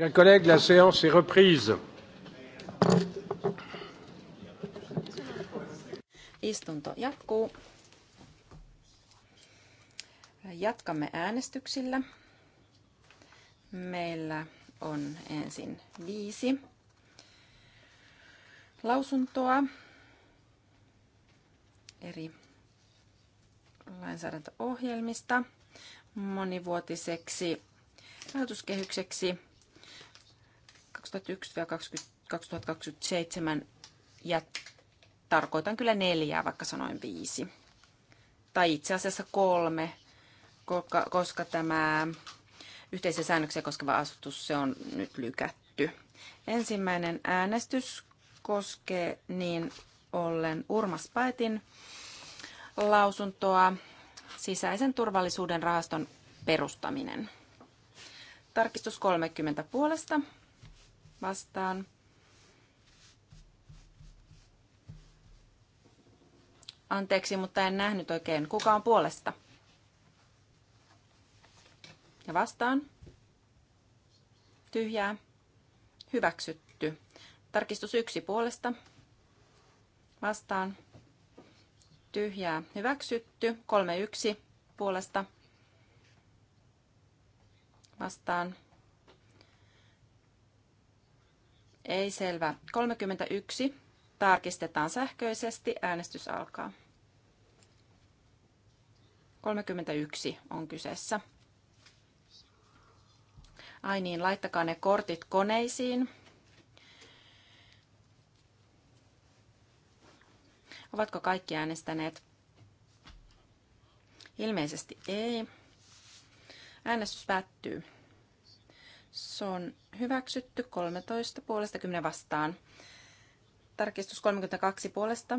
Chers collègues, la séance est reprise. Istunto jatkuu. Jatkamme äänestyksillä. Meillä on ensin viisi lausuntoa eri lainsäädäntöohjelmista monivuotiseksi rahoituskehykseksi 2001-2027 ja tarkoitan kyllä neljää, vaikka sanoin viisi. Tai itse asiassa kolme, koska, koska tämä yhteisiä säännöksiä koskeva asutus se on nyt lykätty. Ensimmäinen äänestys koskee niin ollen Urmas Paetin lausuntoa sisäisen turvallisuuden rahaston perustaminen. Tarkistus 30 puolesta vastaan. Anteeksi, mutta en nähnyt oikein. Kuka on puolesta? Ja vastaan. Tyhjää. Hyväksytty. Tarkistus yksi puolesta. Vastaan. Tyhjää. Hyväksytty. Kolme yksi puolesta. Vastaan Ei selvä. 31. Tarkistetaan sähköisesti. Äänestys alkaa. 31 on kyseessä. Ai niin, laittakaa ne kortit koneisiin. Ovatko kaikki äänestäneet? Ilmeisesti ei. Äänestys päättyy. Se on hyväksytty 13 puolesta 10 vastaan. Tarkistus 32 puolesta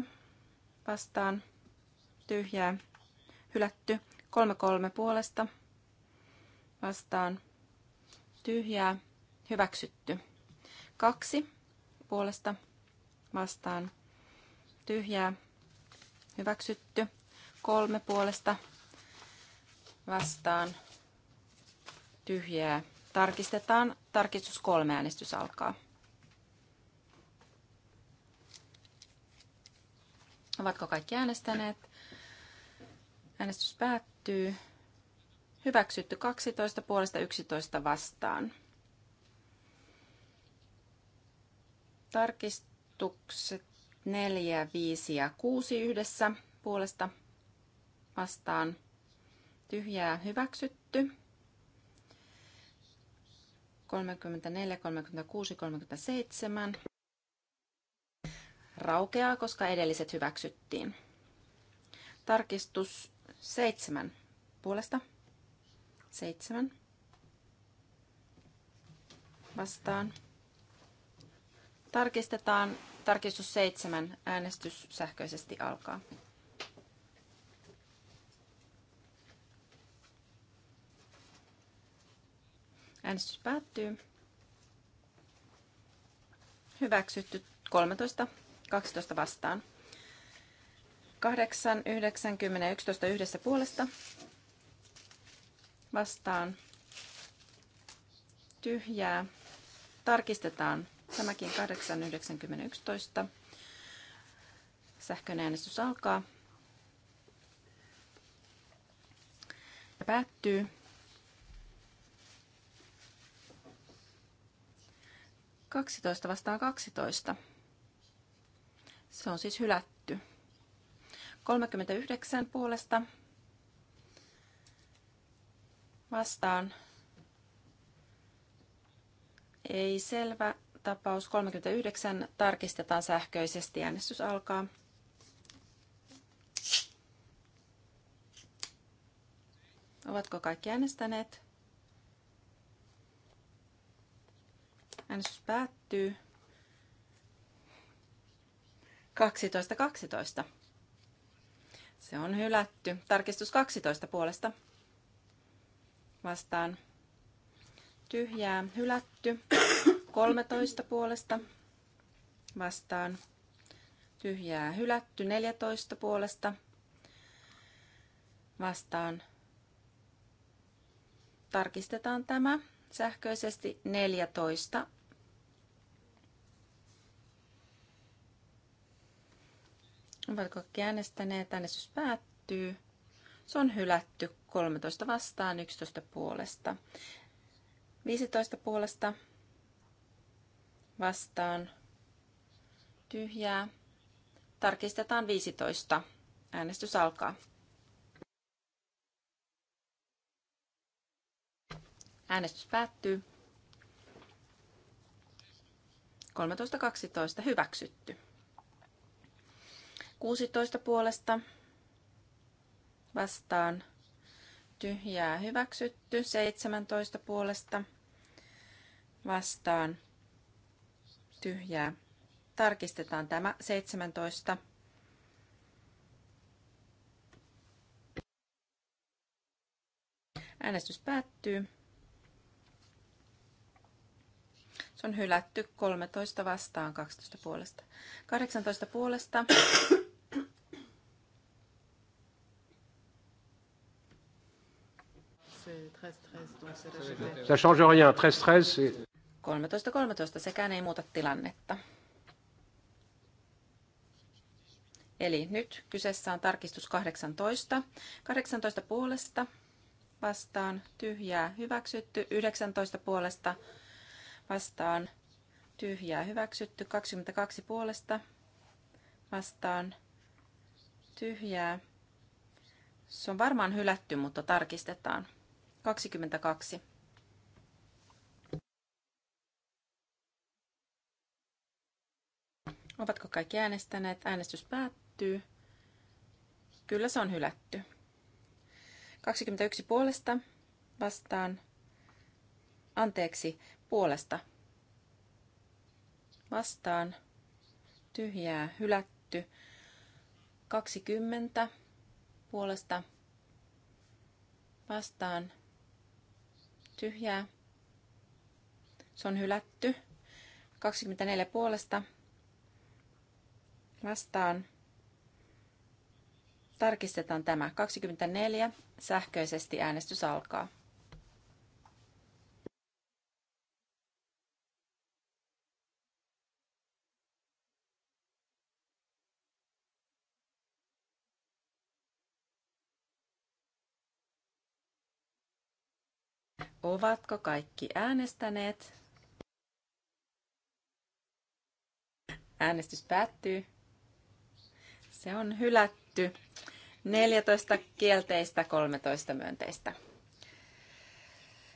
vastaan. Tyhjää. Hylätty 33 puolesta vastaan. Tyhjää. Hyväksytty. 2 puolesta vastaan. Tyhjää. Hyväksytty. 3 puolesta vastaan. Tyhjää Tarkistetaan. Tarkistus kolme äänestys alkaa. Ovatko kaikki äänestäneet? Äänestys päättyy. Hyväksytty 12 puolesta 11 vastaan. Tarkistukset 4, 5 ja 6 yhdessä puolesta vastaan. Tyhjää hyväksytty. 34, 36, 37 raukeaa, koska edelliset hyväksyttiin. Tarkistus 7 puolesta. 7 vastaan. Tarkistetaan. Tarkistus 7. Äänestys sähköisesti alkaa. Äänestys päättyy. Hyväksytty 13, 12 vastaan. 8, 9, 10, 11 yhdessä puolesta. Vastaan. Tyhjää. Tarkistetaan tämäkin 8, 9, 10, 11. Sähköinen äänestys alkaa. Ja päättyy. 12 vastaa 12. Se on siis hylätty. 39 puolesta vastaan. Ei selvä tapaus. 39 tarkistetaan sähköisesti. Äänestys alkaa. Ovatko kaikki äänestäneet? Äänestys päättyy. 12.12. 12. Se on hylätty. Tarkistus 12 puolesta. Vastaan. Tyhjää. Hylätty. 13 puolesta. Vastaan. Tyhjää. Hylätty. 14 puolesta. Vastaan. Tarkistetaan tämä sähköisesti 14 Ovatko kaikki äänestäneet? Äänestys päättyy. Se on hylätty 13 vastaan 11 puolesta. 15 puolesta vastaan tyhjää. Tarkistetaan 15. Äänestys alkaa. Äänestys päättyy. 13.12. Hyväksytty. 16 puolesta vastaan tyhjää hyväksytty. 17 puolesta vastaan tyhjää. Tarkistetaan tämä 17. Äänestys päättyy. Se on hylätty 13 vastaan 12 puolesta. 18 puolesta Ça change rien. 13-13, 13-13 sekään ei muuta tilannetta. Eli nyt kyseessä on tarkistus 18. 18 puolesta vastaan tyhjää hyväksytty, 19 puolesta vastaan tyhjää hyväksytty, 22 puolesta vastaan tyhjää. Se on varmaan hylätty, mutta tarkistetaan. 22. Ovatko kaikki äänestäneet? Äänestys päättyy. Kyllä se on hylätty. 21 puolesta vastaan. Anteeksi, puolesta. Vastaan. Tyhjää, hylätty. 20 puolesta vastaan tyhjää. Se on hylätty. 24 puolesta vastaan. Tarkistetaan tämä. 24. Sähköisesti äänestys alkaa. Ovatko kaikki äänestäneet? Äänestys päättyy. Se on hylätty. 14 kielteistä, 13 myönteistä.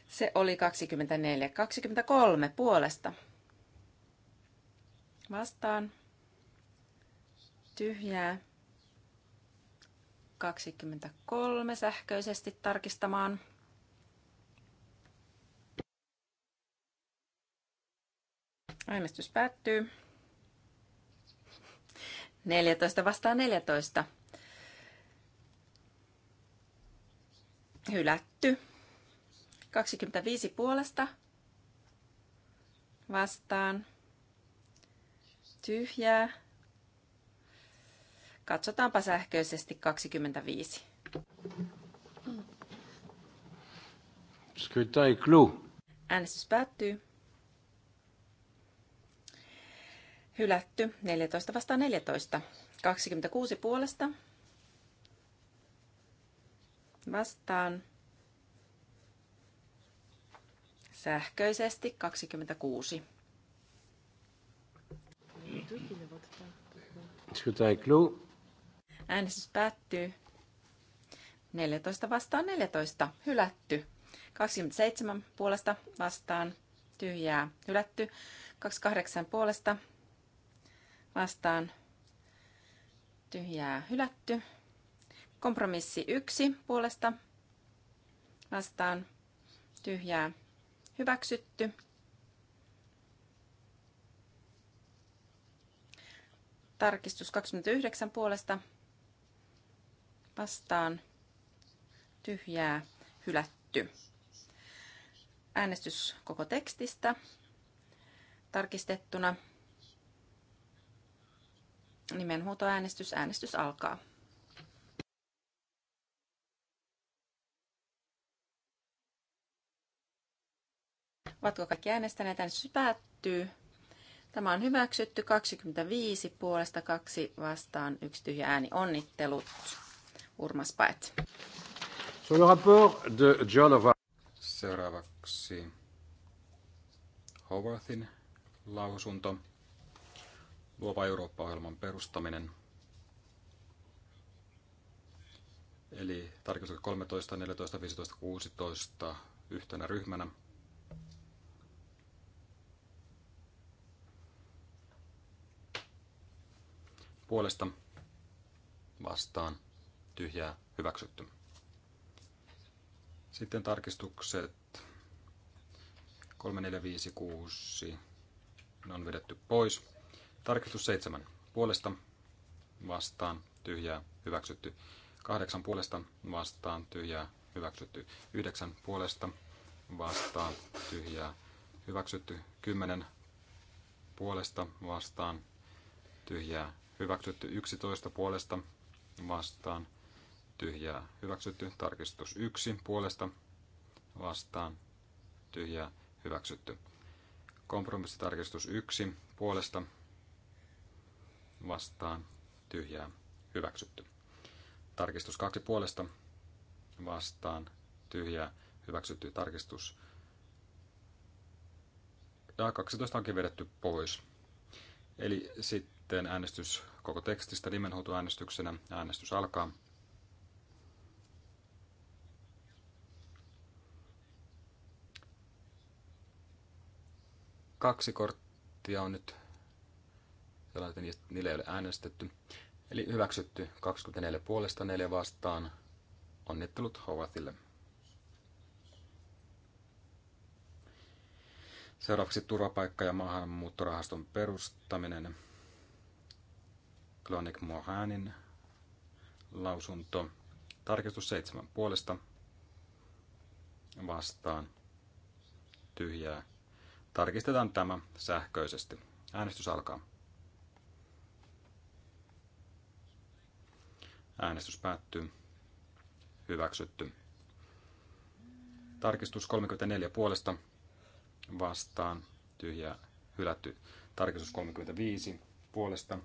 Se oli 24. 23 puolesta. Vastaan. Tyhjää. 23 sähköisesti tarkistamaan. Äänestys päättyy. 14 vastaan 14. Hylätty. 25 puolesta vastaan. Tyhjää. Katsotaanpa sähköisesti 25. Äänestys päättyy. Hylätty 14 vastaan 14. 26 puolesta. Vastaan. Sähköisesti 26. Äänestys päättyy. 14 vastaan 14. Hylätty. 27 puolesta vastaan. Tyhjää. Hylätty. 28 puolesta vastaan tyhjää hylätty. Kompromissi 1 puolesta vastaan tyhjää hyväksytty. Tarkistus 29 puolesta vastaan tyhjää hylätty. Äänestys koko tekstistä tarkistettuna Nimenhuutoäänestys. Äänestys alkaa. Ovatko kaikki äänestäneet? Äänestys päättyy. Tämä on hyväksytty 25 puolesta kaksi vastaan yksi tyhjä ääni. Onnittelut, Urmas Paet. Seuraavaksi Howarthin lausunto. Luova Eurooppa-ohjelman perustaminen. Eli tarkoitus 13, 14, 15, 16 yhtenä ryhmänä. Puolesta vastaan tyhjää hyväksytty. Sitten tarkistukset 3, 4, 5, 6 ne on vedetty pois. Tarkistus 7. Puolesta vastaan tyhjää hyväksytty. 8 puolesta vastaan tyhjää hyväksytty. 9 puolesta vastaan tyhjää hyväksytty. 10 puolesta vastaan tyhjää hyväksytty. 11 puolesta vastaan tyhjää hyväksytty. Tarkistus 1 puolesta vastaan tyhjää hyväksytty. Kompromissitarkistus 1 puolesta vastaan tyhjää hyväksytty. Tarkistus kaksi puolesta vastaan tyhjää hyväksytty tarkistus. Ja 12 onkin vedetty pois. Eli sitten äänestys koko tekstistä nimenhuutoäänestyksenä. Äänestys alkaa. Kaksi korttia on nyt että niin niille ei ole äänestetty. Eli hyväksytty 24 puolesta 4 vastaan. Onnittelut Howarthille. Seuraavaksi turvapaikka- ja maahanmuuttorahaston perustaminen. Klonik Mohanin lausunto. Tarkistus seitsemän puolesta vastaan tyhjää. Tarkistetaan tämä sähköisesti. Äänestys alkaa. Äänestys päättyy. Hyväksytty. Tarkistus 34 puolesta vastaan. Tyhjä hylätty. Tarkistus 35 puolesta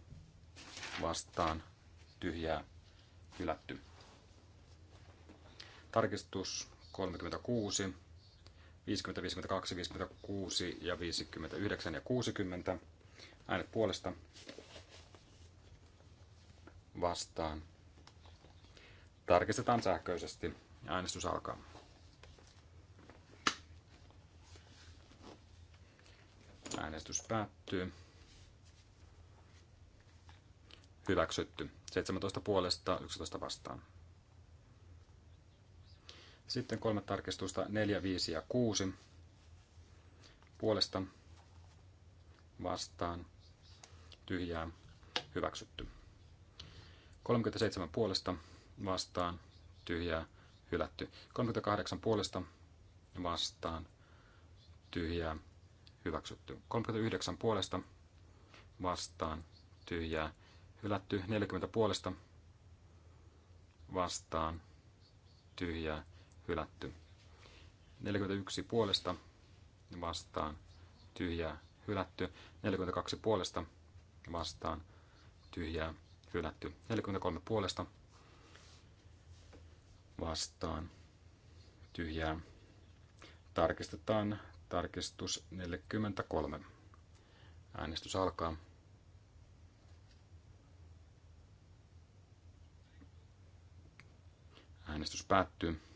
vastaan. Tyhjää hylätty. Tarkistus 36, 50, 52, 56 ja 59 ja 60. Äänet puolesta vastaan Tarkistetaan sähköisesti. Äänestys alkaa. Äänestys päättyy. Hyväksytty. 17 puolesta, 11 vastaan. Sitten kolme tarkistusta, 4, 5 ja 6. Puolesta, vastaan, tyhjää, hyväksytty. 37 puolesta, vastaan tyhjää hylätty. 38 puolesta vastaan tyhjää hyväksytty. 39 puolesta vastaan tyhjää hylätty. 40 puolesta vastaan tyhjää hylätty. 41 puolesta vastaan tyhjää hylätty. 42 puolesta vastaan tyhjää hylätty. 43 puolesta vastaan, vastaan tyhjää. Tarkistetaan tarkistus 43. Äänestys alkaa. Äänestys päättyy.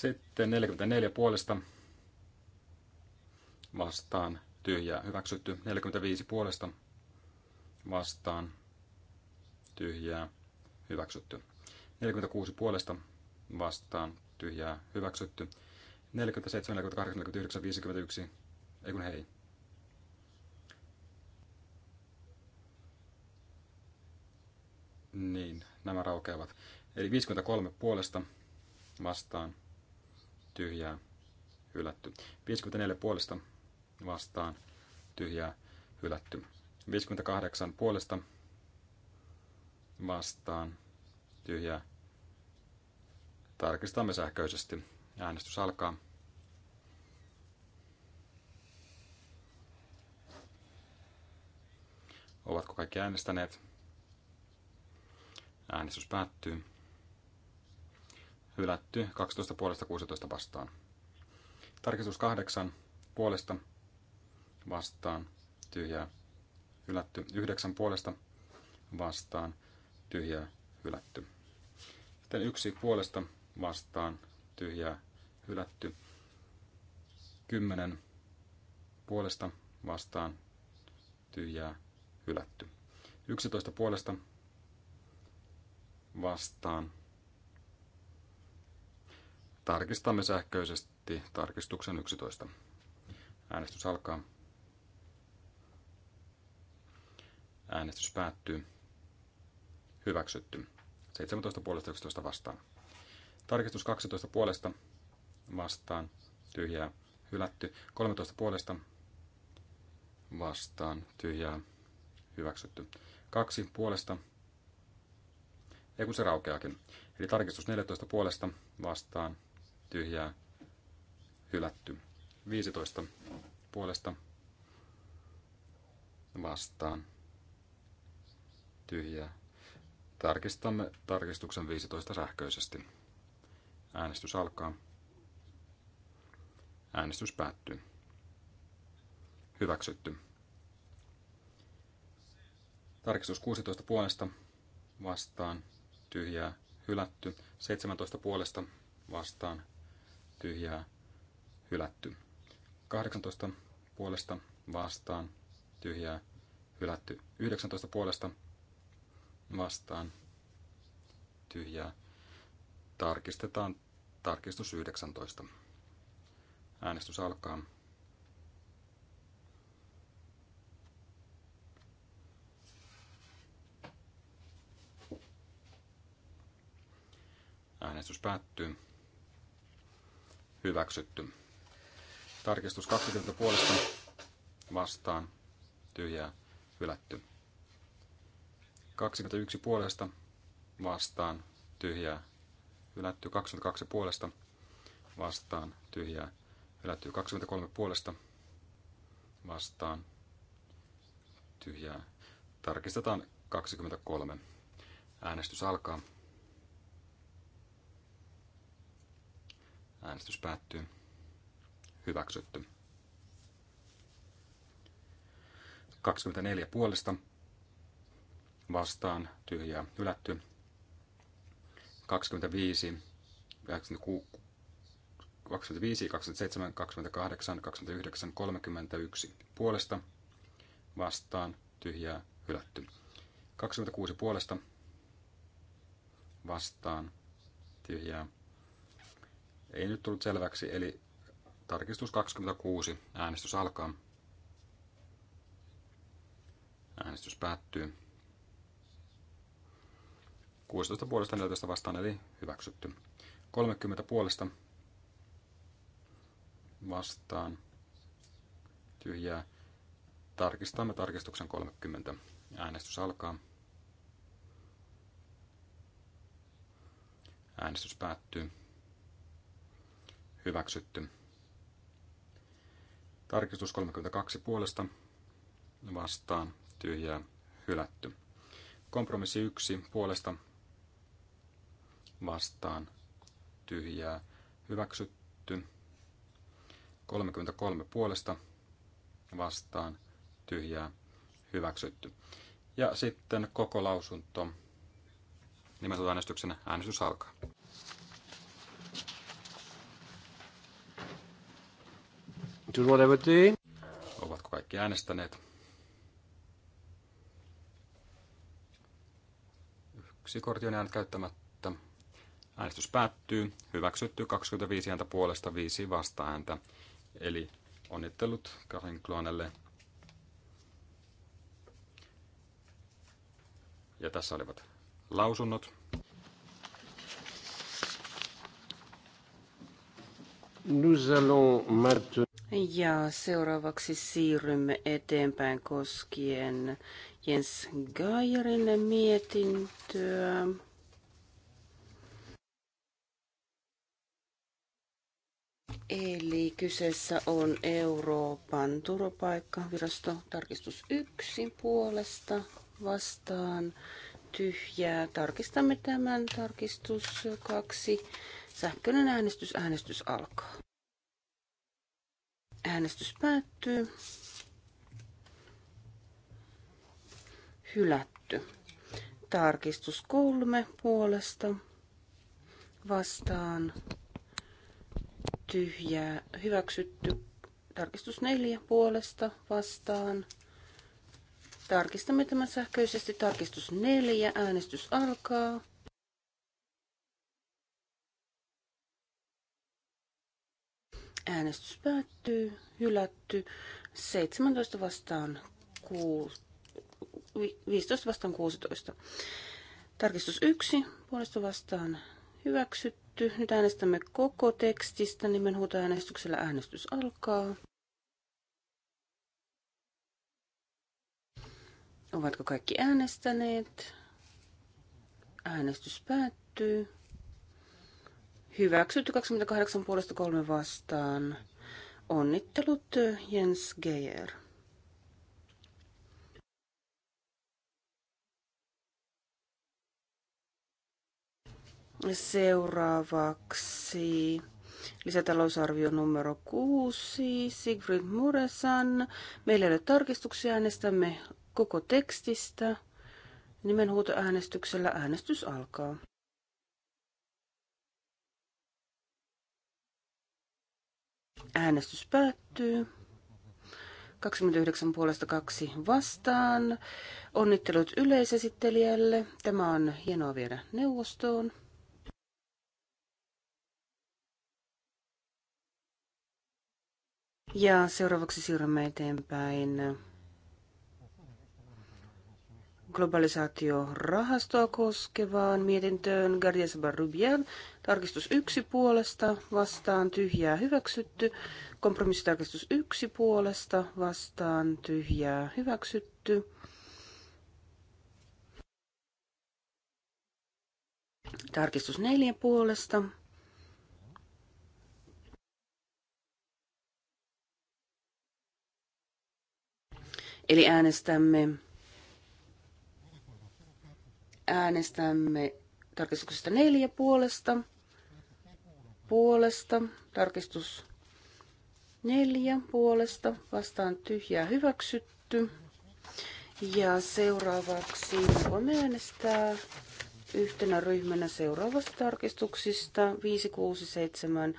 Sitten 44 puolesta vastaan tyhjää hyväksytty. 45 puolesta vastaan tyhjää hyväksytty. 46 puolesta vastaan tyhjää hyväksytty. 47, 48, 49, 51, ei kun hei. Niin, nämä raukeavat. Eli 53 puolesta vastaan tyhjää hylätty. 54 puolesta vastaan tyhjää hylätty. 58 puolesta vastaan tyhjää. Tarkistamme sähköisesti. Äänestys alkaa. Ovatko kaikki äänestäneet? Äänestys päättyy hylätty 12 puolesta 16 vastaan. Tarkistus 8 puolesta vastaan tyhjää hylätty 9 puolesta vastaan tyhjää hylätty. Sitten yksi puolesta vastaan tyhjää hylätty. 10 puolesta vastaan tyhjää hylätty. 11 puolesta vastaan Tarkistamme sähköisesti tarkistuksen 11. Äänestys alkaa. Äänestys päättyy. Hyväksytty. 17 puolesta 11 vastaan. Tarkistus 12 puolesta vastaan. Tyhjää. Hylätty. 13 puolesta vastaan. Tyhjää. Hyväksytty. 2 puolesta. Ei kun se raukeakin. Eli tarkistus 14 puolesta vastaan tyhjää hylätty. 15 puolesta vastaan tyhjää. Tarkistamme tarkistuksen 15 sähköisesti. Äänestys alkaa. Äänestys päättyy. Hyväksytty. Tarkistus 16 puolesta vastaan tyhjää hylätty. 17 puolesta vastaan tyhjää hylätty. 18 puolesta vastaan tyhjää hylätty. 19 puolesta vastaan tyhjää. Tarkistetaan tarkistus 19. Äänestys alkaa. Äänestys päättyy hyväksytty. Tarkistus 20 puolesta vastaan tyhjää hylätty. 21 puolesta vastaan tyhjää hylätty. 22 puolesta vastaan tyhjää hylätty. 23 puolesta vastaan tyhjää. Tarkistetaan 23. Äänestys alkaa. Äänestys päättyy. Hyväksytty. 24 puolesta. Vastaan tyhjää hylätty. 25, 25, 27, 28, 29, 31 puolesta. Vastaan tyhjää hylätty. 26 puolesta. Vastaan tyhjää ei nyt tullut selväksi, eli tarkistus 26. Äänestys alkaa. Äänestys päättyy. 16 puolesta 14 vastaan, eli hyväksytty. 30 puolesta vastaan. Tyhjää. Tarkistamme tarkistuksen 30. Äänestys alkaa. Äänestys päättyy hyväksytty. Tarkistus 32 puolesta vastaan tyhjää hylätty. Kompromissi 1 puolesta vastaan tyhjää hyväksytty. 33 puolesta vastaan tyhjää hyväksytty. Ja sitten koko lausunto nimenhuutoäänestyksenä äänestys alkaa. Ovatko kaikki äänestäneet? Yksi kortti on jäänyt käyttämättä. Äänestys päättyy. Hyväksytty 25 ääntä puolesta, 5 ääntä. Eli onnittelut Karin Kloonelle. Ja tässä olivat lausunnot. Nous allons maintenant ja seuraavaksi siirrymme eteenpäin koskien Jens Geijerin mietintöä. Eli kyseessä on Euroopan turvapaikkavirasto tarkistus 1 puolesta vastaan tyhjää. Tarkistamme tämän tarkistus 2. Sähköinen äänestys, äänestys alkaa. Äänestys päättyy. Hylätty. Tarkistus kolme puolesta. Vastaan. Tyhjää. Hyväksytty. Tarkistus neljä puolesta. Vastaan. Tarkistamme tämän sähköisesti. Tarkistus neljä. Äänestys alkaa. Äänestys päättyy, hylätty. 17 vastaan 6, 15 vastaan 16. Tarkistus 1, puolesta vastaan hyväksytty. Nyt äänestämme koko tekstistä. Nimenhuutoäänestyksellä äänestys alkaa. Ovatko kaikki äänestäneet? Äänestys päättyy. Hyväksytty 28 puolesta kolme vastaan. Onnittelut Jens Geier. Seuraavaksi lisätalousarvio numero 6, Sigfrid Muresan. Meillä ei ole tarkistuksia, äänestämme koko tekstistä. Nimenhuutoäänestyksellä äänestys alkaa. Äänestys päättyy. 29 puolesta kaksi vastaan. Onnittelut yleisesittelijälle. Tämä on hienoa viedä neuvostoon. Ja seuraavaksi siirrymme eteenpäin globalisaatiorahastoa koskevaan mietintöön Gardias Barrubian. Tarkistus yksi puolesta vastaan tyhjää hyväksytty. Kompromissitarkistus yksi puolesta vastaan tyhjää hyväksytty. Tarkistus neljä puolesta Eli äänestämme äänestämme tarkistuksesta neljä puolesta. Puolesta. Tarkistus neljä puolesta. Vastaan tyhjää hyväksytty. Ja seuraavaksi voimme äänestää yhtenä ryhmänä seuraavasta tarkistuksista 5, 6, 7,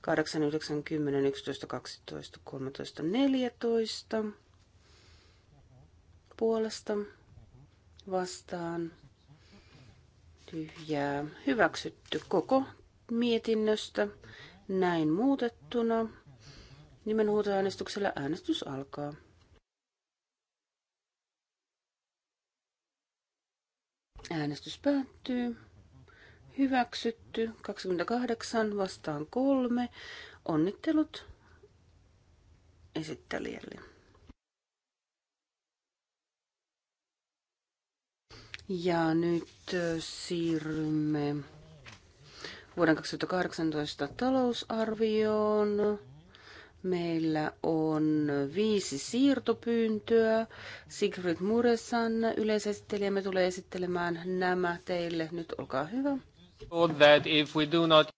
8, 9, 10, 11, 12, 13, 14 puolesta vastaan tyhjää hyväksytty koko mietinnöstä näin muutettuna. Nimenhuutoäänestyksellä äänestys alkaa. Äänestys päättyy. Hyväksytty 28 vastaan 3. Onnittelut esittelijälle. Ja nyt siirrymme vuoden 2018 talousarvioon. Meillä on viisi siirtopyyntöä. Sigrid Muresan yleisesittelijämme tulee esittelemään nämä teille. Nyt olkaa hyvä.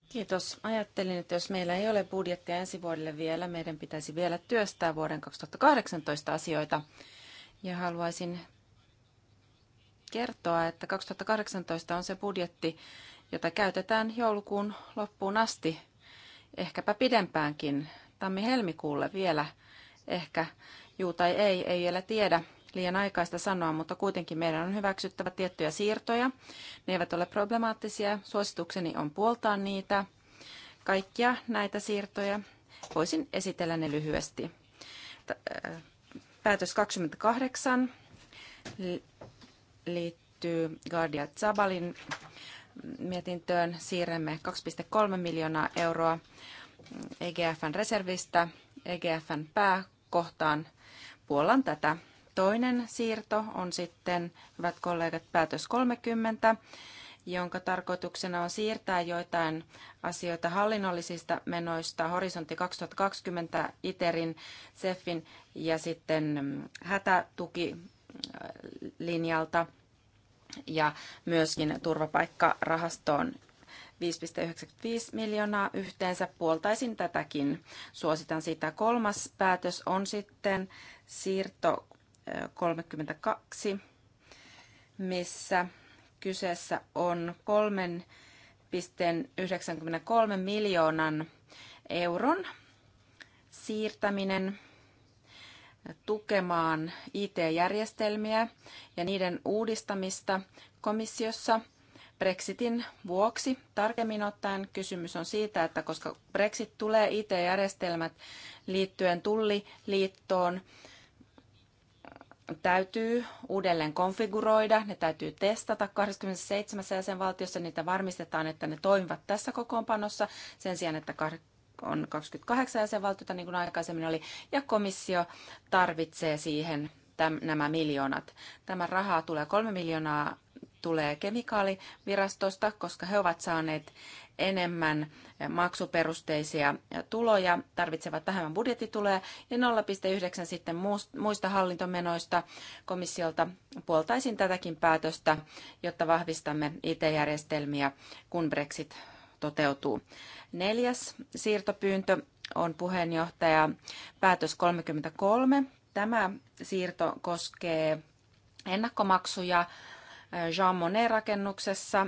Kiitos. Ajattelin, että jos meillä ei ole budjettia ensi vuodelle vielä, meidän pitäisi vielä työstää vuoden 2018 asioita. Ja haluaisin kertoa, että 2018 on se budjetti, jota käytetään joulukuun loppuun asti, ehkäpä pidempäänkin, tammi-helmikuulle vielä, ehkä juu tai ei, ei vielä tiedä, liian aikaista sanoa, mutta kuitenkin meidän on hyväksyttävä tiettyjä siirtoja. Ne eivät ole problemaattisia, suositukseni on puoltaa niitä, kaikkia näitä siirtoja. Voisin esitellä ne lyhyesti. Äh, päätös 28 liittyy Guardia Zabalin mietintöön. siirremme 2,3 miljoonaa euroa EGFn reservistä EGFn pääkohtaan puolan tätä. Toinen siirto on sitten, hyvät kollegat, päätös 30, jonka tarkoituksena on siirtää joitain asioita hallinnollisista menoista Horisontti 2020, ITERin, SEFin ja sitten hätätukilinjalta äh, – ja myöskin turvapaikkarahastoon 5,95 miljoonaa yhteensä. Puoltaisin tätäkin. Suositan sitä. Kolmas päätös on sitten siirto 32, missä kyseessä on 3,93 miljoonan euron siirtäminen tukemaan IT-järjestelmiä ja niiden uudistamista komissiossa Brexitin vuoksi. Tarkemmin ottaen kysymys on siitä, että koska Brexit tulee IT-järjestelmät liittyen tulliliittoon, äh, täytyy uudelleen konfiguroida, ne täytyy testata 27 jäsenvaltiossa, niitä varmistetaan, että ne toimivat tässä kokoonpanossa sen sijaan, että on 28 jäsenvaltiota, niin kuin aikaisemmin oli, ja komissio tarvitsee siihen täm, nämä miljoonat. Tämä rahaa tulee kolme miljoonaa tulee kemikaalivirastosta, koska he ovat saaneet enemmän maksuperusteisia tuloja, tarvitsevat vähemmän budjettituloja ja 0,9 sitten muista hallintomenoista komissiolta puoltaisin tätäkin päätöstä, jotta vahvistamme IT-järjestelmiä, kun Brexit toteutuu. Neljäs siirtopyyntö on puheenjohtaja päätös 33. Tämä siirto koskee ennakkomaksuja Jean Monnet-rakennuksessa,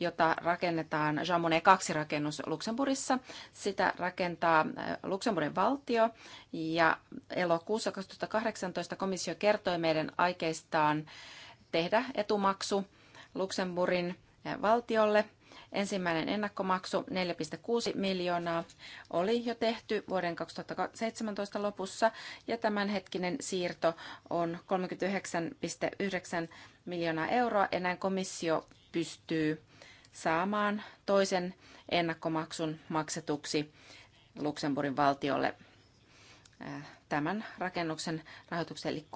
jota rakennetaan Jean Monnet 2-rakennus Luxemburgissa. Sitä rakentaa äh, Luxemburgin valtio ja elokuussa 2018 komissio kertoi meidän aikeistaan tehdä etumaksu Luxemburgin äh, valtiolle Ensimmäinen ennakkomaksu 4,6 miljoonaa oli jo tehty vuoden 2017 lopussa ja tämänhetkinen siirto on 39,9 miljoonaa euroa ja näin komissio pystyy saamaan toisen ennakkomaksun maksetuksi Luxemburgin valtiolle äh, tämän rakennuksen rahoituksen, eli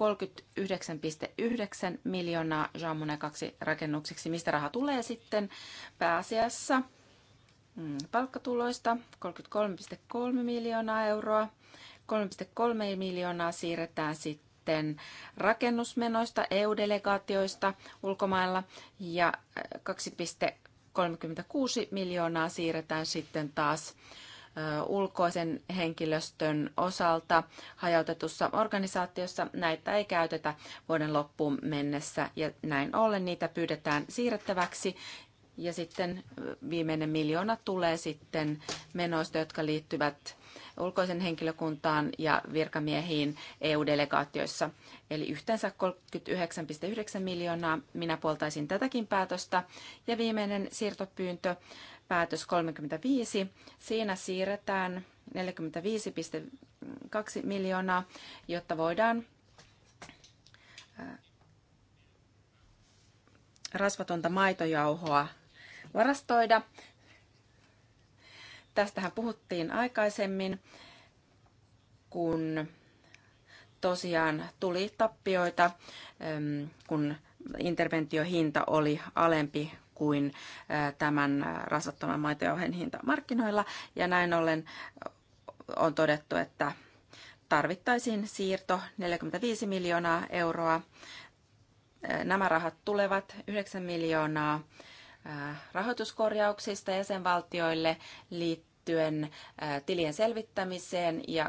39,9 miljoonaa Jean Monnet 2 rakennukseksi. Mistä raha tulee sitten pääasiassa? Mm, palkkatuloista 33,3 miljoonaa euroa. 3,3 miljoonaa siirretään sitten rakennusmenoista, EU-delegaatioista ulkomailla ja 2,36 miljoonaa siirretään sitten taas ulkoisen henkilöstön osalta hajautetussa organisaatiossa näitä ei käytetä vuoden loppuun mennessä ja näin ollen niitä pyydetään siirrettäväksi ja sitten viimeinen miljoona tulee sitten menoista, jotka liittyvät ulkoisen henkilökuntaan ja virkamiehiin EU-delegaatioissa. Eli yhteensä 39,9 miljoonaa. Minä puoltaisin tätäkin päätöstä. Ja viimeinen siirtopyyntö päätös 35. Siinä siirretään 45,2 miljoonaa, jotta voidaan äh, rasvatonta maitojauhoa varastoida. Tästähän puhuttiin aikaisemmin, kun tosiaan tuli tappioita, kun interventiohinta oli alempi kuin tämän rasvattoman maitojohen hinta markkinoilla. Ja näin ollen on todettu, että tarvittaisiin siirto 45 miljoonaa euroa. Nämä rahat tulevat 9 miljoonaa rahoituskorjauksista jäsenvaltioille liittyen liittyen tilien selvittämiseen ja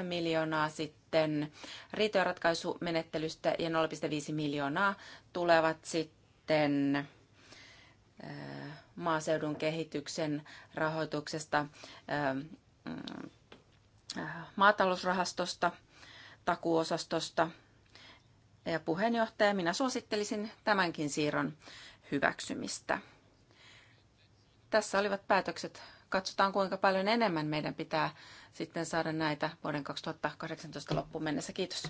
35,7 miljoonaa sitten riitojenratkaisumenettelystä ja 0,5 miljoonaa tulevat sitten maaseudun kehityksen rahoituksesta mm, maatalousrahastosta, takuosastosta. Ja puheenjohtaja, minä suosittelisin tämänkin siirron hyväksymistä. Tässä olivat päätökset. Katsotaan, kuinka paljon enemmän meidän pitää sitten saada näitä vuoden 2018 loppuun mennessä. Kiitos.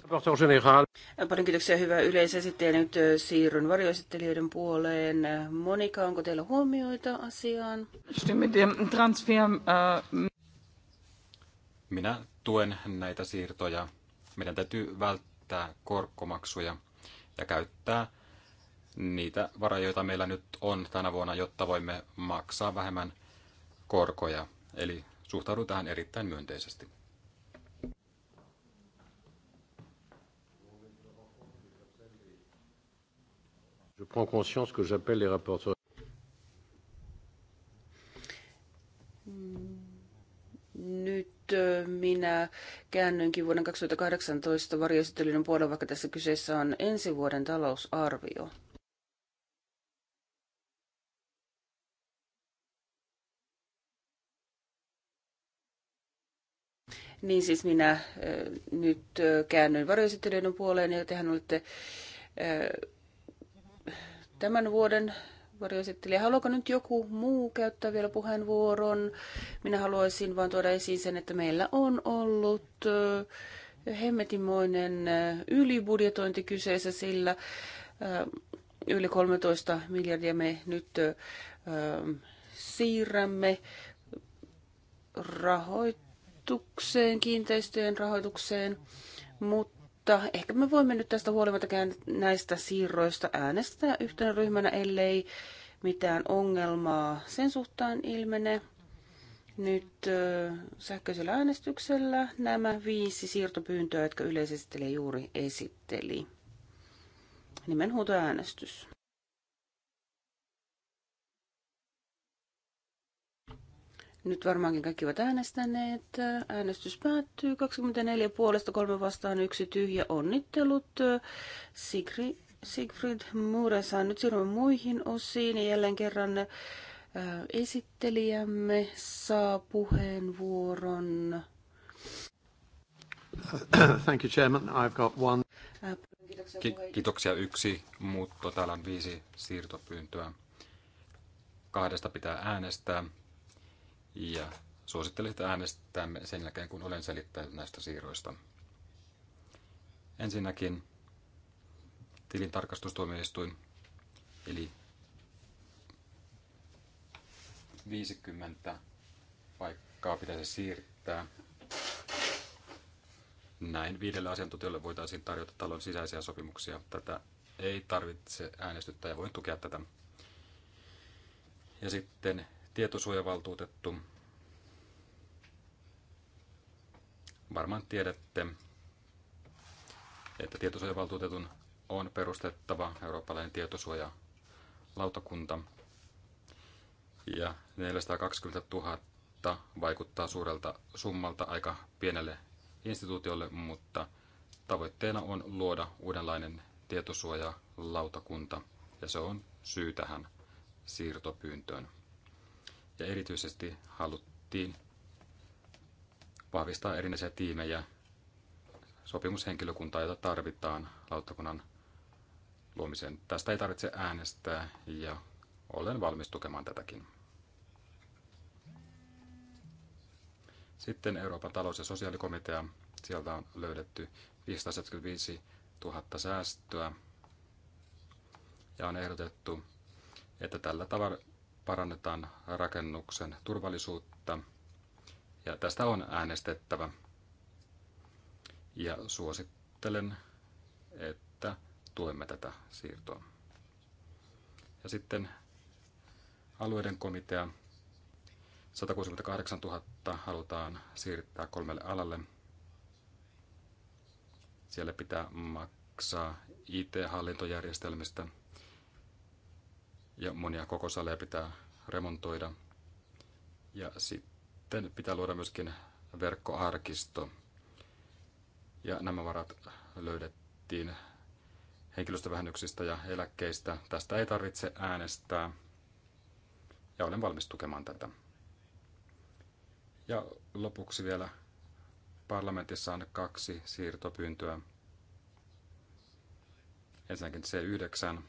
Paljon kiitoksia, hyvä yleisesittäjä. Nyt siirryn varjoesittelijöiden puoleen. Monika, onko teillä huomioita asiaan? Äh, Minä tuen näitä siirtoja. Meidän täytyy välttää korkkomaksuja ja käyttää niitä varoja, joita meillä nyt on tänä vuonna, jotta voimme maksaa vähemmän korkoja. Eli suhtaudun tähän erittäin myönteisesti. Nyt minä käännynkin vuoden 2018 varjoesittelyn puolella, vaikka tässä kyseessä on ensi vuoden talousarvio. Niin siis minä nyt käännyin varjoesittelijöiden puoleen, ja tehän olette tämän vuoden varjoesittelijä. Haluaako nyt joku muu käyttää vielä puheenvuoron? Minä haluaisin vain tuoda esiin sen, että meillä on ollut hemmetimoinen ylibudjetointi kyseessä, sillä yli 13 miljardia me nyt siirrämme rahoit rahoitukseen, kiinteistöjen rahoitukseen, mutta ehkä me voimme nyt tästä huolimatta näistä siirroista äänestää yhtenä ryhmänä, ellei mitään ongelmaa sen suhtaan ilmene. Nyt sähköisellä äänestyksellä nämä viisi siirtopyyntöä, jotka yleisesti juuri esitteli. Nimenhuutoäänestys. Nyt varmaankin kaikki ovat äänestäneet. Äänestys päättyy 24 puolesta, 3 vastaan, yksi tyhjä. Onnittelut Sigri, Sigfrid saa Nyt siirrymme muihin osiin ja jälleen kerran esittelijämme saa puheenvuoron. Thank you, Chairman. I've got one. Ki- Kiitoksia yksi, mutta täällä on viisi siirtopyyntöä. Kahdesta pitää äänestää ja suosittelen, että äänestämme sen jälkeen, kun olen selittänyt näistä siirroista. Ensinnäkin tilintarkastustuomioistuin, eli 50 paikkaa pitäisi siirtää. Näin viidelle asiantuntijalle voitaisiin tarjota talon sisäisiä sopimuksia. Tätä ei tarvitse äänestyttää ja voin tukea tätä. Ja sitten tietosuojavaltuutettu. Varmaan tiedätte, että tietosuojavaltuutetun on perustettava eurooppalainen tietosuojalautakunta. Ja 420 000 vaikuttaa suurelta summalta aika pienelle instituutiolle, mutta tavoitteena on luoda uudenlainen tietosuojalautakunta, ja se on syy tähän siirtopyyntöön. Ja erityisesti haluttiin vahvistaa erinäisiä tiimejä, sopimushenkilökuntaa, jota tarvitaan lautakunnan luomiseen. Tästä ei tarvitse äänestää ja olen valmis tukemaan tätäkin. Sitten Euroopan talous- ja sosiaalikomitea. Sieltä on löydetty 575 000 säästöä ja on ehdotettu, että tällä tavalla parannetaan rakennuksen turvallisuutta ja tästä on äänestettävä. Ja suosittelen, että tuemme tätä siirtoa. Ja sitten alueiden komitea. 168 000 halutaan siirtää kolmelle alalle. Siellä pitää maksaa IT-hallintojärjestelmistä – ja monia kokosaleja pitää remontoida. Ja sitten pitää luoda myöskin verkkoarkisto. Ja nämä varat löydettiin henkilöstövähennyksistä ja eläkkeistä. Tästä ei tarvitse äänestää ja olen valmis tukemaan tätä. Ja lopuksi vielä parlamentissa on kaksi siirtopyyntöä. Ensinnäkin C9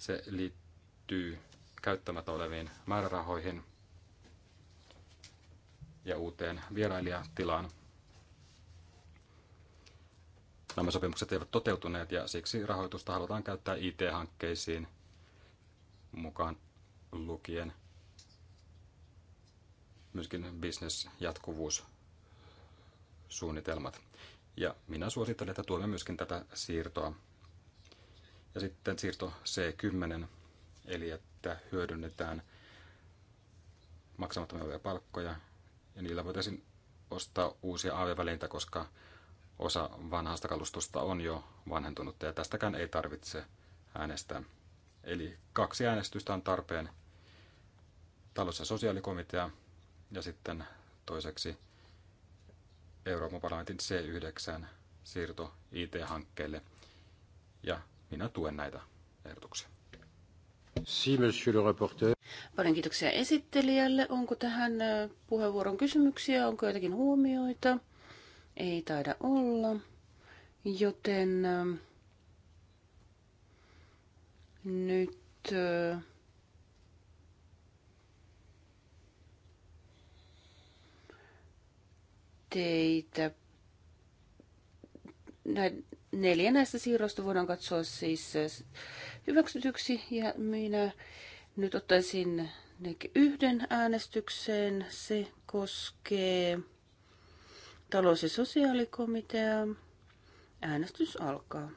se liittyy käyttämättä oleviin määrärahoihin ja uuteen vierailijatilaan. Nämä sopimukset eivät toteutuneet ja siksi rahoitusta halutaan käyttää IT-hankkeisiin mukaan lukien myöskin bisnesjatkuvuussuunnitelmat. Ja minä suosittelen, että tuemme myöskin tätä siirtoa ja sitten siirto C10, eli että hyödynnetään maksamattomia palkkoja, ja niillä voitaisiin ostaa uusia AV-välineitä, koska osa vanhasta kalustusta on jo vanhentunutta, ja tästäkään ei tarvitse äänestää. Eli kaksi äänestystä on tarpeen. Talous- ja sosiaalikomitea, ja sitten toiseksi Euroopan parlamentin C9 siirto IT-hankkeelle. Ja minä tuen näitä ehdotuksia. Si, monsieur le rapporteur. Paljon kiitoksia esittelijälle. Onko tähän puheenvuoron kysymyksiä? Onko jotakin huomioita? Ei taida olla. Joten nyt teitä näin, neljä näistä siirroista voidaan katsoa siis hyväksytyksi ja minä nyt ottaisin yhden äänestykseen. Se koskee talous- ja sosiaalikomitea. Äänestys alkaa.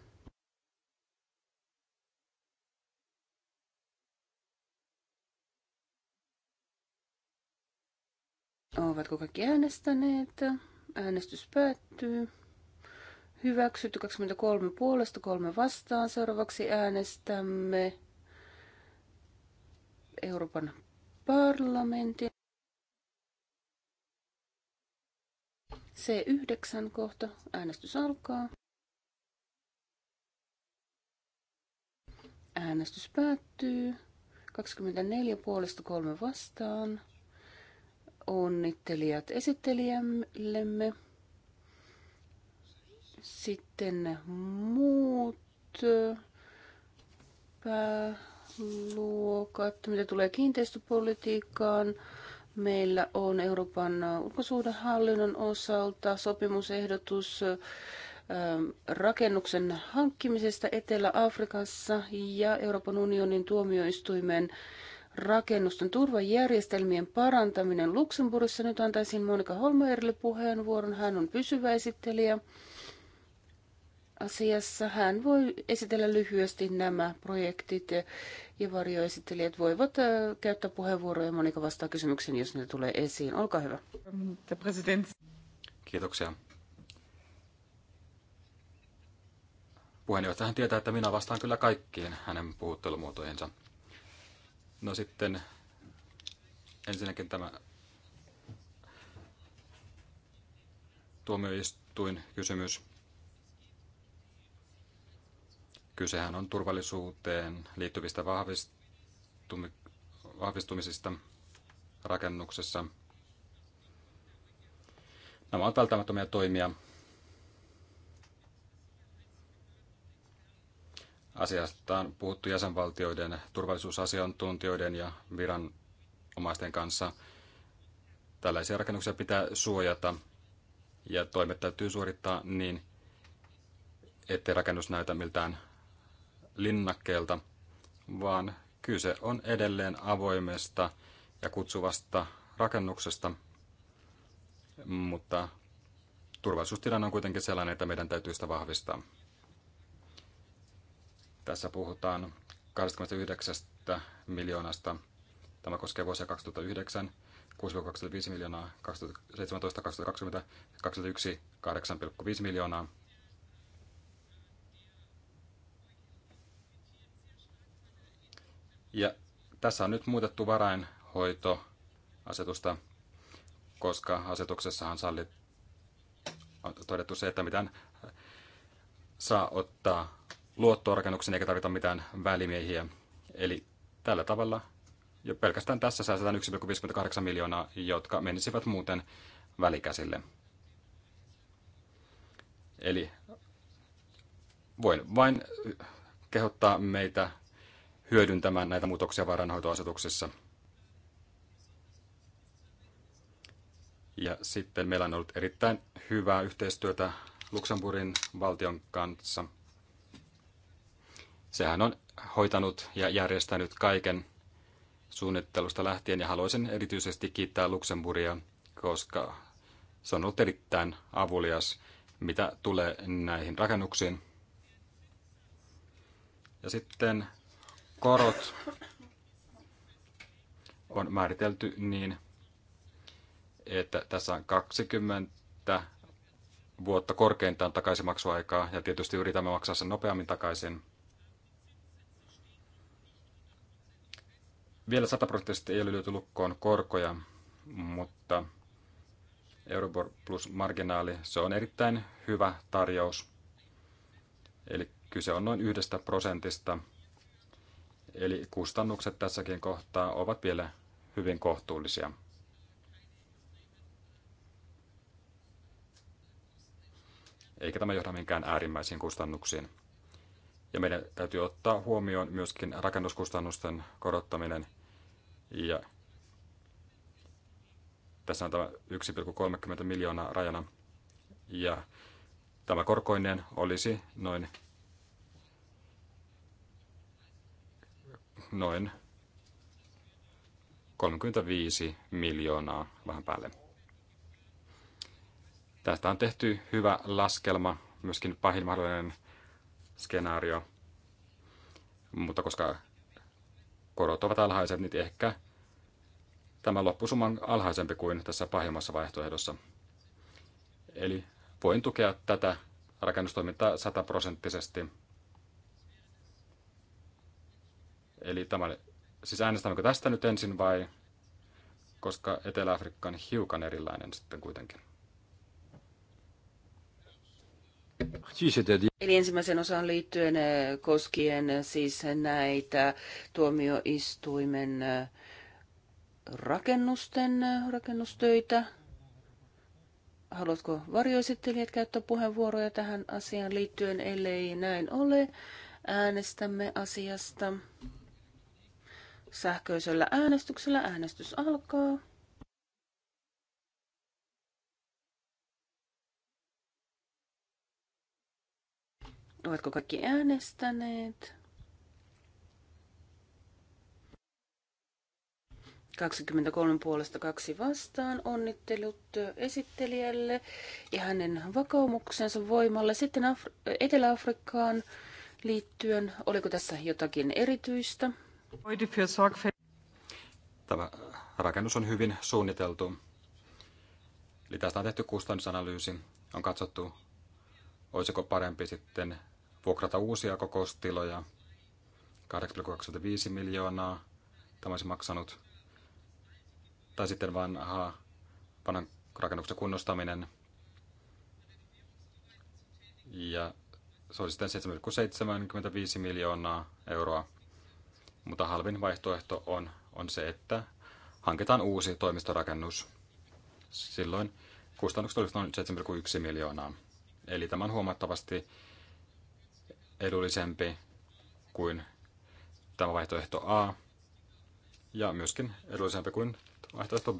Ovatko kaikki äänestäneet? Äänestys päättyy hyväksytty 23 puolesta, 3 vastaan. Seuraavaksi äänestämme Euroopan parlamentin C9 kohta. Äänestys alkaa. Äänestys päättyy. 24 puolesta 3 vastaan. Onnittelijat esittelijällemme. Sitten muut äh, pääluokat, mitä tulee kiinteistöpolitiikkaan. Meillä on Euroopan ulkosuhdehallinnon osalta sopimusehdotus äh, rakennuksen hankkimisesta Etelä-Afrikassa ja Euroopan unionin tuomioistuimen rakennusten turvajärjestelmien parantaminen Luxemburgissa. Nyt antaisin Monika Holmeerille puheenvuoron. Hän on pysyvä esittelijä asiassa hän voi esitellä lyhyesti nämä projektit ja varjoesittelijät voivat äh, käyttää puheenvuoroja. Monika vastaa kysymyksiin, jos ne tulee esiin. Olkaa hyvä. Kiitoksia. Puheenjohtajahan tietää, että minä vastaan kyllä kaikkiin hänen puhuttelumuotoihinsa. No sitten ensinnäkin tämä tuomioistuin kysymys. Kysehän on turvallisuuteen liittyvistä vahvistumisista rakennuksessa. Nämä ovat välttämättömiä toimia. Asiasta on puhuttu jäsenvaltioiden turvallisuusasiantuntijoiden ja viranomaisten kanssa. Tällaisia rakennuksia pitää suojata ja toimet täytyy suorittaa niin, ettei rakennus näytä miltään linnakkeelta, vaan kyse on edelleen avoimesta ja kutsuvasta rakennuksesta, mutta turvallisuustilanne on kuitenkin sellainen, että meidän täytyy sitä vahvistaa. Tässä puhutaan 29 miljoonasta. Tämä koskee vuosia 2009, 6,25 miljoonaa, 2017, 2020, 2021 8,5 miljoonaa Ja tässä on nyt muutettu varainhoitoasetusta, koska asetuksessahan salli, on todettu se, että mitään saa ottaa luottorakennuksen eikä tarvita mitään välimiehiä. Eli tällä tavalla jo pelkästään tässä säästetään 1,58 miljoonaa, jotka menisivät muuten välikäsille. Eli voin vain kehottaa meitä hyödyntämään näitä muutoksia varainhoitoasetuksessa. Ja sitten meillä on ollut erittäin hyvää yhteistyötä Luxemburgin valtion kanssa. Sehän on hoitanut ja järjestänyt kaiken suunnittelusta lähtien ja haluaisin erityisesti kiittää Luxemburgia, koska se on ollut erittäin avulias, mitä tulee näihin rakennuksiin. Ja sitten korot on määritelty niin, että tässä on 20 vuotta korkeintaan takaisinmaksuaikaa ja tietysti yritämme maksaa sen nopeammin takaisin. Vielä sataprosenttisesti ei ole lyöty lukkoon korkoja, mutta Eurobor plus marginaali, se on erittäin hyvä tarjous. Eli kyse on noin yhdestä prosentista – Eli kustannukset tässäkin kohtaa ovat vielä hyvin kohtuullisia. Eikä tämä johda minkään äärimmäisiin kustannuksiin. Ja meidän täytyy ottaa huomioon myöskin rakennuskustannusten korottaminen. Ja tässä on tämä 1,30 miljoonaa rajana. Ja tämä korkoinen olisi noin noin 35 miljoonaa vähän päälle. Tästä on tehty hyvä laskelma, myöskin pahin mahdollinen skenaario, mutta koska korot ovat alhaiset, niin ehkä tämä loppusumma on alhaisempi kuin tässä pahimmassa vaihtoehdossa. Eli voin tukea tätä rakennustoimintaa sataprosenttisesti. prosenttisesti Eli tämä, siis äänestämmekö tästä nyt ensin vai, koska Etelä-Afrikka on hiukan erilainen sitten kuitenkin. Eli ensimmäisen osan liittyen eh, koskien siis näitä tuomioistuimen eh, rakennusten eh, rakennustöitä. Haluatko varjoesittelijät käyttää puheenvuoroja tähän asiaan liittyen, ellei näin ole? Äänestämme asiasta sähköisellä äänestyksellä. Äänestys alkaa. Ovatko kaikki äänestäneet? 23 puolesta kaksi vastaan. Onnittelut esittelijälle ja hänen vakaumuksensa voimalle. Sitten Afri- Etelä-Afrikkaan liittyen, oliko tässä jotakin erityistä? Tämä rakennus on hyvin suunniteltu. Eli tästä on tehty kustannusanalyysi. On katsottu, olisiko parempi sitten vuokrata uusia kokoustiloja. 8,25 miljoonaa tämä olisi maksanut. Tai sitten vanha vanhan rakennuksen kunnostaminen. Ja se olisi sitten 7,75 miljoonaa euroa. Mutta halvin vaihtoehto on, on se, että hankitaan uusi toimistorakennus. Silloin kustannukset olisivat noin 7,1 miljoonaa. Eli tämä on huomattavasti edullisempi kuin tämä vaihtoehto A ja myöskin edullisempi kuin vaihtoehto B.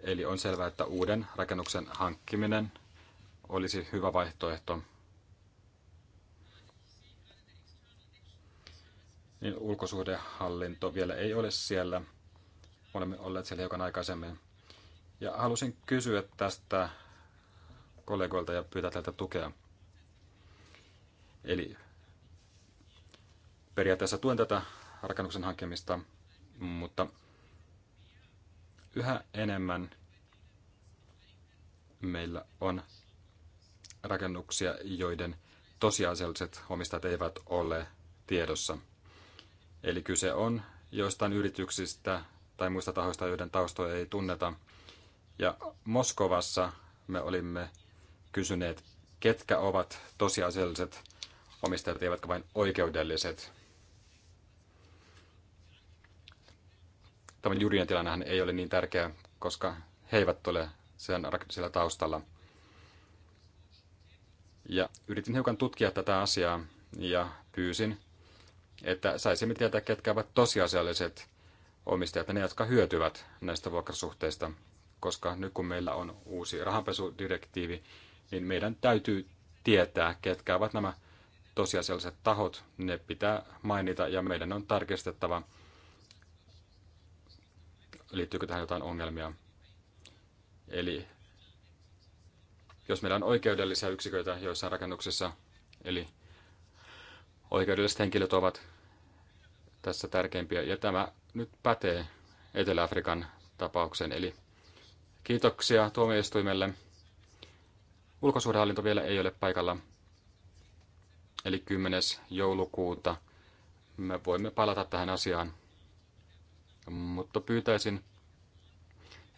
Eli on selvää, että uuden rakennuksen hankkiminen olisi hyvä vaihtoehto niin ulkosuhdehallinto vielä ei ole siellä. Olemme olleet siellä hiukan aikaisemmin. Ja halusin kysyä tästä kollegoilta ja pyytää tältä tukea. Eli periaatteessa tuen tätä rakennuksen hankkimista, mutta yhä enemmän meillä on rakennuksia, joiden tosiasialliset omistajat eivät ole tiedossa – Eli kyse on joistain yrityksistä tai muista tahoista, joiden taustoja ei tunneta. Ja Moskovassa me olimme kysyneet, ketkä ovat tosiasialliset omistajat, eivätkä vain oikeudelliset. Tämä juridinen tilannehan ei ole niin tärkeä, koska he eivät ole sen sillä taustalla. Ja yritin hiukan tutkia tätä asiaa ja pyysin että saisimme tietää, ketkä ovat tosiasialliset omistajat ja ne, jotka hyötyvät näistä vuokrasuhteista, koska nyt kun meillä on uusi rahanpesudirektiivi, niin meidän täytyy tietää, ketkä ovat nämä tosiasialliset tahot, ne pitää mainita ja meidän on tarkistettava, liittyykö tähän jotain ongelmia. Eli jos meillä on oikeudellisia yksiköitä joissain rakennuksissa, eli oikeudelliset henkilöt ovat tässä tärkeimpiä. Ja tämä nyt pätee Etelä-Afrikan tapaukseen Eli kiitoksia tuomioistuimelle. Ulkosuhdehallinto vielä ei ole paikalla. Eli 10. joulukuuta me voimme palata tähän asiaan. Mutta pyytäisin,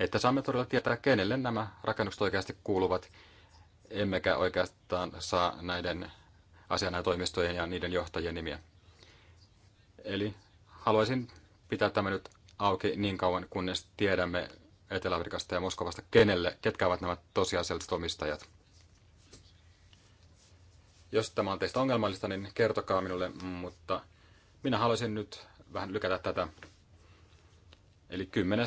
että saamme todella tietää, kenelle nämä rakennukset oikeasti kuuluvat, emmekä oikeastaan saa näiden asianajotoimistojen ja niiden johtajien nimiä. Eli haluaisin pitää tämä nyt auki niin kauan, kunnes tiedämme Etelä-Afrikasta ja Moskovasta, kenelle, ketkä ovat nämä tosiasialliset omistajat. Jos tämä on teistä ongelmallista, niin kertokaa minulle, mutta minä haluaisin nyt vähän lykätä tätä. Eli 10.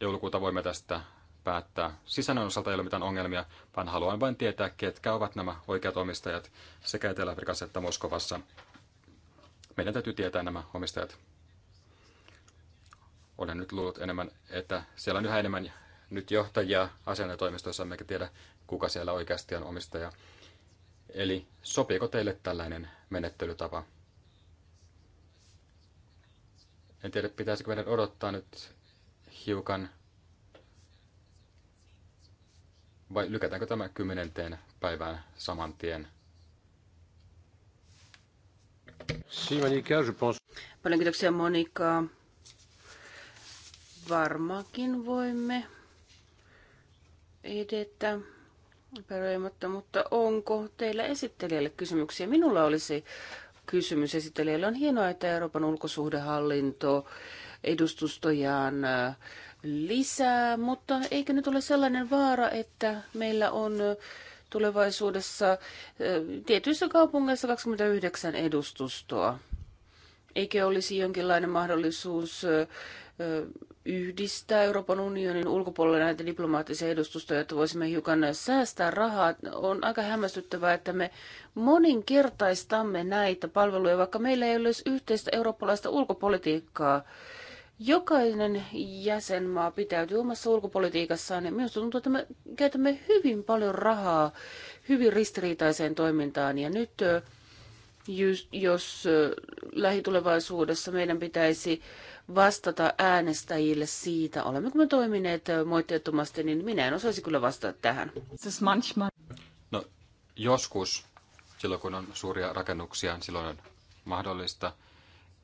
joulukuuta voimme tästä päättää. Sisäinen osalta ei ole mitään ongelmia, vaan haluan vain tietää, ketkä ovat nämä oikeat omistajat sekä Etelä-Afrikassa että Moskovassa. Meidän täytyy tietää nämä omistajat. Olen nyt luullut enemmän, että siellä on yhä enemmän nyt johtajia asianajatoimistoissa, emmekä tiedä, kuka siellä oikeasti on omistaja. Eli sopiiko teille tällainen menettelytapa? En tiedä, pitäisikö meidän odottaa nyt hiukan vai lykätäänkö tämä kymmenenteen päivään saman tien? Si, Monika, je pense. Paljon kiitoksia Monika. Varmaankin voimme edetä epäröimättä, mutta onko teillä esittelijälle kysymyksiä? Minulla olisi kysymys esittelijälle. On hienoa, että Euroopan ulkosuhdehallinto edustustojaan lisää, mutta eikö nyt ole sellainen vaara, että meillä on tulevaisuudessa tietyissä kaupungeissa 29 edustustoa? Eikö olisi jonkinlainen mahdollisuus yhdistää Euroopan unionin ulkopuolella näitä diplomaattisia edustustoja, että voisimme hiukan säästää rahaa. On aika hämmästyttävää, että me moninkertaistamme näitä palveluja, vaikka meillä ei olisi yhteistä eurooppalaista ulkopolitiikkaa. Jokainen jäsenmaa pitäytyy omassa ulkopolitiikassaan. Niin minusta tuntuu, että me käytämme hyvin paljon rahaa hyvin ristiriitaiseen toimintaan. Ja nyt jos lähitulevaisuudessa meidän pitäisi vastata äänestäjille siitä, olemmeko me toimineet moitteettomasti, niin minä en osaisi kyllä vastata tähän. No, joskus, silloin kun on suuria rakennuksia, niin silloin on mahdollista,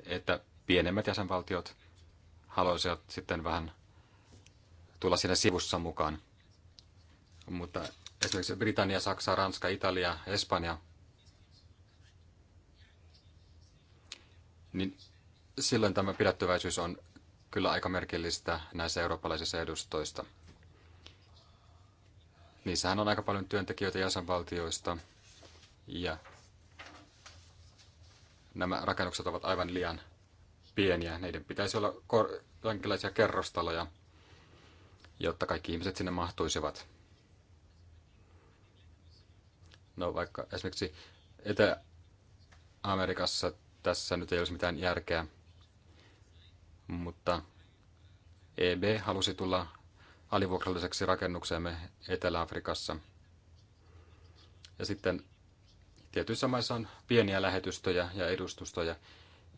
että pienemmät jäsenvaltiot haluaisivat sitten vähän tulla siinä sivussa mukaan. Mutta esimerkiksi Britannia, Saksa, Ranska, Italia, Espanja, niin silloin tämä pidättyväisyys on kyllä aika merkillistä näissä eurooppalaisissa edustoista. Niissähän on aika paljon työntekijöitä jäsenvaltioista ja nämä rakennukset ovat aivan liian pieniä. Niiden pitäisi olla kor- jonkinlaisia kerrostaloja, jotta kaikki ihmiset sinne mahtuisivat. No vaikka esimerkiksi etä amerikassa tässä nyt ei olisi mitään järkeä, mutta EB halusi tulla alivuokralliseksi rakennukseemme Etelä-Afrikassa. Ja sitten tietyissä maissa on pieniä lähetystöjä ja edustustoja,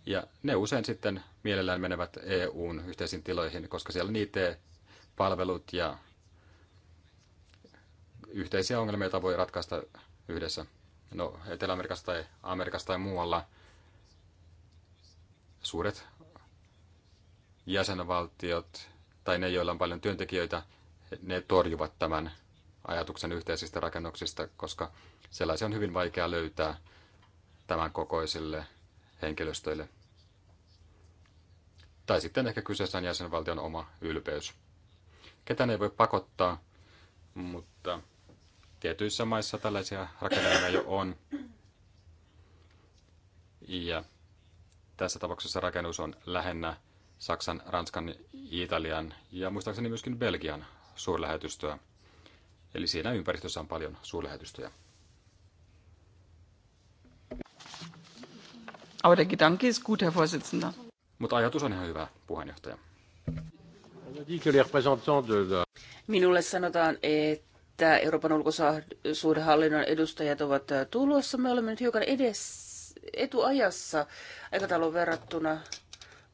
ja ne usein sitten mielellään menevät EUn yhteisiin tiloihin, koska siellä on IT-palvelut ja yhteisiä ongelmia, joita voi ratkaista yhdessä. No, Etelä-Amerikassa tai Amerikassa tai muualla suuret jäsenvaltiot tai ne, joilla on paljon työntekijöitä, ne torjuvat tämän ajatuksen yhteisistä rakennuksista, koska sellaisia on hyvin vaikea löytää tämän kokoisille henkilöstöille. Tai sitten ehkä kyseessä on jäsenvaltion oma ylpeys. Ketään ei voi pakottaa, mutta tietyissä maissa tällaisia rakennelmia jo on. Ja tässä tapauksessa rakennus on lähennä Saksan, Ranskan, Italian ja muistaakseni myöskin Belgian suurlähetystöä. Eli siinä ympäristössä on paljon suurlähetystöjä. Aber der Gedanke ist gut, Herr Vorsitzender. Mutta ajatus on ihan hyvä, puheenjohtaja. Minulle sanotaan, että Euroopan ulkosuhdehallinnon edustajat ovat tulossa. Me olemme nyt hiukan edes etuajassa aikataulun verrattuna.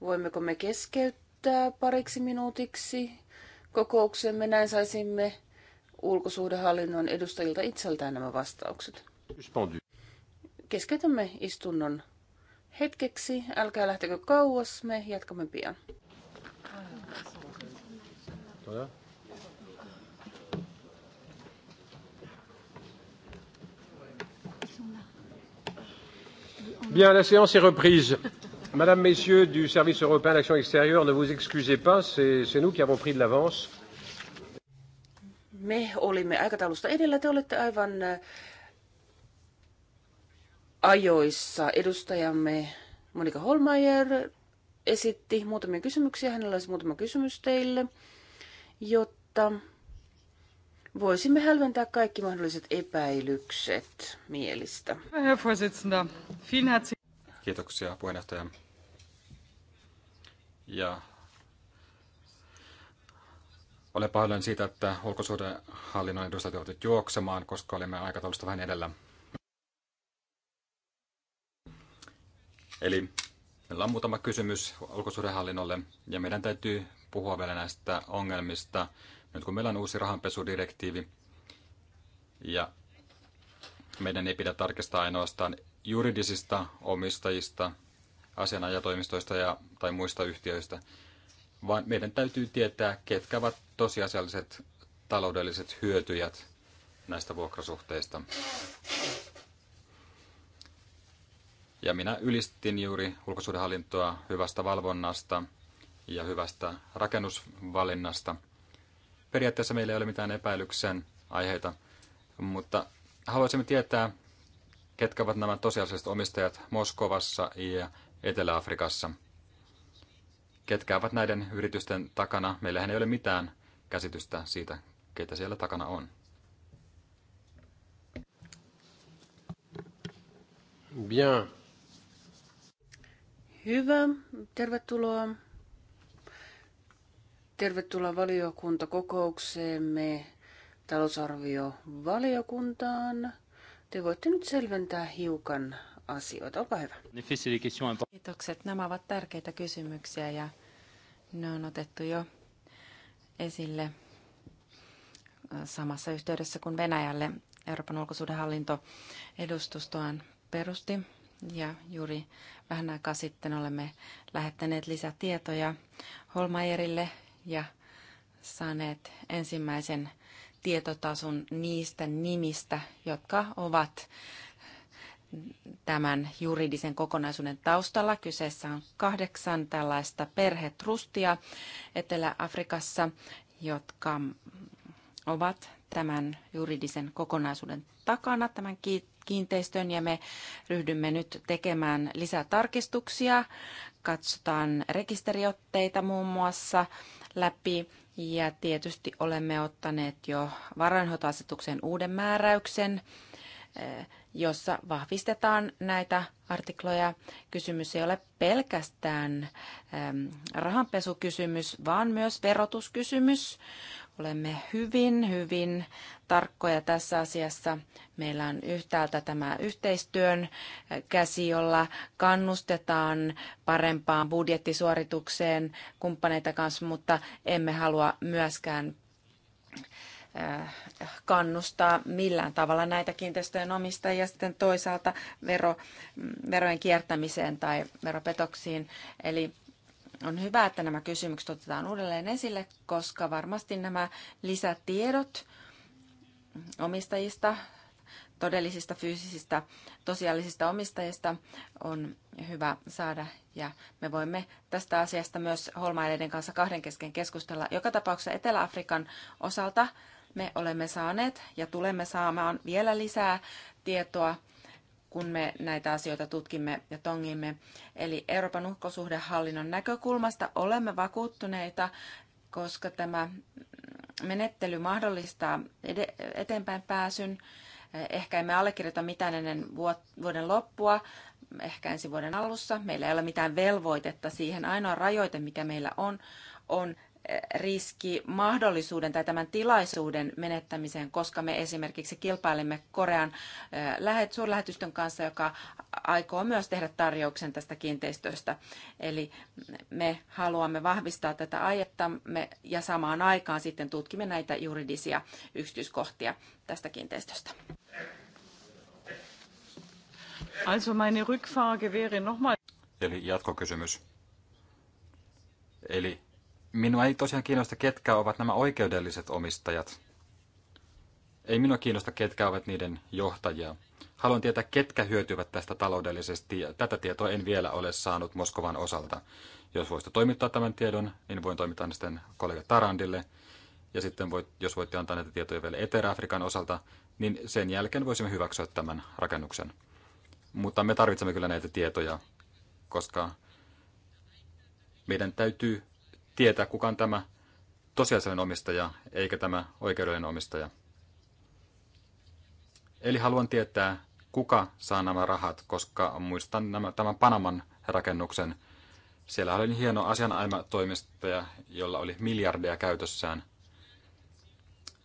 Voimmeko me keskeyttää pariksi minuutiksi kokouksemme? Näin saisimme ulkosuhdehallinnon edustajilta itseltään nämä vastaukset. Keskeytämme istunnon hetkeksi. Älkää lähtekö kauas, me jatkamme pian. Todella? Bien, la séance est reprise. Madame, Messieurs du Service européen d'action extérieure, ne vous excusez pas, c'est nous qui avons pris de l'avance. Me olimme aikataulusta edellä, te olette aivan äh, ajoissa. Edustajamme Monika Holmeier esitti muutamia kysymyksiä. Hänellä olisi muutama kysymys teille, jotta voisimme hälventää kaikki mahdolliset epäilykset mielistä. Kiitoksia puheenjohtaja. Ja olen pahoillani siitä, että ulkosuhdehallinnon edustajat joutuivat juoksemaan, koska olimme aikataulusta vähän edellä. Eli meillä on muutama kysymys ulkosuhdehallinnolle ja meidän täytyy puhua vielä näistä ongelmista, nyt kun meillä on uusi rahanpesudirektiivi. Ja meidän ei pidä tarkistaa ainoastaan juridisista omistajista, asianajatoimistoista ja, tai muista yhtiöistä, vaan meidän täytyy tietää, ketkä ovat tosiasialliset taloudelliset hyötyjät näistä vuokrasuhteista. Ja minä ylistin juuri ulkosuudenhallintoa hyvästä valvonnasta ja hyvästä rakennusvalinnasta. Periaatteessa meillä ei ole mitään epäilyksen aiheita, mutta haluaisimme tietää, ketkä ovat nämä tosiasialliset omistajat Moskovassa ja Etelä-Afrikassa. Ketkä ovat näiden yritysten takana? Meillähän ei ole mitään käsitystä siitä, keitä siellä takana on. Bien. Hyvä, tervetuloa. Tervetuloa valiokuntakokoukseemme talousarviovaliokuntaan. Te voitte nyt selventää hiukan asioita. Olkaa hyvä. Kiitokset. Nämä ovat tärkeitä kysymyksiä ja ne on otettu jo esille samassa yhteydessä kuin Venäjälle Euroopan ulkosuhdehallinto edustustoan perusti ja juuri vähän aikaa sitten olemme lähettäneet lisätietoja Holmaerille ja saaneet ensimmäisen tietotason niistä nimistä, jotka ovat tämän juridisen kokonaisuuden taustalla. Kyseessä on kahdeksan tällaista perhetrustia Etelä-Afrikassa, jotka ovat tämän juridisen kokonaisuuden takana, tämän kiinteistön, ja me ryhdymme nyt tekemään lisää tarkistuksia. Katsotaan rekisteriotteita muun muassa läpi, ja tietysti olemme ottaneet jo varainhoitoasetuksen uuden määräyksen, eh, jossa vahvistetaan näitä artikloja. Kysymys ei ole pelkästään eh, rahanpesukysymys, vaan myös verotuskysymys, Olemme hyvin, hyvin tarkkoja tässä asiassa. Meillä on yhtäältä tämä yhteistyön käsi, jolla kannustetaan parempaan budjettisuoritukseen kumppaneita kanssa, mutta emme halua myöskään äh, kannustaa millään tavalla näitä kiinteistöjen omistajia sitten toisaalta vero, mm, verojen kiertämiseen tai veropetoksiin. Eli on hyvä, että nämä kysymykset otetaan uudelleen esille, koska varmasti nämä lisätiedot omistajista, todellisista fyysisistä, tosiaalisista omistajista on hyvä saada. Ja me voimme tästä asiasta myös holmaileiden kanssa kahden kesken keskustella. Joka tapauksessa Etelä-Afrikan osalta me olemme saaneet ja tulemme saamaan vielä lisää tietoa kun me näitä asioita tutkimme ja tongimme. Eli Euroopan ulkosuhdehallinnon näkökulmasta olemme vakuuttuneita, koska tämä menettely mahdollistaa eteenpäin pääsyn. Ehkä emme allekirjoita mitään ennen vuoden loppua, ehkä ensi vuoden alussa. Meillä ei ole mitään velvoitetta siihen. Ainoa rajoite, mikä meillä on, on riski mahdollisuuden tai tämän tilaisuuden menettämiseen, koska me esimerkiksi kilpailemme Korean suurlähetystön kanssa, joka aikoo myös tehdä tarjouksen tästä kiinteistöstä. Eli me haluamme vahvistaa tätä aiettamme ja samaan aikaan sitten tutkimme näitä juridisia yksityiskohtia tästä kiinteistöstä. Also meine Rückfrage wäre nochmal. Eli jatkokysymys. Eli Minua ei tosiaan kiinnosta, ketkä ovat nämä oikeudelliset omistajat. Ei minua kiinnosta, ketkä ovat niiden johtajia. Haluan tietää, ketkä hyötyvät tästä taloudellisesti. Tätä tietoa en vielä ole saanut Moskovan osalta. Jos voisitte toimittaa tämän tiedon, niin voin toimittaa ne sitten kollega Tarandille. Ja sitten voit, jos voitte antaa näitä tietoja vielä Etelä-Afrikan osalta, niin sen jälkeen voisimme hyväksyä tämän rakennuksen. Mutta me tarvitsemme kyllä näitä tietoja, koska meidän täytyy tietää, kuka on tämä tosiasiallinen omistaja, eikä tämä oikeudellinen omistaja. Eli haluan tietää, kuka saa nämä rahat, koska muistan nämä, tämän Panaman rakennuksen. Siellä oli hieno asianaimatoimistaja, jolla oli miljardeja käytössään.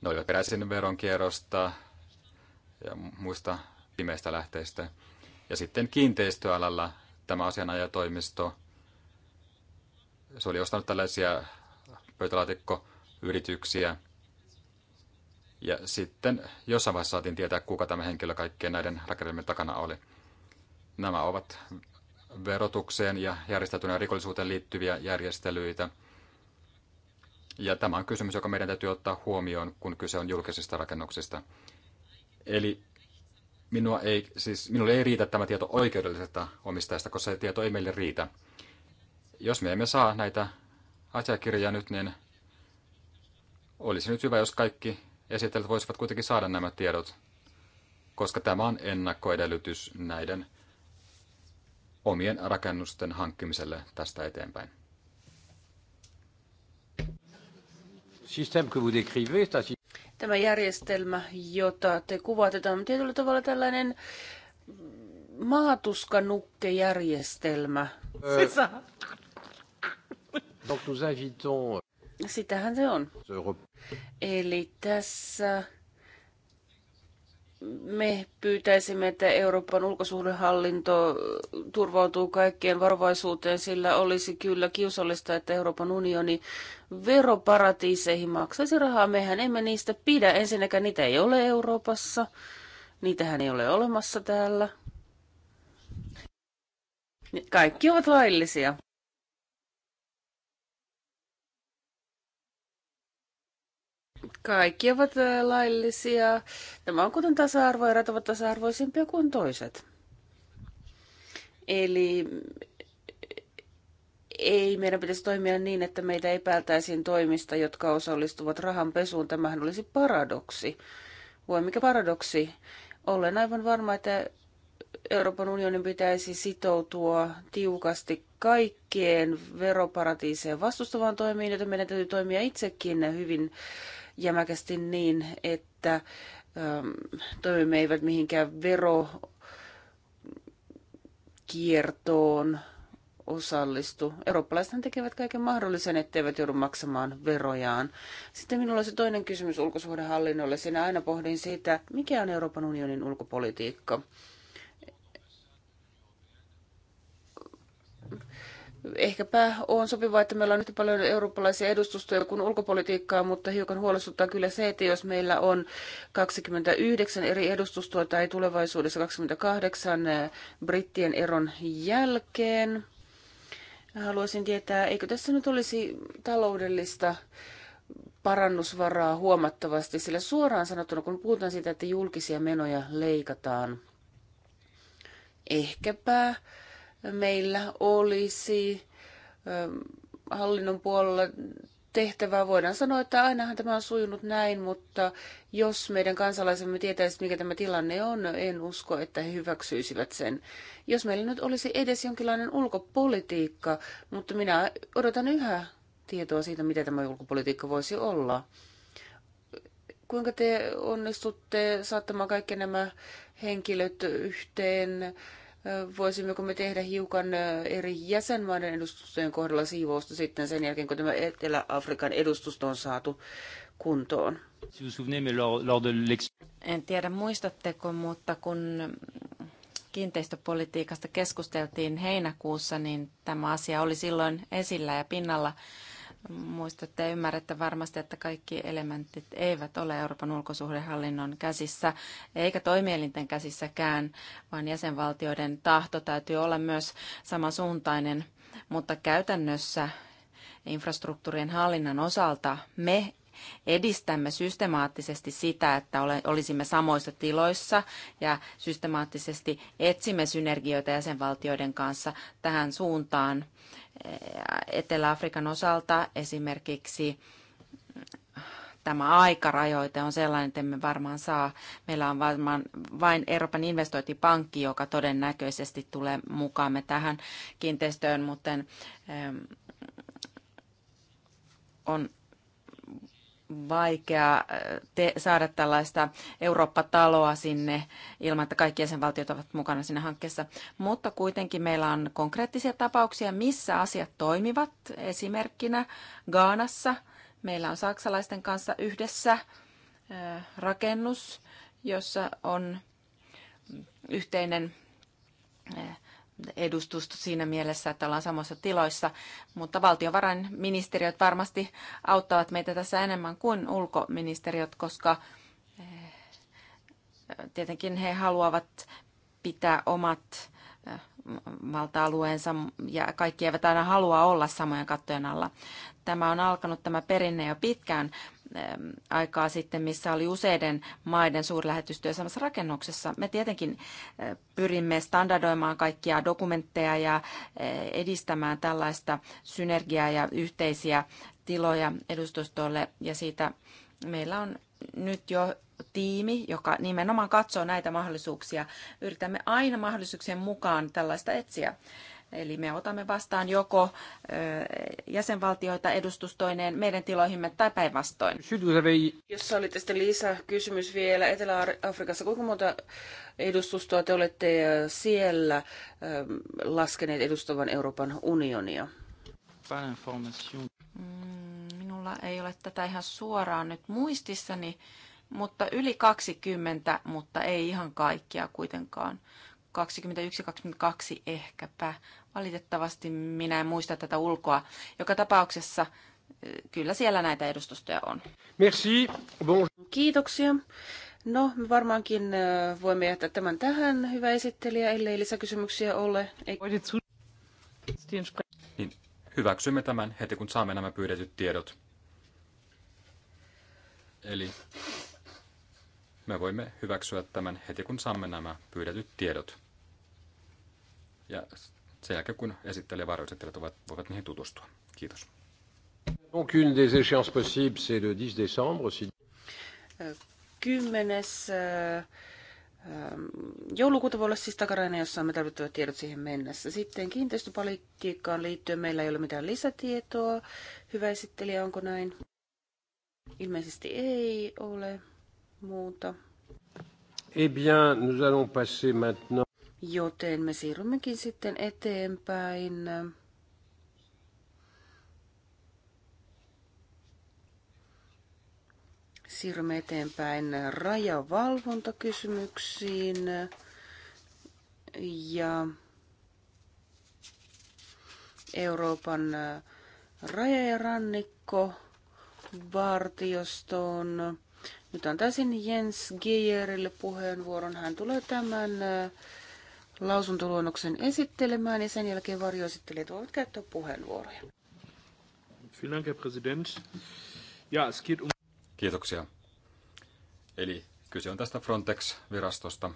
Ne olivat peräisin veronkierrosta ja muista pimeistä lähteistä. Ja sitten kiinteistöalalla tämä asianajatoimisto se oli ostanut tällaisia pöytälaatikkoyrityksiä. Ja sitten jossain vaiheessa saatiin tietää, kuka tämä henkilö kaikkien näiden rakennelmien takana oli. Nämä ovat verotukseen ja järjestäytyneen rikollisuuteen liittyviä järjestelyitä. Ja tämä on kysymys, joka meidän täytyy ottaa huomioon, kun kyse on julkisista rakennuksista. Eli minua ei, siis minulle ei riitä tämä tieto oikeudellisesta omistajasta, koska se tieto ei meille riitä. Jos me emme saa näitä asiakirjoja nyt, niin olisi nyt hyvä, jos kaikki esittelijät voisivat kuitenkin saada nämä tiedot, koska tämä on ennakkoedellytys näiden omien rakennusten hankkimiselle tästä eteenpäin. Tämä järjestelmä, jota te kuvaatte, on tietyllä tavalla tällainen maatuskanukkejärjestelmä. saa. Donc nous invitons... Euh, Sitähän se on. Eli tässä me pyytäisimme, että Euroopan ulkosuhdehallinto turvautuu kaikkien varovaisuuteen, sillä olisi kyllä kiusallista, että Euroopan unioni veroparatiiseihin maksaisi rahaa. Mehän emme niistä pidä. Ensinnäkään niitä ei ole Euroopassa. Niitähän ei ole olemassa täällä. Kaikki ovat laillisia. Kaikki ovat laillisia. Tämä on kuten tasa-arvo, erät ovat tasa-arvoisimpia kuin toiset. Eli ei meidän pitäisi toimia niin, että meitä epäiltäisiin toimista, jotka osallistuvat rahanpesuun. Tämähän olisi paradoksi. Voi mikä paradoksi. Olen aivan varma, että Euroopan unionin pitäisi sitoutua tiukasti kaikkien veroparatiiseen vastustavaan toimiin, joten meidän täytyy toimia itsekin hyvin jämäkästi niin, että ähm, toimimme eivät mihinkään verokiertoon osallistu. Eurooppalaisethan tekevät kaiken mahdollisen, etteivät joudu maksamaan verojaan. Sitten minulla on se toinen kysymys ulkosuhdehallinnolle. Siinä aina pohdin siitä, mikä on Euroopan unionin ulkopolitiikka. ehkäpä on sopivaa, että meillä on nyt paljon eurooppalaisia edustustoja kuin ulkopolitiikkaa, mutta hiukan huolestuttaa kyllä se, että jos meillä on 29 eri edustustoa tai tulevaisuudessa 28 eh, brittien eron jälkeen, haluaisin tietää, eikö tässä nyt olisi taloudellista parannusvaraa huomattavasti, sillä suoraan sanottuna, kun puhutaan siitä, että julkisia menoja leikataan, ehkäpä meillä olisi ähm, hallinnon puolella tehtävää. Voidaan sanoa, että ainahan tämä on sujunut näin, mutta jos meidän kansalaisemme tietäisivät, mikä tämä tilanne on, en usko, että he hyväksyisivät sen. Jos meillä nyt olisi edes jonkinlainen ulkopolitiikka, mutta minä odotan yhä tietoa siitä, mitä tämä ulkopolitiikka voisi olla. Kuinka te onnistutte saattamaan kaikki nämä henkilöt yhteen? voisimmeko me tehdä hiukan eri jäsenmaiden edustustojen kohdalla siivousta sitten sen jälkeen, kun tämä Etelä-Afrikan edustusto on saatu kuntoon? En tiedä muistatteko, mutta kun kiinteistöpolitiikasta keskusteltiin heinäkuussa, niin tämä asia oli silloin esillä ja pinnalla muistatte ja ymmärrätte varmasti, että kaikki elementit eivät ole Euroopan ulkosuhdehallinnon käsissä eikä toimielinten käsissäkään, vaan jäsenvaltioiden tahto täytyy olla myös samansuuntainen, mutta käytännössä infrastruktuurien hallinnan osalta me edistämme systemaattisesti sitä, että olisimme samoissa tiloissa ja systemaattisesti etsimme synergioita jäsenvaltioiden kanssa tähän suuntaan Etelä-Afrikan osalta esimerkiksi tämä aikarajoite on sellainen, että emme varmaan saa. Meillä on varmaan vain Euroopan investointipankki, joka todennäköisesti tulee mukaamme tähän kiinteistöön, mutta on vaikea äh, te- saada tällaista Eurooppa-taloa sinne ilman, että kaikki jäsenvaltiot ovat mukana siinä hankkeessa. Mutta kuitenkin meillä on konkreettisia tapauksia, missä asiat toimivat. Esimerkkinä Gaanassa meillä on saksalaisten kanssa yhdessä äh, rakennus, jossa on yhteinen äh, edustusta siinä mielessä, että ollaan samassa tiloissa, mutta valtiovarainministeriöt varmasti auttavat meitä tässä enemmän kuin ulkoministeriöt, koska eh, tietenkin he haluavat pitää omat eh, valta-alueensa ja kaikki eivät aina halua olla samojen kattojen alla. Tämä on alkanut tämä perinne jo pitkään, aikaa sitten, missä oli useiden maiden suurlähetystyö samassa rakennuksessa. Me tietenkin eh, pyrimme standardoimaan kaikkia dokumentteja ja eh, edistämään tällaista synergiaa ja yhteisiä tiloja edustustolle ja siitä meillä on nyt jo tiimi, joka nimenomaan katsoo näitä mahdollisuuksia. Yritämme aina mahdollisuuksien mukaan tällaista etsiä. Eli me otamme vastaan joko jäsenvaltioita edustustoineen meidän tiloihimme tai päinvastoin. Jos tästä lisää kysymys vielä Etelä-Afrikassa, kuinka monta edustustoa te olette siellä laskeneet edustavan Euroopan unionia? Mm, minulla ei ole tätä ihan suoraan nyt muistissani, mutta yli 20, mutta ei ihan kaikkia kuitenkaan. 21-22 ehkäpä Valitettavasti minä en muista tätä ulkoa. Joka tapauksessa eh, kyllä siellä näitä edustustoja on. Merci. Kiitoksia. No, me varmaankin eh, voimme jättää tämän tähän, hyvä esittelijä, ellei lisäkysymyksiä ole. Ei... Niin, hyväksymme tämän heti, kun saamme nämä pyydetyt tiedot. Eli me voimme hyväksyä tämän heti, kun saamme nämä pyydetyt tiedot. Ja sen jälkeen, kun esittelijä ja varjoesittelijät ovat, voivat niihin tutustua. Kiitos. Donc une des échéances possibles, c'est le 10 décembre. Si... 10. Äh, äh, joulukuuta voi olla siis takarainen, jossa on tarvittavat tiedot siihen mennessä. Sitten kiinteistöpolitiikkaan liittyen meillä ei ole mitään lisätietoa. Hyvä esittelijä, onko näin? Ilmeisesti ei ole muuta. Eh bien, nous allons passer maintenant Joten me siirrymmekin sitten eteenpäin. Siirrymme eteenpäin rajavalvontakysymyksiin ja Euroopan raja- ja rannikko vartiostoon. Nyt antaisin Jens Geierille puheenvuoron. Hän tulee tämän lausuntoluonnoksen esittelemään ja sen jälkeen varjoesittelijät voivat käyttää puheenvuoroja. Um- Kiitoksia. Eli kyse on tästä Frontex-virastosta.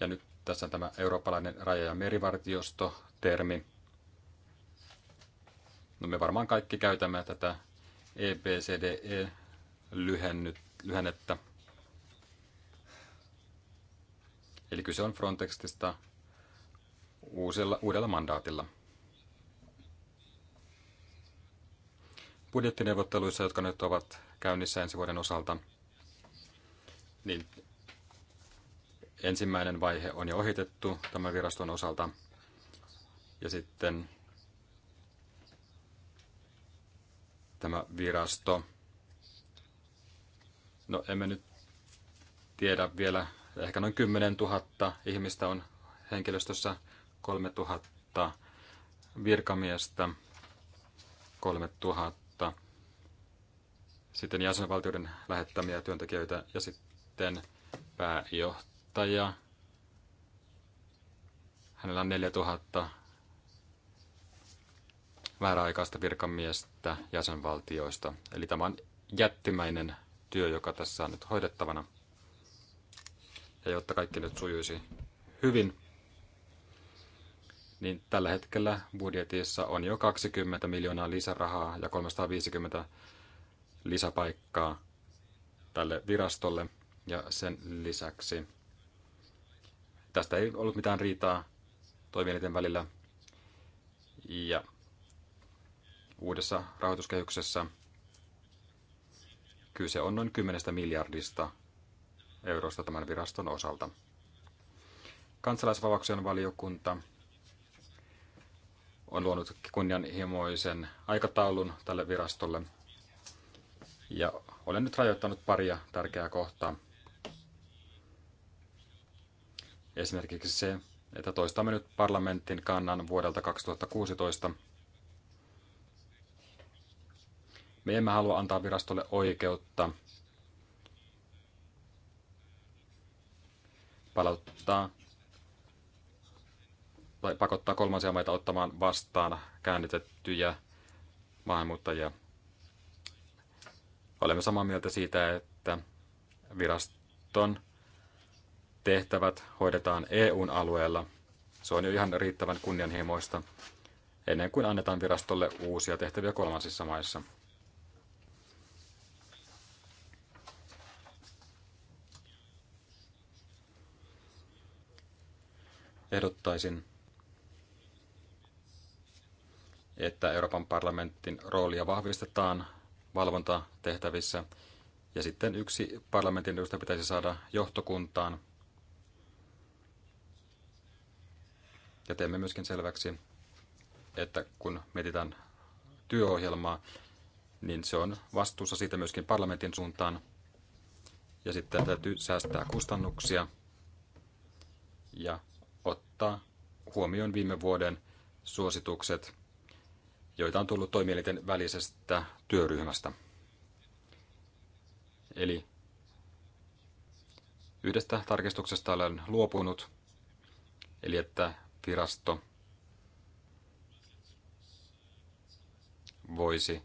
Ja nyt tässä on tämä eurooppalainen raja- ja merivartiosto-termi. No me varmaan kaikki käytämme tätä EBCDE-lyhennettä. Eli kyse on Frontexista uusilla, uudella mandaatilla. Budjettineuvotteluissa, jotka nyt ovat käynnissä ensi vuoden osalta, niin ensimmäinen vaihe on jo ohitettu tämän viraston osalta. Ja sitten tämä virasto. No emme nyt tiedä vielä, Ehkä noin 10 000 ihmistä on henkilöstössä, 3 000 virkamiestä, 3 000 sitten jäsenvaltioiden lähettämiä työntekijöitä ja sitten pääjohtaja. Hänellä on 4 000 määräaikaista virkamiestä jäsenvaltioista. Eli tämä on jättimäinen työ, joka tässä on nyt hoidettavana ja jotta kaikki nyt sujuisi hyvin, niin tällä hetkellä budjetissa on jo 20 miljoonaa lisärahaa ja 350 lisäpaikkaa tälle virastolle. Ja sen lisäksi tästä ei ollut mitään riitaa toimielinten välillä. Ja uudessa rahoituskehyksessä kyse on noin 10 miljardista eurosta tämän viraston osalta. Kansalaisvapauksien valiokunta on luonut kunnianhimoisen aikataulun tälle virastolle. Ja olen nyt rajoittanut paria tärkeää kohtaa. Esimerkiksi se, että toistamme nyt parlamentin kannan vuodelta 2016. Me emme halua antaa virastolle oikeutta – palauttaa tai pakottaa kolmansia maita ottamaan vastaan käännetettyjä maahanmuuttajia. Olemme samaa mieltä siitä, että viraston tehtävät hoidetaan EUn alueella. Se on jo ihan riittävän kunnianhimoista, ennen kuin annetaan virastolle uusia tehtäviä kolmansissa maissa. ehdottaisin, että Euroopan parlamentin roolia vahvistetaan valvontatehtävissä ja sitten yksi parlamentin edustaja pitäisi saada johtokuntaan. Ja teemme myöskin selväksi, että kun mietitään työohjelmaa, niin se on vastuussa siitä myöskin parlamentin suuntaan. Ja sitten täytyy säästää kustannuksia ja ottaa huomioon viime vuoden suositukset, joita on tullut toimielinten välisestä työryhmästä. Eli yhdestä tarkistuksesta olen luopunut, eli että virasto voisi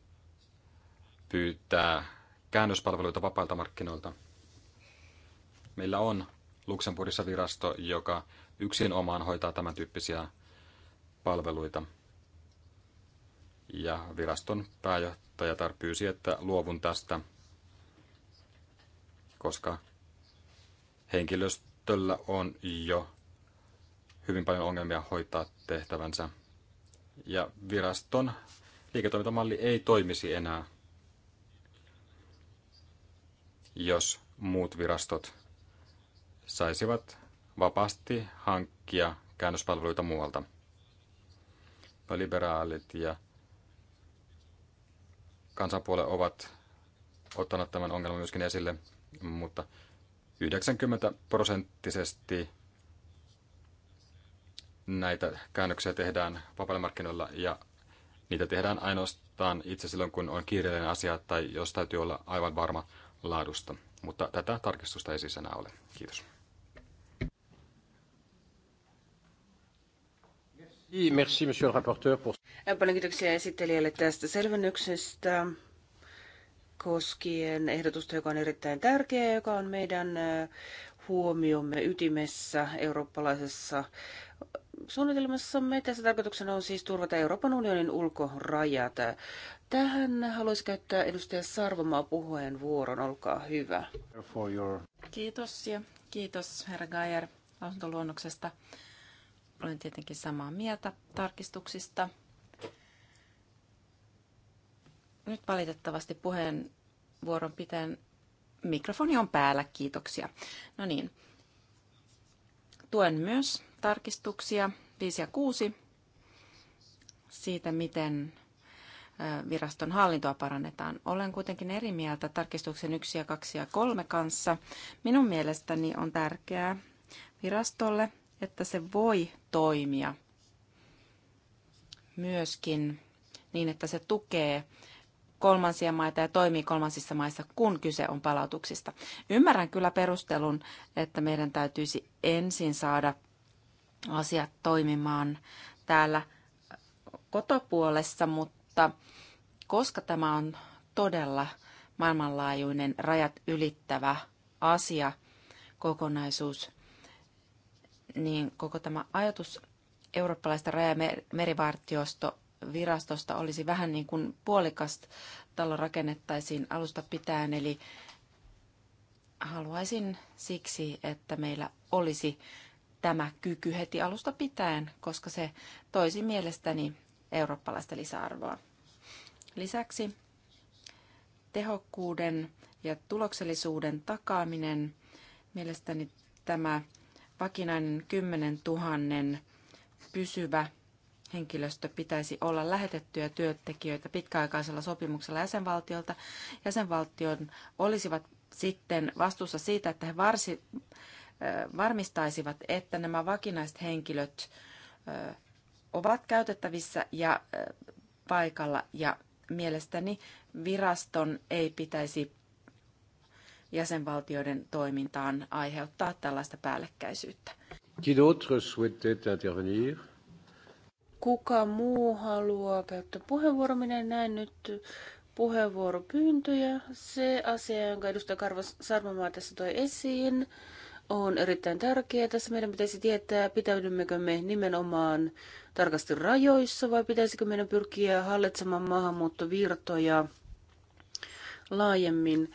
pyytää käännöspalveluita vapailta markkinoilta. Meillä on Luxemburgissa virasto, joka yksin omaan hoitaa tämän tyyppisiä palveluita. Ja viraston pääjohtaja tarpyysi, että luovun tästä, koska henkilöstöllä on jo hyvin paljon ongelmia hoitaa tehtävänsä. Ja viraston liiketoimintamalli ei toimisi enää, jos muut virastot saisivat vapaasti hankkia käännöspalveluita muualta. No, liberaalit ja kansanpuole ovat ottaneet tämän ongelman myöskin esille, mutta 90 prosenttisesti näitä käännöksiä tehdään vapailla markkinoilla ja niitä tehdään ainoastaan itse silloin, kun on kiireellinen asia tai jos täytyy olla aivan varma laadusta. Mutta tätä tarkistusta ei siis enää ole. Kiitos. Merci, monsieur le rapporteur. Pour... Äh, paljon kiitoksia esittelijälle tästä selvennyksestä koskien ehdotusta, joka on erittäin tärkeä, joka on meidän äh, huomiomme ytimessä eurooppalaisessa äh, suunnitelmassamme. Tässä tarkoituksena on siis turvata Euroopan unionin ulkorajat. Tähän haluaisin käyttää edustaja Sarvomaa puheenvuoron. Olkaa hyvä. Kiitos ja kiitos herra Gajer luonnoksesta. Olen tietenkin samaa mieltä tarkistuksista. Nyt valitettavasti puheenvuoron pitäen mikrofoni on päällä, kiitoksia. No niin, tuen myös tarkistuksia 5 ja 6 siitä, miten viraston hallintoa parannetaan. Olen kuitenkin eri mieltä tarkistuksen 1 ja 2 ja 3 kanssa. Minun mielestäni on tärkeää virastolle että se voi toimia myöskin niin, että se tukee kolmansia maita ja toimii kolmansissa maissa, kun kyse on palautuksista. Ymmärrän kyllä perustelun, että meidän täytyisi ensin saada asiat toimimaan täällä kotopuolessa, mutta koska tämä on todella maailmanlaajuinen rajat ylittävä asia, kokonaisuus, niin koko tämä ajatus eurooppalaista raja- virastosta olisi vähän niin kuin puolikas talo rakennettaisiin alusta pitäen, eli haluaisin siksi, että meillä olisi tämä kyky heti alusta pitäen, koska se toisi mielestäni eurooppalaista lisäarvoa. Lisäksi tehokkuuden ja tuloksellisuuden takaaminen. Mielestäni tämä vakinainen 10 000 pysyvä henkilöstö pitäisi olla lähetettyjä työntekijöitä pitkäaikaisella sopimuksella jäsenvaltiolta. Jäsenvaltion olisivat sitten vastuussa siitä, että he varsi, varmistaisivat, että nämä vakinaiset henkilöt ovat käytettävissä ja paikalla ja mielestäni viraston ei pitäisi jäsenvaltioiden toimintaan aiheuttaa tällaista päällekkäisyyttä. Kuka muu haluaa käyttää puheenvuoron? Minä näen nyt puheenvuoropyyntöjä. Se asia, jonka edustaja Karvo Sarmamaa tässä toi esiin, on erittäin tärkeä. Tässä meidän pitäisi tietää, pitäydymmekö me nimenomaan tarkasti rajoissa vai pitäisikö meidän pyrkiä hallitsemaan maahanmuuttovirtoja laajemmin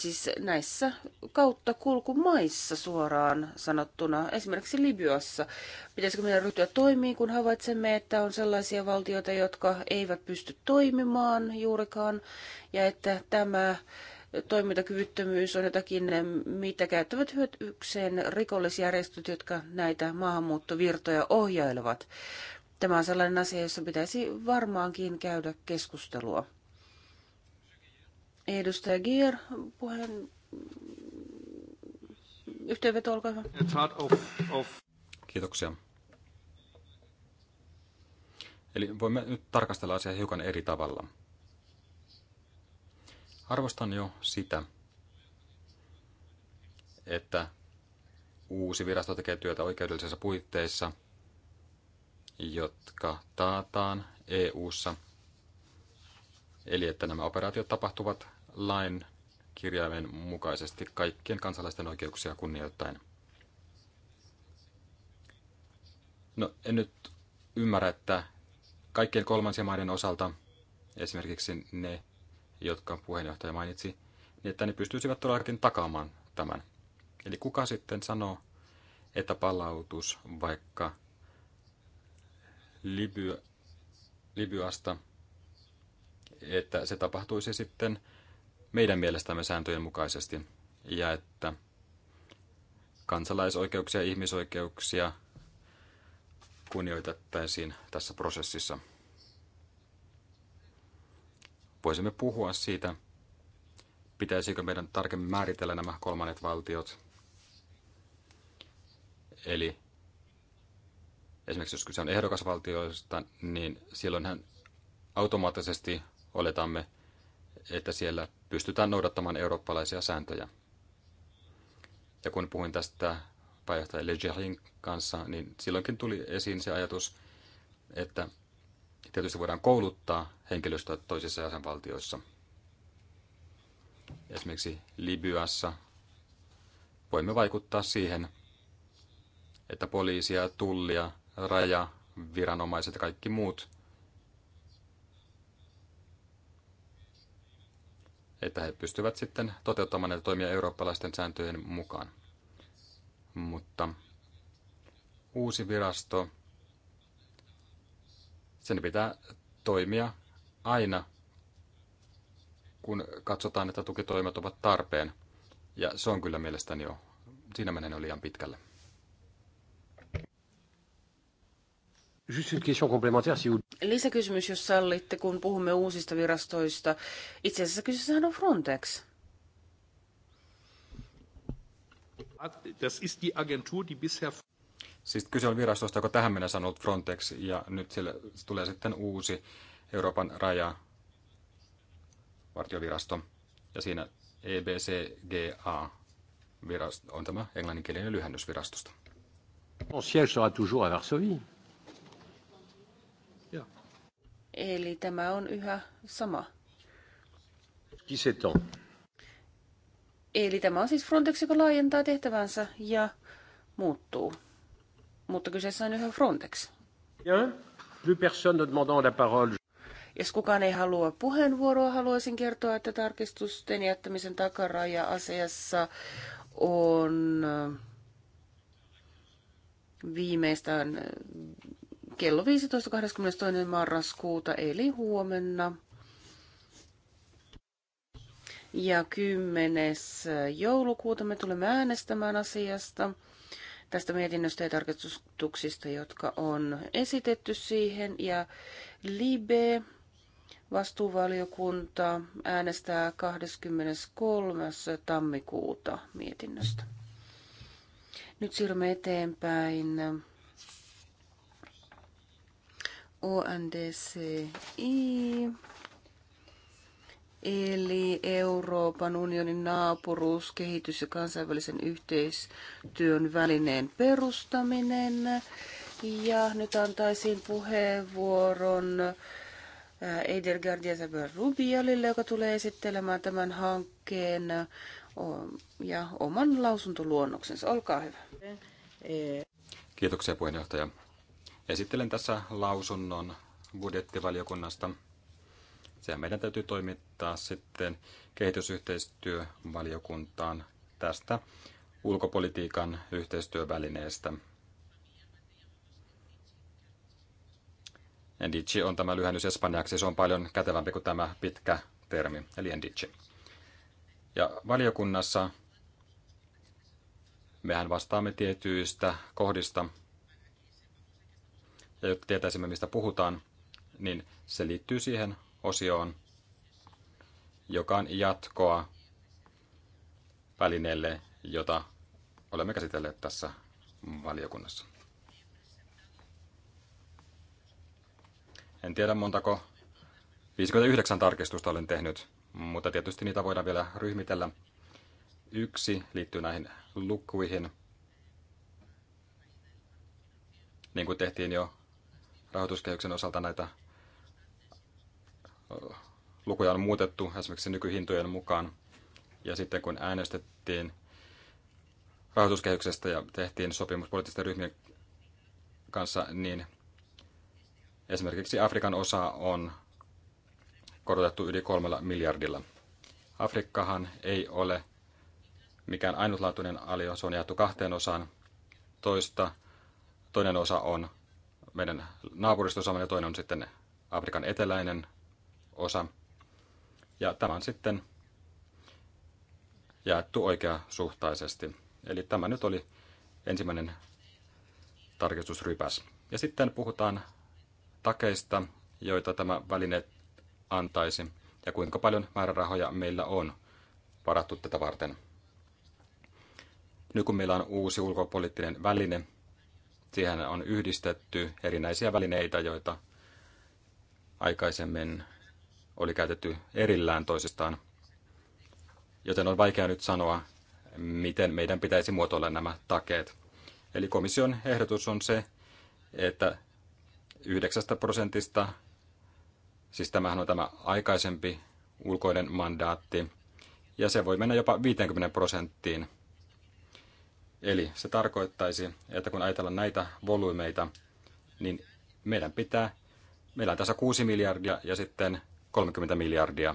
siis näissä kautta kulkumaissa suoraan sanottuna, esimerkiksi Libyassa. Pitäisikö meidän ryhtyä toimiin, kun havaitsemme, että on sellaisia valtioita, jotka eivät pysty toimimaan juurikaan, ja että tämä toimintakyvyttömyys on jotakin, mitä käyttävät hyötykseen rikollisjärjestöt, jotka näitä maahanmuuttovirtoja ohjailevat. Tämä on sellainen asia, jossa pitäisi varmaankin käydä keskustelua. Edustaja Gier, puheen yhteenveto, olkaa hyvä. Kiitoksia. Eli voimme nyt tarkastella asiaa hiukan eri tavalla. Arvostan jo sitä, että uusi virasto tekee työtä oikeudellisissa puitteissa, jotka taataan EU-ssa. Eli että nämä operaatiot tapahtuvat lain kirjaimen mukaisesti kaikkien kansalaisten oikeuksia kunnioittain. No, en nyt ymmärrä, että kaikkien kolmansien maiden osalta, esimerkiksi ne, jotka puheenjohtaja mainitsi, niin että ne pystyisivät todellakin takaamaan tämän. Eli kuka sitten sanoo, että palautus vaikka Libyasta, että se tapahtuisi sitten meidän mielestämme sääntöjen mukaisesti ja että kansalaisoikeuksia ja ihmisoikeuksia kunnioitettaisiin tässä prosessissa. Voisimme puhua siitä, pitäisikö meidän tarkemmin määritellä nämä kolmannet valtiot. Eli esimerkiksi jos kyse on ehdokasvaltioista, niin silloinhan automaattisesti oletamme, että siellä pystytään noudattamaan eurooppalaisia sääntöjä. Ja kun puhuin tästä pääjohtaja Legerin kanssa, niin silloinkin tuli esiin se ajatus, että tietysti voidaan kouluttaa henkilöstöä toisissa jäsenvaltioissa. Esimerkiksi Libyassa voimme vaikuttaa siihen, että poliisia, tullia, raja, viranomaiset ja kaikki muut – että he pystyvät sitten toteuttamaan näitä toimia eurooppalaisten sääntöjen mukaan. Mutta uusi virasto, sen pitää toimia aina, kun katsotaan, että tukitoimet ovat tarpeen. Ja se on kyllä mielestäni jo, siinä menen jo liian pitkälle. Lisäkysymys, jos sallitte, kun puhumme uusista virastoista. Itse asiassa kyseessähän on Frontex. Das ist die Agentur, die bisher... Siis kyse on virastosta, joka tähän mennessä on ollut Frontex, ja nyt sille tulee sitten uusi Euroopan raja vartiovirasto, ja siinä EBCGA virasto, on tämä englanninkielinen lyhennys virastosta. Mon siège sera toujours à Varsovie. Eli tämä on yhä sama. Kiseton. Eli tämä on siis Frontex, joka laajentaa tehtävänsä ja muuttuu. Mutta kyseessä on yhä Frontex. Bien. Plus personne ne demandant la parole. Jos kukaan ei halua puheenvuoroa, haluaisin kertoa, että tarkistusten jättämisen takaraja asiassa on viimeistään kello 15.22. marraskuuta eli huomenna. Ja 10. joulukuuta me tulemme äänestämään asiasta tästä mietinnöstä ja tarkastuksista, jotka on esitetty siihen. Ja Libe vastuuvaliokunta äänestää 23. tammikuuta mietinnöstä. Nyt siirrymme eteenpäin UNDC eli Euroopan unionin naapuruus, kehitys ja kansainvälisen yhteistyön välineen perustaminen. Ja nyt antaisin puheenvuoron äh, Eider Gardiazabel Rubialille, joka tulee esittelemään tämän hankkeen ja oman lausuntoluonnoksensa. Olkaa hyvä. Kiitoksia puheenjohtaja. Esittelen tässä lausunnon budjettivaliokunnasta. Sehän meidän täytyy toimittaa sitten kehitysyhteistyövaliokuntaan tästä ulkopolitiikan yhteistyövälineestä. Endici on tämä lyhennys espanjaksi, se on paljon kätevämpi kuin tämä pitkä termi, eli endici. Ja valiokunnassa mehän vastaamme tietyistä kohdista, ja jotta tietäisimme, mistä puhutaan, niin se liittyy siihen osioon, joka on jatkoa välineelle, jota olemme käsitelleet tässä valiokunnassa. En tiedä montako 59 tarkistusta olen tehnyt, mutta tietysti niitä voidaan vielä ryhmitellä. Yksi liittyy näihin lukuihin, niin kuin tehtiin jo rahoituskehyksen osalta näitä lukuja on muutettu esimerkiksi nykyhintojen mukaan. Ja sitten kun äänestettiin rahoituskehyksestä ja tehtiin sopimus poliittisten ryhmien kanssa, niin esimerkiksi Afrikan osa on korotettu yli kolmella miljardilla. Afrikkahan ei ole mikään ainutlaatuinen alio, se on jaettu kahteen osaan. Toista, toinen osa on meidän naapuristosamme ja toinen on sitten Afrikan eteläinen osa. Ja tämä on sitten jaettu oikeasuhtaisesti. Eli tämä nyt oli ensimmäinen tarkistusrypäs. Ja sitten puhutaan takeista, joita tämä väline antaisi ja kuinka paljon määrärahoja meillä on varattu tätä varten. Nyt kun meillä on uusi ulkopoliittinen väline, Siihen on yhdistetty erinäisiä välineitä, joita aikaisemmin oli käytetty erillään toisistaan. Joten on vaikea nyt sanoa, miten meidän pitäisi muotoilla nämä takeet. Eli komission ehdotus on se, että 9 prosentista, siis tämähän on tämä aikaisempi ulkoinen mandaatti, ja se voi mennä jopa 50 prosenttiin – Eli se tarkoittaisi, että kun ajatellaan näitä volyymeita, niin meidän pitää, meillä on tässä 6 miljardia ja sitten 30 miljardia.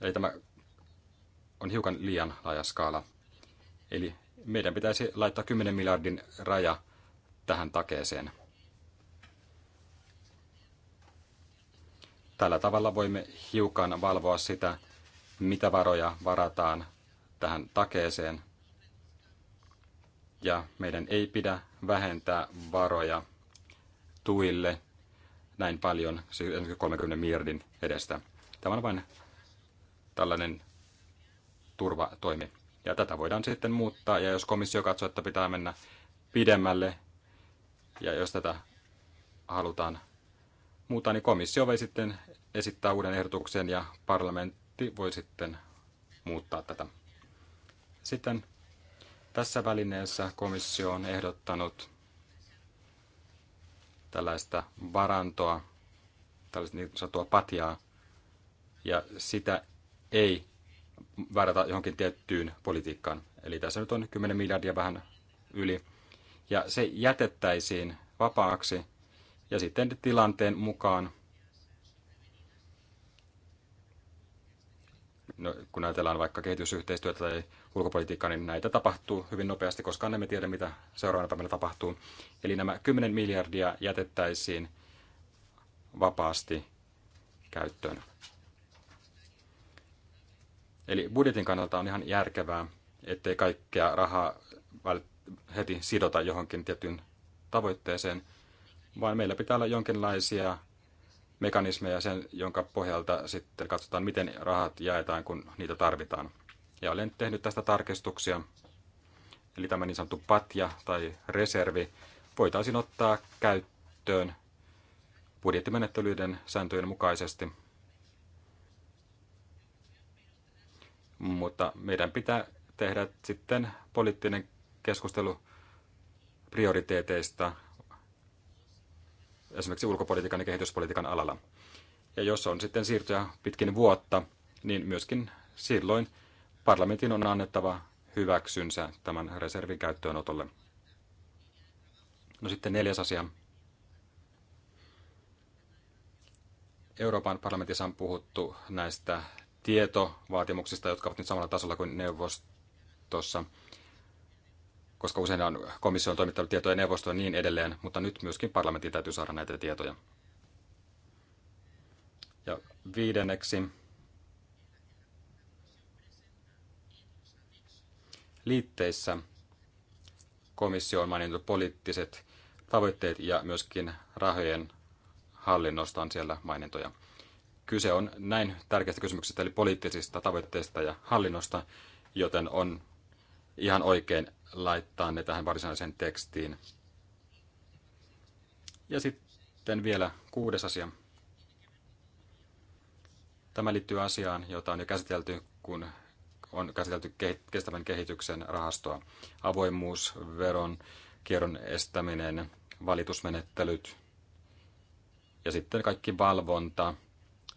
Eli tämä on hiukan liian laaja skaala. Eli meidän pitäisi laittaa 10 miljardin raja tähän takeeseen. Tällä tavalla voimme hiukan valvoa sitä, mitä varoja varataan tähän takeeseen. Ja meidän ei pidä vähentää varoja tuille näin paljon, siis 30 miljardin edestä. Tämä on vain tällainen turvatoimi. Ja tätä voidaan sitten muuttaa, ja jos komissio katsoo, että pitää mennä pidemmälle, ja jos tätä halutaan muuttaa, niin komissio voi sitten esittää uuden ehdotuksen, ja parlamentti voi sitten muuttaa tätä. Sitten tässä välineessä komissio on ehdottanut tällaista varantoa, tällaista niin sanottua patjaa, ja sitä ei varata johonkin tiettyyn politiikkaan. Eli tässä nyt on 10 miljardia vähän yli, ja se jätettäisiin vapaaksi, ja sitten tilanteen mukaan no, kun ajatellaan vaikka kehitysyhteistyötä tai ulkopolitiikkaa, niin näitä tapahtuu hyvin nopeasti, koska emme tiedä, mitä seuraavana päivänä tapahtuu. Eli nämä 10 miljardia jätettäisiin vapaasti käyttöön. Eli budjetin kannalta on ihan järkevää, ettei kaikkea rahaa heti sidota johonkin tiettyyn tavoitteeseen, vaan meillä pitää olla jonkinlaisia mekanismeja, sen, jonka pohjalta sitten katsotaan, miten rahat jaetaan, kun niitä tarvitaan. Ja olen tehnyt tästä tarkistuksia, eli tämä niin sanottu patja tai reservi voitaisiin ottaa käyttöön budjettimenettelyiden sääntöjen mukaisesti. Mutta meidän pitää tehdä sitten poliittinen keskustelu prioriteeteista esimerkiksi ulkopolitiikan ja kehityspolitiikan alalla. Ja jos on sitten siirtyä pitkin vuotta, niin myöskin silloin parlamentin on annettava hyväksynsä tämän reservin käyttöönotolle. No sitten neljäs asia. Euroopan parlamentissa on puhuttu näistä tietovaatimuksista, jotka ovat nyt samalla tasolla kuin neuvostossa koska usein on on toimittanut tietoja neuvostoon ja niin edelleen, mutta nyt myöskin parlamentin täytyy saada näitä tietoja. Ja viidenneksi liitteissä komissio on maininnut poliittiset tavoitteet ja myöskin rahojen hallinnosta on siellä mainintoja. Kyse on näin tärkeästä kysymyksestä eli poliittisista tavoitteista ja hallinnosta, joten on ihan oikein laittaa ne tähän varsinaiseen tekstiin. Ja sitten vielä kuudes asia. Tämä liittyy asiaan, jota on jo käsitelty, kun on käsitelty kestävän kehityksen rahastoa. Avoimuus, veron, kierron estäminen, valitusmenettelyt ja sitten kaikki valvonta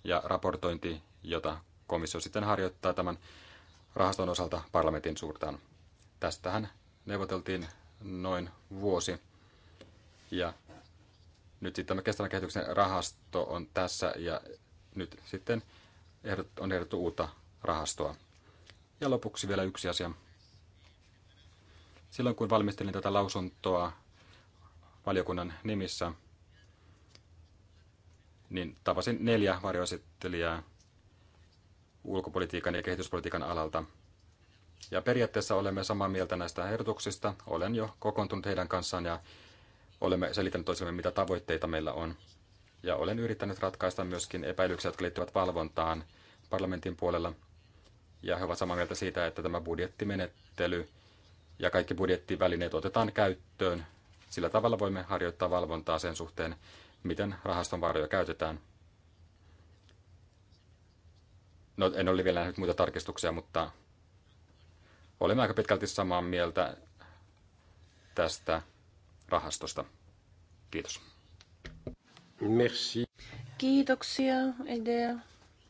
ja raportointi, jota komissio sitten harjoittaa tämän rahaston osalta parlamentin suurtaan. Tästähän neuvoteltiin noin vuosi. Ja nyt sitten tämä kestävän kehityksen rahasto on tässä ja nyt sitten on ehdotettu uutta rahastoa. Ja lopuksi vielä yksi asia. Silloin kun valmistelin tätä lausuntoa valiokunnan nimissä, niin tapasin neljä varjoesittelijää ulkopolitiikan ja kehityspolitiikan alalta – ja periaatteessa olemme samaa mieltä näistä ehdotuksista. Olen jo kokoontunut heidän kanssaan ja olemme selittäneet toisillemme, mitä tavoitteita meillä on. Ja olen yrittänyt ratkaista myöskin epäilyksiä, jotka liittyvät valvontaan parlamentin puolella. Ja he ovat samaa mieltä siitä, että tämä budjettimenettely ja kaikki budjettivälineet otetaan käyttöön. Sillä tavalla voimme harjoittaa valvontaa sen suhteen, miten rahaston varoja käytetään. No, en ole vielä nähnyt muita tarkistuksia, mutta olemme aika pitkälti samaa mieltä tästä rahastosta. Kiitos. Merci. Kiitoksia, Edea.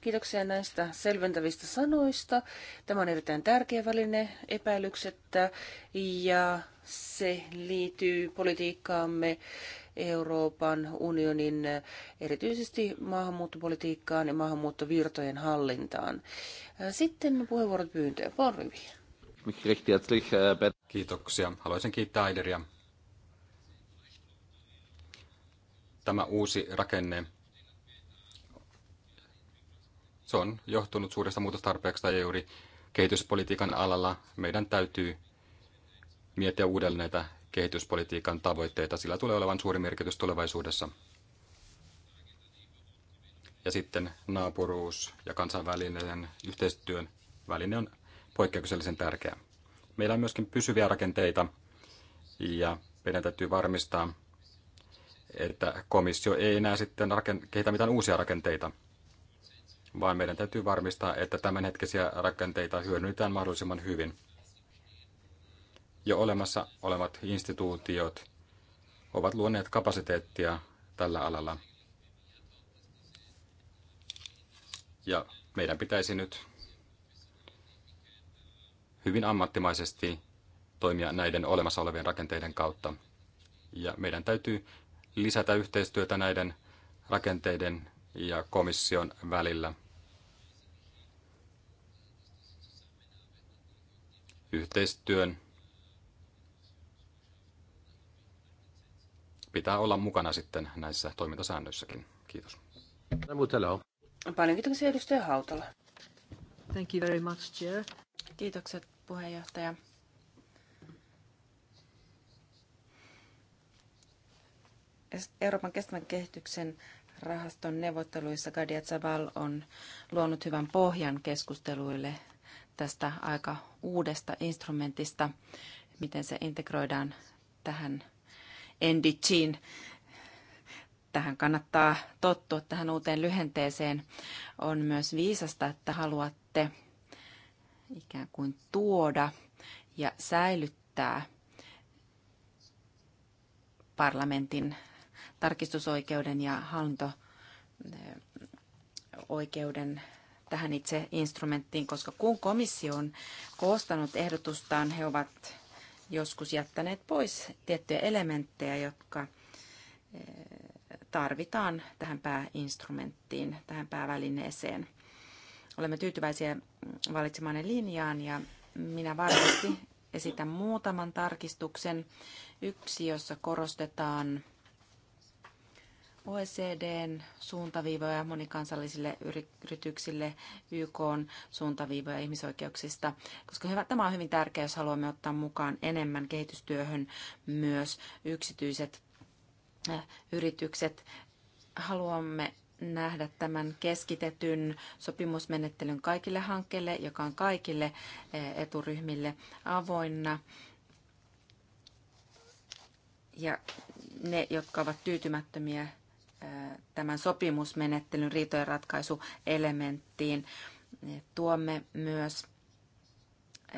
Kiitoksia näistä selventävistä sanoista. Tämä on erittäin tärkeä väline epäilyksettä ja se liittyy politiikkaamme Euroopan unionin erityisesti maahanmuuttopolitiikkaan ja maahanmuuttovirtojen hallintaan. Sitten puheenvuorot pyyntöjä. Porviin. Äh, Kiitoksia. Haluaisin kiittää Aideria. Tämä uusi rakenne se on johtunut suuresta muutostarpeesta ja juuri kehityspolitiikan alalla meidän täytyy miettiä uudelleen näitä kehityspolitiikan tavoitteita. Sillä tulee olevan suuri merkitys tulevaisuudessa. Ja sitten naapuruus ja kansainvälinen yhteistyön väline on poikkeuksellisen tärkeää. Meillä on myöskin pysyviä rakenteita ja meidän täytyy varmistaa, että komissio ei enää sitten raken- kehitä mitään uusia rakenteita, vaan meidän täytyy varmistaa, että tämänhetkisiä rakenteita hyödynnetään mahdollisimman hyvin. Jo olemassa olevat instituutiot ovat luoneet kapasiteettia tällä alalla. Ja meidän pitäisi nyt hyvin ammattimaisesti toimia näiden olemassa olevien rakenteiden kautta. Ja meidän täytyy lisätä yhteistyötä näiden rakenteiden ja komission välillä. Yhteistyön pitää olla mukana sitten näissä toimintasäännöissäkin. Kiitos. Paljon kiitoksia edustaja Hautala. Thank you very much, Chair. Kiitokset puheenjohtaja. Euroopan kestävän kehityksen rahaston neuvotteluissa Gadia Zaval on luonut hyvän pohjan keskusteluille tästä aika uudesta instrumentista, miten se integroidaan tähän NDGin. Tähän kannattaa tottua tähän uuteen lyhenteeseen. On myös viisasta, että haluatte ikään kuin tuoda ja säilyttää parlamentin tarkistusoikeuden ja hallinto-oikeuden eh, tähän itse instrumenttiin, koska kun komissio on koostanut ehdotustaan, he ovat joskus jättäneet pois tiettyjä elementtejä, jotka eh, tarvitaan tähän pääinstrumenttiin, tähän päävälineeseen. Olemme tyytyväisiä valitsemaan linjaan ja minä varmasti esitän muutaman tarkistuksen. Yksi, jossa korostetaan OECDn suuntaviivoja monikansallisille yrityksille, YK suuntaviivoja ihmisoikeuksista, koska hyvä, tämä on hyvin tärkeä, jos haluamme ottaa mukaan enemmän kehitystyöhön myös yksityiset eh, yritykset. Haluamme nähdä tämän keskitetyn sopimusmenettelyn kaikille hankkeille, joka on kaikille eh, eturyhmille avoinna. Ja ne, jotka ovat tyytymättömiä eh, tämän sopimusmenettelyn riitojen ratkaisuelementtiin, niin tuomme myös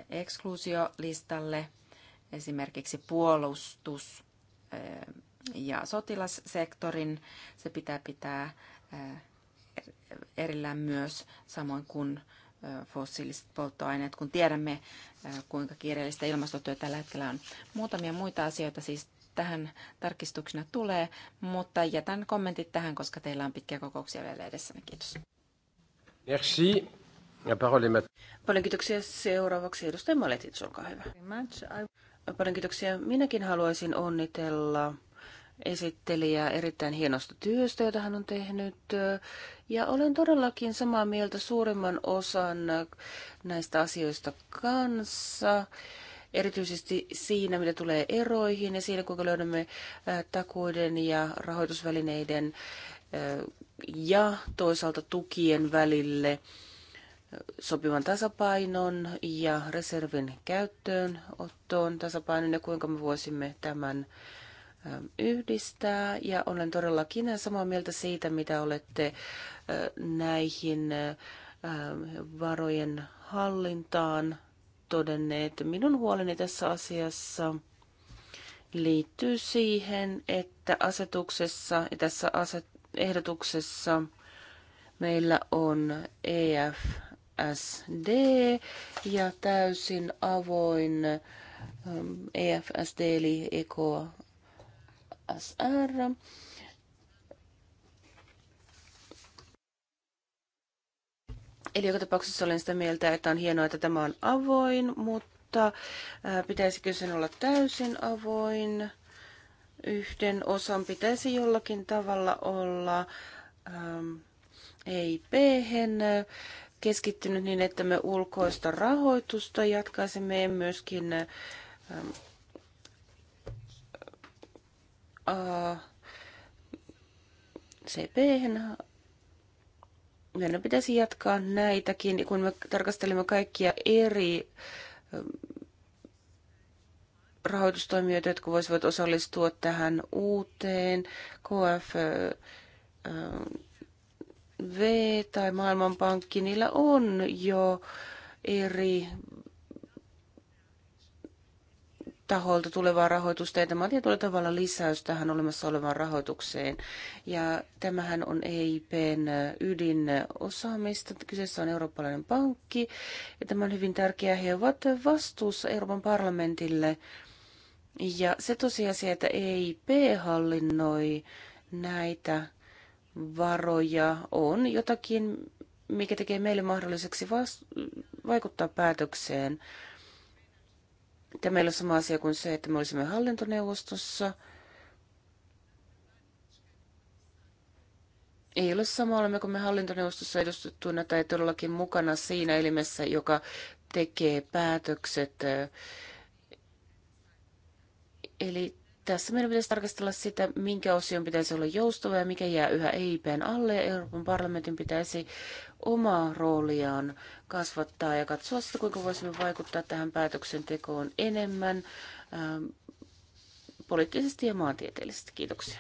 eksklusiolistalle esimerkiksi puolustus eh, ja sotilassektorin. Se pitää pitää erillään myös, samoin kuin fossiiliset polttoaineet, kun tiedämme, kuinka kiireellistä ilmastotyö tällä hetkellä on. Muutamia muita asioita siis tähän tarkistuksena tulee, mutta jätän kommentit tähän, koska teillä on pitkiä kokouksia vielä edessämme. Kiitos. Merci. Paljon kiitoksia. Seuraavaksi edustaja Maletic, olkaa hyvä. Paljon kiitoksia. Minäkin haluaisin onnitella esittelijää erittäin hienosta työstä, jota hän on tehnyt. Ja olen todellakin samaa mieltä suurimman osan näistä asioista kanssa, erityisesti siinä, mitä tulee eroihin ja siinä, kuinka löydämme takuiden ja rahoitusvälineiden ja toisaalta tukien välille sopivan tasapainon ja reservin käyttöönottoon tasapainon ja kuinka me voisimme tämän Ähm, yhdistää ja olen todellakin samaa mieltä siitä, mitä olette äh, näihin ähm, varojen hallintaan todenneet. Minun huoleni tässä asiassa liittyy siihen, että asetuksessa ja tässä ehdotuksessa meillä on EFSD ja täysin avoin ähm, EFSD eli Eco SR. Eli joka tapauksessa olen sitä mieltä, että on hienoa, että tämä on avoin, mutta pitäisikö sen olla täysin avoin? Yhden osan pitäisi jollakin tavalla olla ähm, eip keskittynyt niin, että me ulkoista rahoitusta jatkaisimme myöskin ähm, A CP meidän pitäisi jatkaa näitäkin, kun me tarkastelemme kaikkia eri rahoitustoimijoita, jotka voisivat osallistua tähän uuteen KF V tai Maailmanpankki, niillä on jo eri taholta tulevaa rahoitusta, ja tämä on tietyllä tavalla lisäys tähän olemassa olevaan rahoitukseen. Ja tämähän on EIPn ydinosaamista. Kyseessä on eurooppalainen pankki, ja tämä on hyvin tärkeää. He ovat vastuussa Euroopan parlamentille, ja se tosiasia, että EIP hallinnoi näitä varoja, on jotakin, mikä tekee meille mahdolliseksi vaikuttaa päätökseen – Tämä meillä on sama asia kuin se, että me olisimme hallintoneuvostossa. Ei ole sama, olemmeko me hallintoneuvostossa edustettuina tai todellakin mukana siinä elimessä, joka tekee päätökset. Eli tässä meidän pitäisi tarkastella sitä, minkä osion pitäisi olla joustava ja mikä jää yhä EIPn alle. Euroopan parlamentin pitäisi omaa rooliaan kasvattaa ja katsoa sitä, kuinka voisimme vaikuttaa tähän päätöksentekoon enemmän ähm, poliittisesti ja maantieteellisesti. Kiitoksia.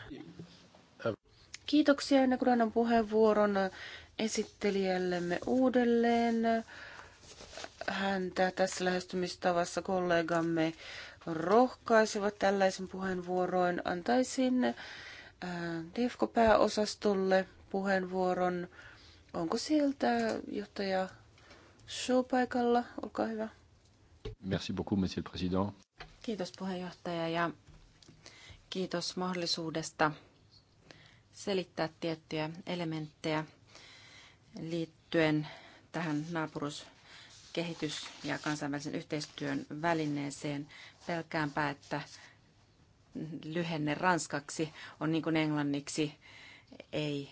Kiitoksia ennen kuin annan puheenvuoron esittelijällemme uudelleen. Häntä tässä lähestymistavassa kollegamme rohkaisevat tällaisen puheenvuoroin. Antaisin äh, DEFCO-pääosastolle puheenvuoron. Onko sieltä johtaja Show paikalla? Olkaa hyvä. Merci beaucoup, monsieur le président. Kiitos puheenjohtaja ja kiitos mahdollisuudesta selittää tiettyjä elementtejä liittyen tähän naapurus kehitys- ja kansainvälisen yhteistyön välineeseen. Pelkäänpä, että lyhenne ranskaksi on niin kuin englanniksi ei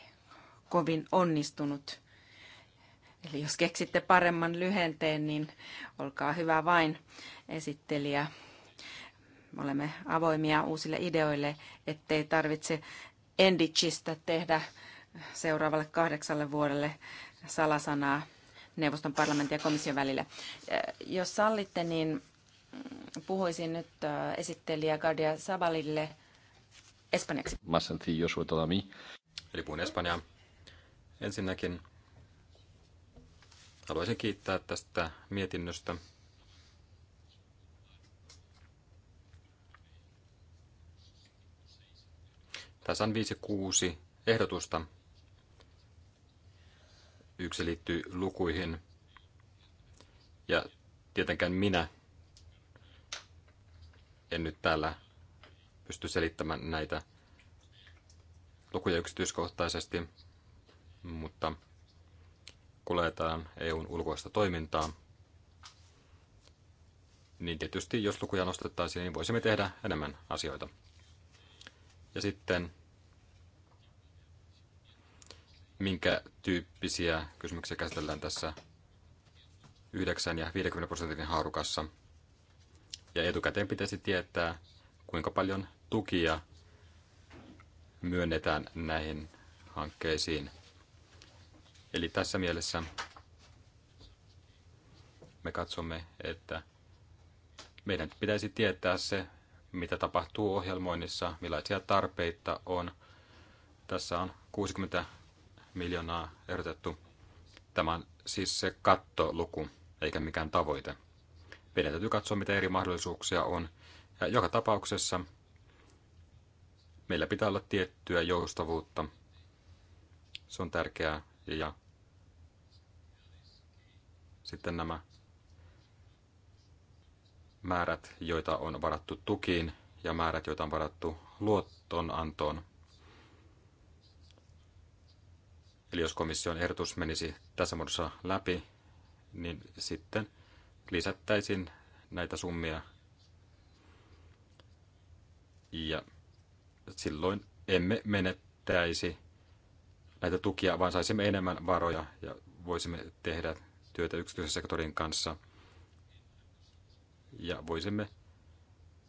kovin onnistunut. Eli jos keksitte paremman lyhenteen, niin olkaa hyvä vain esittelijä. Olemme avoimia uusille ideoille, ettei tarvitse Endicistä tehdä seuraavalle kahdeksalle vuodelle salasanaa neuvoston parlamentin ja komission välillä. Jos sallitte, niin Puhuisin nyt äh, esittelijä Gardia Sabalille espanjaksi. Mä Joshua Tolami. Eli puhun espanjaa. Ensinnäkin haluaisin kiittää tästä mietinnöstä. Tässä on 5-6 ehdotusta. Yksi liittyy lukuihin. Ja tietenkään minä en nyt täällä pysty selittämään näitä lukuja yksityiskohtaisesti, mutta kuljetaan EUn ulkoista toimintaa, niin tietysti jos lukuja nostettaisiin, niin voisimme tehdä enemmän asioita. Ja sitten, minkä tyyppisiä kysymyksiä käsitellään tässä 9 ja 50 prosentin haarukassa – ja etukäteen pitäisi tietää, kuinka paljon tukia myönnetään näihin hankkeisiin. Eli tässä mielessä me katsomme, että meidän pitäisi tietää se, mitä tapahtuu ohjelmoinnissa, millaisia tarpeita on. Tässä on 60 miljoonaa ehdotettu. Tämä on siis se kattoluku, eikä mikään tavoite. Meidän täytyy katsoa, mitä eri mahdollisuuksia on. Ja joka tapauksessa meillä pitää olla tiettyä joustavuutta. Se on tärkeää. Ja sitten nämä määrät, joita on varattu tukiin ja määrät, joita on varattu luottonantoon. Eli jos komission ehdotus menisi tässä muodossa läpi, niin sitten lisättäisiin näitä summia. Ja silloin emme menettäisi näitä tukia, vaan saisimme enemmän varoja ja voisimme tehdä työtä yksityisen sektorin kanssa. Ja voisimme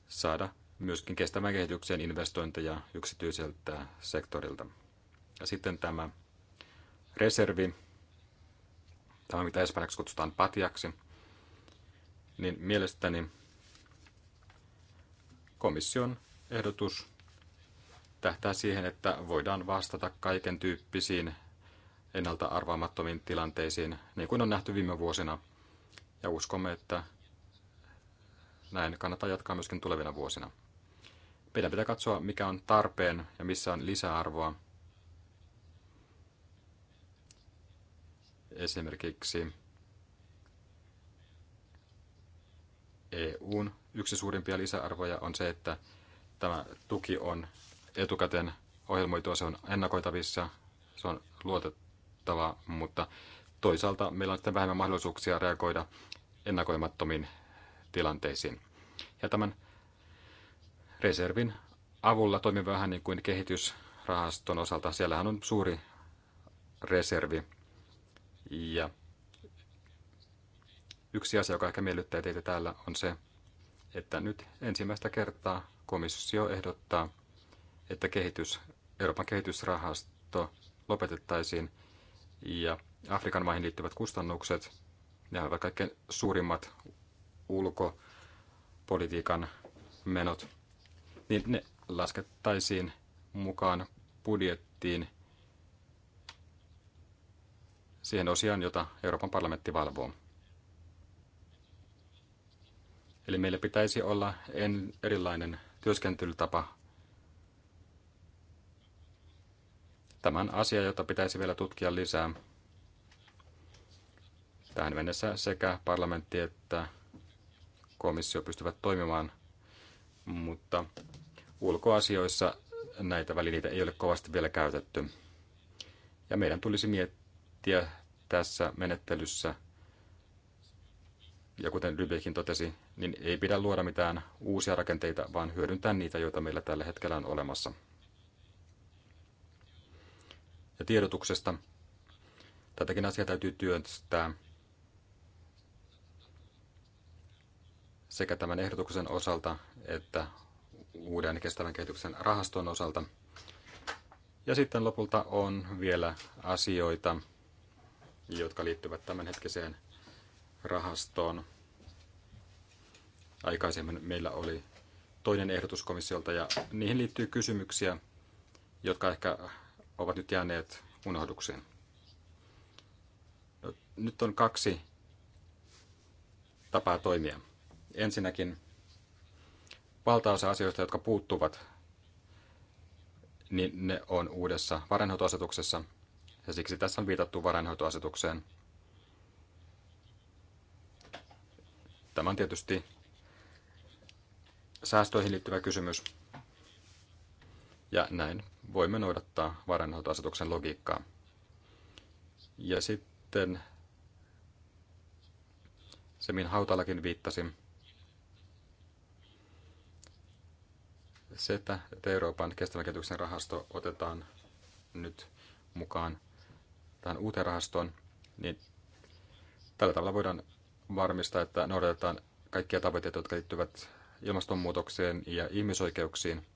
saada myöskin kestävän kehityksen investointeja yksityiseltä sektorilta. Ja sitten tämä reservi, tämä mitä espanjaksi kutsutaan patjaksi – niin mielestäni komission ehdotus tähtää siihen, että voidaan vastata kaiken tyyppisiin ennalta arvaamattomiin tilanteisiin, niin kuin on nähty viime vuosina. Ja uskomme, että näin kannattaa jatkaa myöskin tulevina vuosina. Meidän pitää katsoa, mikä on tarpeen ja missä on lisäarvoa. Esimerkiksi EUn yksi suurimpia lisäarvoja on se, että tämä tuki on etukäteen ohjelmoitua, se on ennakoitavissa, se on luotettavaa, mutta toisaalta meillä on sitten vähemmän mahdollisuuksia reagoida ennakoimattomiin tilanteisiin. Ja tämän reservin avulla toimii vähän niin kuin kehitysrahaston osalta. Siellähän on suuri reservi ja Yksi asia, joka ehkä miellyttää teitä täällä, on se, että nyt ensimmäistä kertaa komissio ehdottaa, että kehitys, Euroopan kehitysrahasto lopetettaisiin ja Afrikan maihin liittyvät kustannukset, ne ovat kaikkein suurimmat ulkopolitiikan menot, niin ne laskettaisiin mukaan budjettiin siihen osiaan, jota Euroopan parlamentti valvoo. Eli meillä pitäisi olla en, erilainen työskentelytapa. Tämän asia, jota pitäisi vielä tutkia lisää. Tähän mennessä sekä parlamentti että komissio pystyvät toimimaan, mutta ulkoasioissa näitä välineitä ei ole kovasti vielä käytetty. Ja meidän tulisi miettiä tässä menettelyssä – ja kuten Lybekin totesi, niin ei pidä luoda mitään uusia rakenteita, vaan hyödyntää niitä, joita meillä tällä hetkellä on olemassa. Ja tiedotuksesta. Tätäkin asiaa täytyy työstää sekä tämän ehdotuksen osalta että uuden kestävän kehityksen rahaston osalta. Ja sitten lopulta on vielä asioita, jotka liittyvät tämänhetkiseen rahastoon. Aikaisemmin meillä oli toinen ehdotus komissiolta ja niihin liittyy kysymyksiä, jotka ehkä ovat nyt jääneet unohdukseen. No, nyt on kaksi tapaa toimia. Ensinnäkin valtaosa asioista, jotka puuttuvat, niin ne on uudessa varainhoitoasetuksessa ja siksi tässä on viitattu varainhoitoasetukseen – Tämä on tietysti säästöihin liittyvä kysymys. Ja näin voimme noudattaa varainhoitoasetuksen logiikkaa. Ja sitten se, mihin Hautalakin viittasi, se, että Euroopan kestävän kehityksen rahasto otetaan nyt mukaan tähän uuteen rahastoon, niin tällä tavalla voidaan varmistaa, että noudatetaan kaikkia tavoitteita, jotka liittyvät ilmastonmuutokseen ja ihmisoikeuksiin.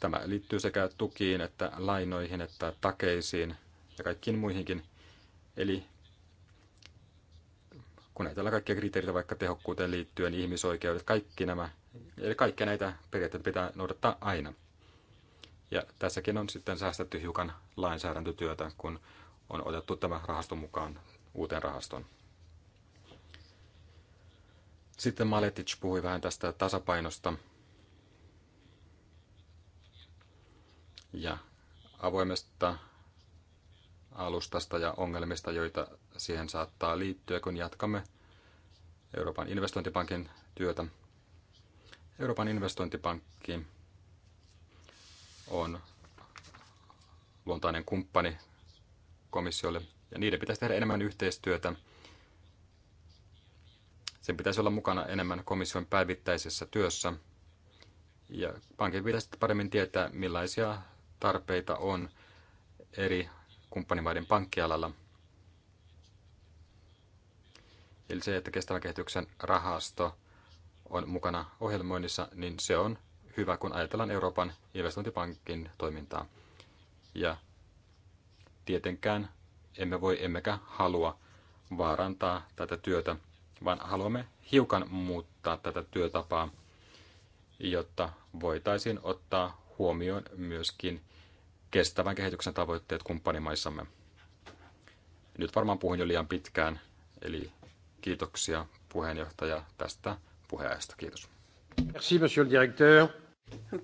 Tämä liittyy sekä tukiin että lainoihin että takeisiin ja kaikkiin muihinkin. Eli kun ajatellaan kaikkia kriteereitä vaikka tehokkuuteen liittyen, ihmisoikeudet, kaikki nämä, eli kaikkia näitä periaatteita pitää noudattaa aina. Ja tässäkin on sitten säästetty hiukan lainsäädäntötyötä, kun on otettu tämä rahasto mukaan uuteen rahastoon. Sitten Maletic puhui vähän tästä tasapainosta ja avoimesta alustasta ja ongelmista, joita siihen saattaa liittyä, kun jatkamme Euroopan investointipankin työtä. Euroopan investointipankki on luontainen kumppani komissiolle ja niiden pitäisi tehdä enemmän yhteistyötä. Sen pitäisi olla mukana enemmän komission päivittäisessä työssä, ja pankin pitäisi paremmin tietää, millaisia tarpeita on eri kumppanimaiden pankkialalla. Eli se, että kestävän kehityksen rahasto on mukana ohjelmoinnissa, niin se on hyvä, kun ajatellaan Euroopan investointipankin toimintaa. Ja tietenkään emme voi emmekä halua vaarantaa tätä työtä, vaan haluamme hiukan muuttaa tätä työtapaa, jotta voitaisiin ottaa huomioon myöskin kestävän kehityksen tavoitteet kumppanimaissamme. Nyt varmaan puhun jo liian pitkään, eli kiitoksia puheenjohtaja tästä puheajasta. Kiitos. Merci, monsieur le directeur.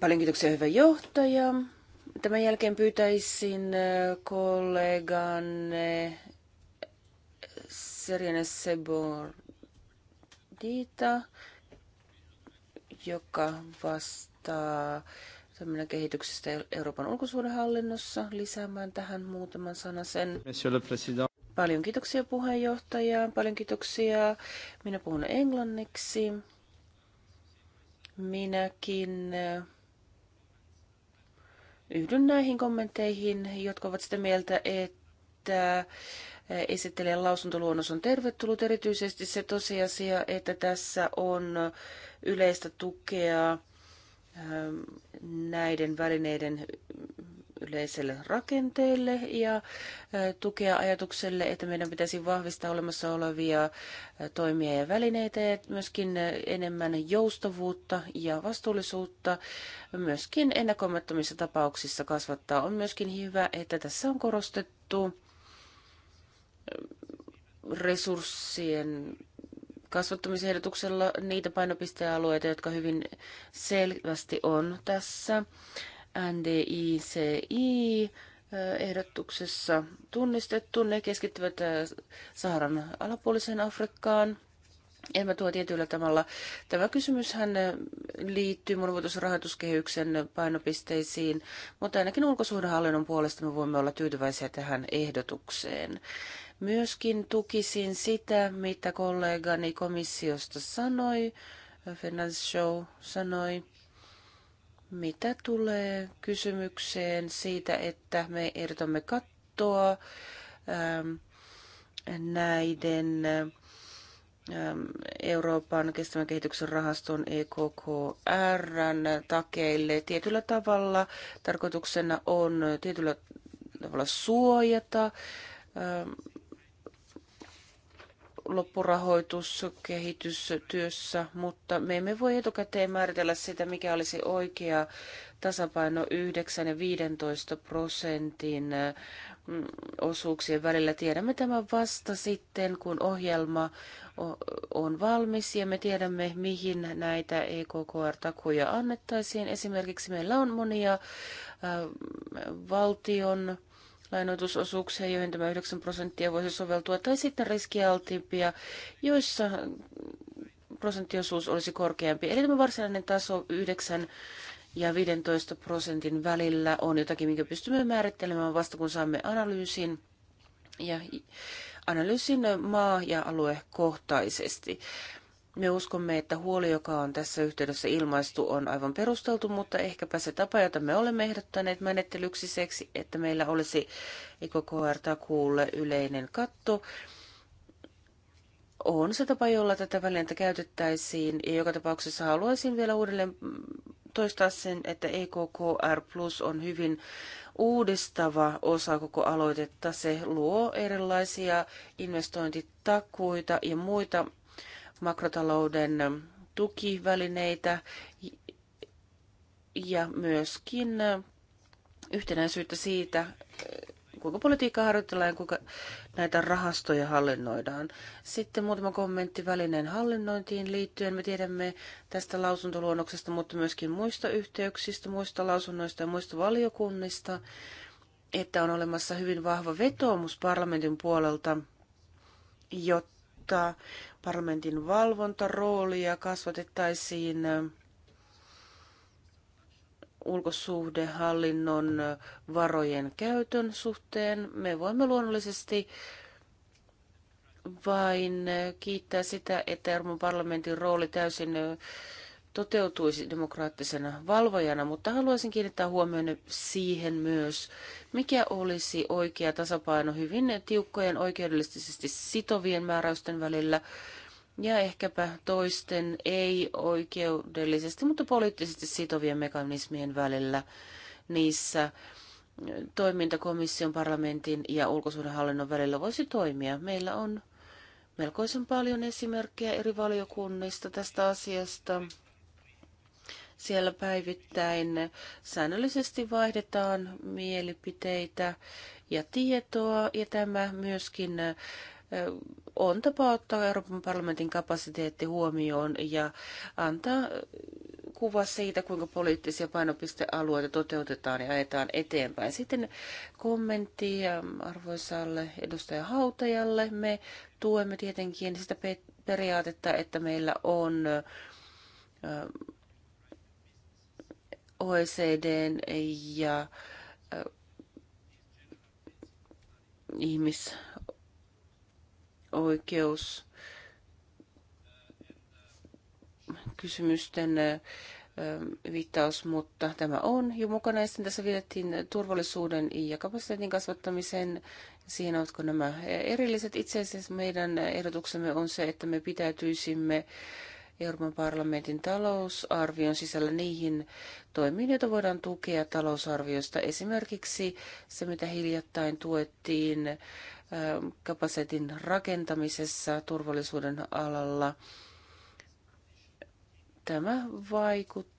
Paljon kiitoksia, hyvä johtaja. Tämän jälkeen pyytäisin äh, kolleganne Serena Sebordita, joka vastaa toiminnan kehityksestä Euroopan ulkosuudenhallinnossa lisäämään tähän muutaman sanan sen. Monsieur le Président. Paljon kiitoksia puheenjohtajaan, paljon kiitoksia. Minä puhun englanniksi. Minäkin äh, Yhdyn näihin kommentteihin, jotka ovat sitä mieltä, että eh, esittelijän lausuntoluonnos on tervetullut erityisesti se tosiasia, että tässä on yleistä tukea eh, näiden välineiden yleiselle rakenteelle ja tukea ajatukselle, että meidän pitäisi vahvistaa olemassa olevia toimia ja välineitä ja myöskin enemmän joustavuutta ja vastuullisuutta myöskin ennakoimattomissa tapauksissa kasvattaa. On myöskin hyvä, että tässä on korostettu resurssien kasvattamisehdotuksella niitä painopistealueita, jotka hyvin selvästi on tässä NDICI ehdotuksessa tunnistettu. Ne keskittyvät Saharan alapuoliseen Afrikkaan. Emme tuo tietyllä tavalla. Tämä kysymyshän liittyy monivuotoisrahoituskehyksen painopisteisiin, mutta ainakin ulkosuhdehallinnon puolesta me voimme olla tyytyväisiä tähän ehdotukseen. Myöskin tukisin sitä, mitä kollegani komissiosta sanoi, Finance Show sanoi. Mitä tulee kysymykseen siitä, että me ehdotamme kattoa ähm, näiden ähm, Euroopan kestävän kehityksen rahaston EKKR takeille tietyllä tavalla. Tarkoituksena on tietyllä tavalla suojata ähm, loppurahoitus kehitystyössä, mutta me emme voi etukäteen määritellä sitä, mikä olisi oikea tasapaino 9 ja 15 prosentin mm, osuuksien välillä. Tiedämme tämän vasta sitten, kun ohjelma on valmis ja me tiedämme, mihin näitä EKKR-takuja annettaisiin. Esimerkiksi meillä on monia äh, valtion lainoitusosuuksia, joihin tämä 9 prosenttia voisi soveltua, tai sitten riskialtiimpia, joissa prosenttiosuus olisi korkeampi. Eli tämä varsinainen taso 9 ja 15 prosentin välillä on jotakin, minkä pystymme määrittelemään vasta kun saamme analyysin ja analyysin maa- ja aluekohtaisesti. Me uskomme, että huoli, joka on tässä yhteydessä ilmaistu, on aivan perusteltu, mutta ehkäpä se tapa, jota me olemme ehdottaneet menettelyksi seksi, että meillä olisi IKKR-takuulle e yleinen katto, on se tapa, jolla tätä välineitä käytettäisiin. Ja joka tapauksessa haluaisin vielä uudelleen toistaa sen, että EKKR Plus on hyvin uudistava osa koko aloitetta. Se luo erilaisia investointitakuita ja muita makrotalouden tukivälineitä ja myöskin yhtenäisyyttä siitä, kuinka politiikkaa harjoitellaan ja kuinka näitä rahastoja hallinnoidaan. Sitten muutama kommentti välineen hallinnointiin liittyen. Me tiedämme tästä lausuntoluonnoksesta, mutta myöskin muista yhteyksistä, muista lausunnoista ja muista valiokunnista, että on olemassa hyvin vahva vetoomus parlamentin puolelta, jotta parlamentin valvontaroolia kasvatettaisiin ulkosuhdehallinnon varojen käytön suhteen. Me voimme luonnollisesti vain kiittää sitä, että Euroopan parlamentin rooli täysin toteutuisi demokraattisena valvojana, mutta haluaisin kiinnittää huomioon siihen myös, mikä olisi oikea tasapaino hyvin tiukkojen oikeudellisesti sitovien määräysten välillä ja ehkäpä toisten ei oikeudellisesti, mutta poliittisesti sitovien mekanismien välillä niissä toiminta komission, parlamentin ja ulkosuhdehallinnon välillä voisi toimia. Meillä on melkoisen paljon esimerkkejä eri valiokunnista tästä asiasta. Siellä päivittäin säännöllisesti vaihdetaan mielipiteitä ja tietoa, ja tämä myöskin on tapa ottaa Euroopan parlamentin kapasiteetti huomioon ja antaa kuva siitä, kuinka poliittisia painopistealueita toteutetaan ja ajetaan eteenpäin. Sitten kommentti ähm, arvoisalle edustaja Hautajalle. Me tuemme tietenkin sitä periaatetta, että meillä on ähm, OECDn ja ihmisoikeus kysymysten viittaus, mutta tämä on jo mukana. Sitten tässä viitattiin turvallisuuden ja kapasiteetin kasvattamiseen. Siihen ovatko nämä erilliset. Itse asiassa meidän ehdotuksemme on se, että me pitäytyisimme Euroopan parlamentin talousarvion sisällä niihin toimiin, joita voidaan tukea talousarviosta. Esimerkiksi se, mitä hiljattain tuettiin kapasetin rakentamisessa turvallisuuden alalla. Tämä vaikutti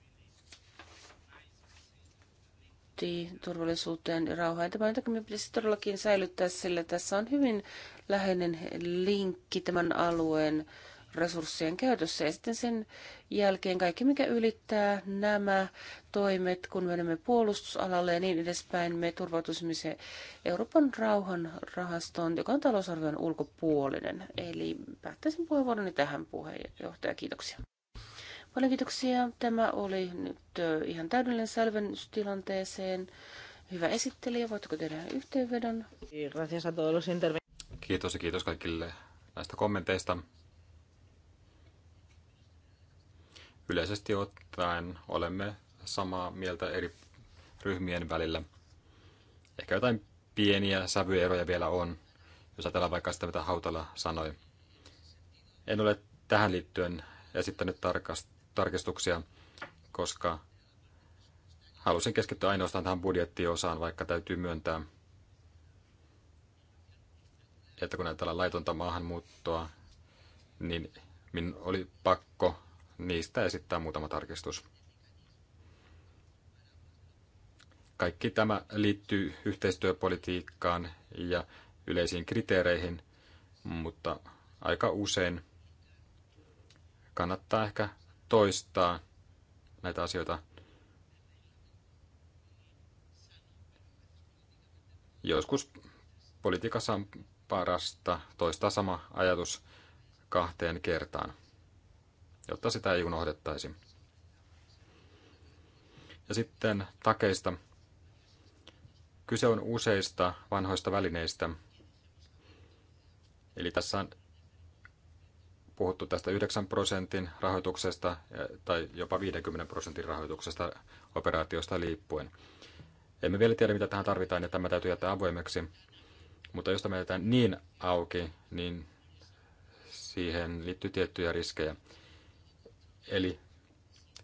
turvallisuuteen ja rauhaan. Tämä jotenkin me pitäisi todellakin säilyttää, sillä tässä on hyvin läheinen linkki tämän alueen äh, resurssien käytössä. Ja sitten sen jälkeen kaikki, mikä ylittää nämä toimet, kun menemme puolustusalalle ja niin edespäin, me turvautuisimme se Euroopan rauhan rahastoon, joka on talousarvion ulkopuolinen. Eli päättäisin puheenvuoroni tähän puheenjohtaja. Kiitoksia. Paljon kiitoksia. Tämä oli nyt ihan täydellinen selvennys tilanteeseen. Hyvä esittelijä, voitko tehdä yhteenvedon? Kiitos ja kiitos kaikille näistä kommenteista. yleisesti ottaen olemme samaa mieltä eri ryhmien välillä. Ehkä jotain pieniä sävyeroja vielä on, jos ajatellaan vaikka sitä, mitä Hautala sanoi. En ole tähän liittyen esittänyt tarkistuksia, koska halusin keskittyä ainoastaan tähän budjettiosaan, vaikka täytyy myöntää, että kun ajatellaan laitonta maahanmuuttoa, niin minun oli pakko niistä esittää muutama tarkistus. Kaikki tämä liittyy yhteistyöpolitiikkaan ja yleisiin kriteereihin, mutta aika usein kannattaa ehkä toistaa näitä asioita. Joskus politiikassa on parasta toistaa sama ajatus kahteen kertaan jotta sitä ei unohdettaisi. Ja sitten takeista. Kyse on useista vanhoista välineistä. Eli tässä on puhuttu tästä 9 prosentin rahoituksesta eh, tai jopa 50 prosentin rahoituksesta operaatiosta liippuen. Emme vielä tiedä, mitä tähän tarvitaan, ja tämä täytyy jättää avoimeksi. Mutta jos tämä jätetään niin auki, niin siihen liittyy tiettyjä riskejä. Eli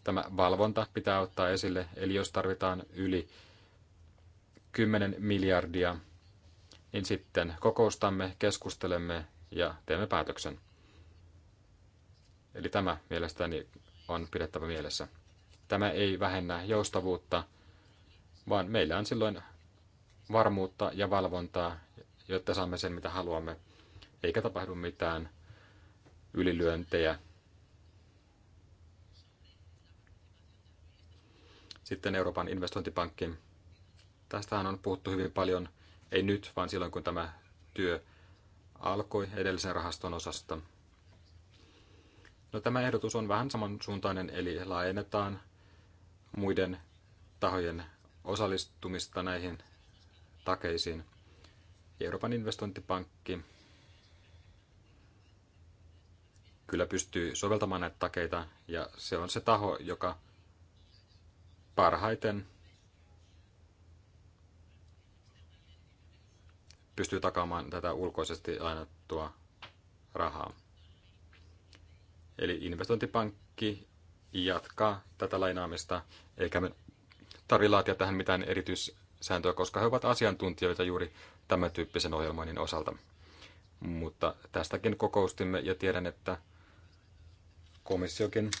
tämä valvonta pitää ottaa esille, eli jos tarvitaan yli 10 miljardia, niin sitten kokoustamme, keskustelemme ja teemme päätöksen. Eli tämä mielestäni on pidettävä mielessä. Tämä ei vähennä joustavuutta, vaan meillä on silloin varmuutta ja valvontaa, jotta saamme sen, mitä haluamme, eikä tapahdu mitään ylilyöntejä Sitten Euroopan investointipankki. Tästähän on puhuttu hyvin paljon, ei nyt, vaan silloin kun tämä työ alkoi edellisen rahaston osasta. No, tämä ehdotus on vähän samansuuntainen, eli laajennetaan muiden tahojen osallistumista näihin takeisiin. Euroopan investointipankki kyllä pystyy soveltamaan näitä takeita, ja se on se taho, joka parhaiten pystyy takaamaan tätä ulkoisesti lainattua rahaa. Eli investointipankki jatkaa tätä lainaamista, eikä me tarvitse laatia tähän mitään erityissääntöä, koska he ovat asiantuntijoita juuri tämän tyyppisen ohjelmoinnin osalta. Mutta tästäkin kokoustimme ja tiedän, että komissiokin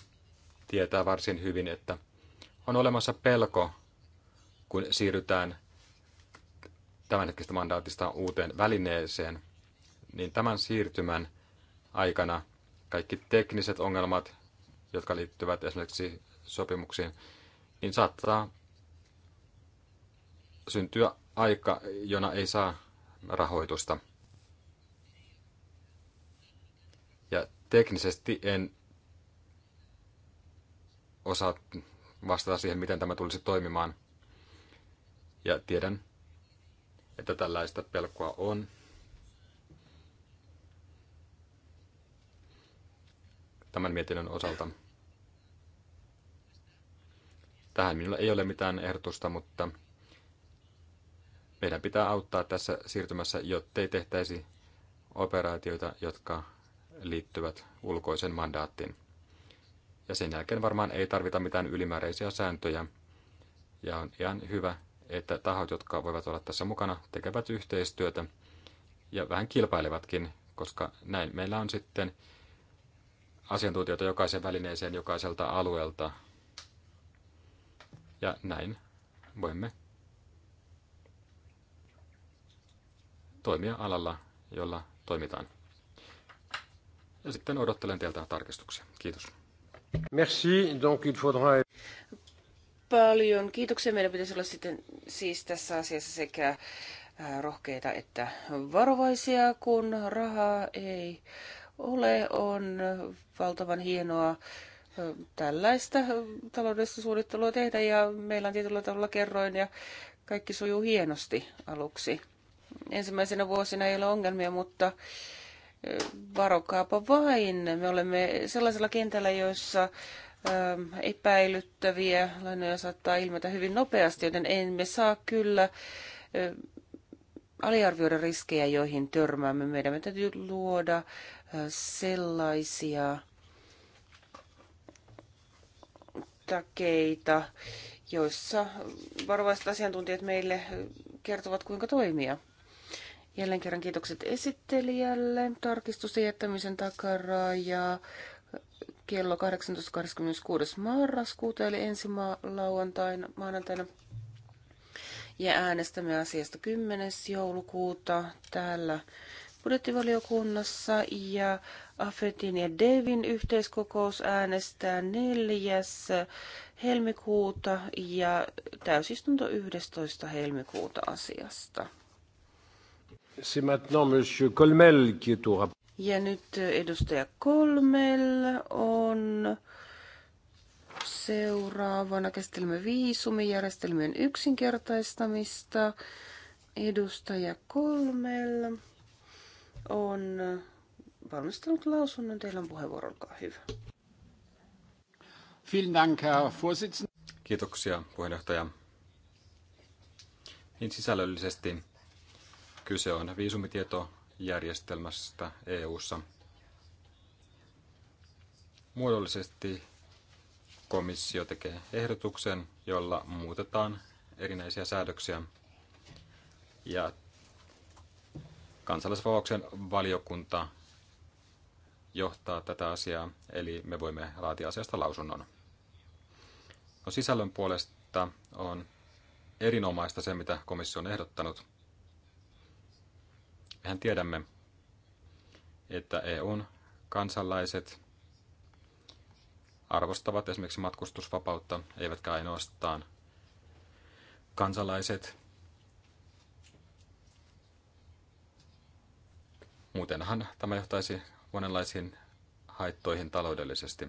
tietää varsin hyvin, että on olemassa pelko, kun siirrytään tämänhetkistä mandaatista uuteen välineeseen, niin tämän siirtymän aikana kaikki tekniset ongelmat, jotka liittyvät esimerkiksi sopimuksiin, niin saattaa syntyä aika, jona ei saa rahoitusta. Ja teknisesti en osaa vastata siihen, miten tämä tulisi toimimaan. Ja tiedän, että tällaista pelkoa on. Tämän mietinnön osalta. Tähän minulla ei ole mitään ehdotusta, mutta meidän pitää auttaa tässä siirtymässä, jottei tehtäisi operaatioita, jotka liittyvät ulkoisen mandaattiin. Ja sen jälkeen varmaan ei tarvita mitään ylimääräisiä sääntöjä. Ja on ihan hyvä, että tahot, jotka voivat olla tässä mukana, tekevät yhteistyötä ja vähän kilpailevatkin, koska näin meillä on sitten asiantuntijoita jokaisen välineeseen jokaiselta alueelta. Ja näin voimme toimia alalla, jolla toimitaan. Ja sitten odottelen teiltä tarkistuksia. Kiitos. Merci, donc il faudra... Paljon kiitoksia. Meidän pitäisi olla sitten siis tässä asiassa sekä äh, rohkeita että varovaisia, kun rahaa ei ole. On valtavan hienoa äh, tällaista taloudellista suunnittelua tehdä ja meillä on tietyllä tavalla kerroin ja kaikki sujuu hienosti aluksi. Ensimmäisenä vuosina ei ole ongelmia, mutta varokaapa vain. Me olemme sellaisella kentällä, jossa ähm, epäilyttäviä lainoja saattaa ilmetä hyvin nopeasti, joten emme saa kyllä äh, aliarvioida riskejä, joihin törmäämme. Meidän täytyy luoda äh, sellaisia takeita, joissa varovaiset asiantuntijat meille äh, kertovat, kuinka toimia. Jälleen kerran kiitokset esittelijälle. Tarkistus jättämisen takaraja kello 18.26. marraskuuta, eli ensi lauantaina, maanantaina. Ja äänestämme asiasta 10. joulukuuta täällä budjettivaliokunnassa ja Afetin ja Devin yhteiskokous äänestää 4. helmikuuta ja täysistunto 11. helmikuuta asiasta. C'est maintenant Monsieur Colmel qui est au rapport. Ja nyt äh, edustaja Kolmel on seuraavana. Käsittelemme viisumijärjestelmien yksinkertaistamista. Edustaja Kolmel on valmistellut lausunnon. Teillä on puheenvuoro, olkaa hyvä. Vielen Dank, Herr Vorsitzender. Kiitoksia, puheenjohtaja. Niin sisällöllisesti Kyse on viisumitietojärjestelmästä EU:ssa. Muodollisesti komissio tekee ehdotuksen, jolla muutetaan erinäisiä säädöksiä. Ja kansalaisvapauksien valiokunta johtaa tätä asiaa, eli me voimme laatia asiasta lausunnon. No, sisällön puolesta on erinomaista se, mitä komissio on ehdottanut – Mehän tiedämme, että EUn kansalaiset arvostavat esimerkiksi matkustusvapautta, eivätkä ainoastaan kansalaiset. Muutenhan tämä johtaisi monenlaisiin haittoihin taloudellisesti.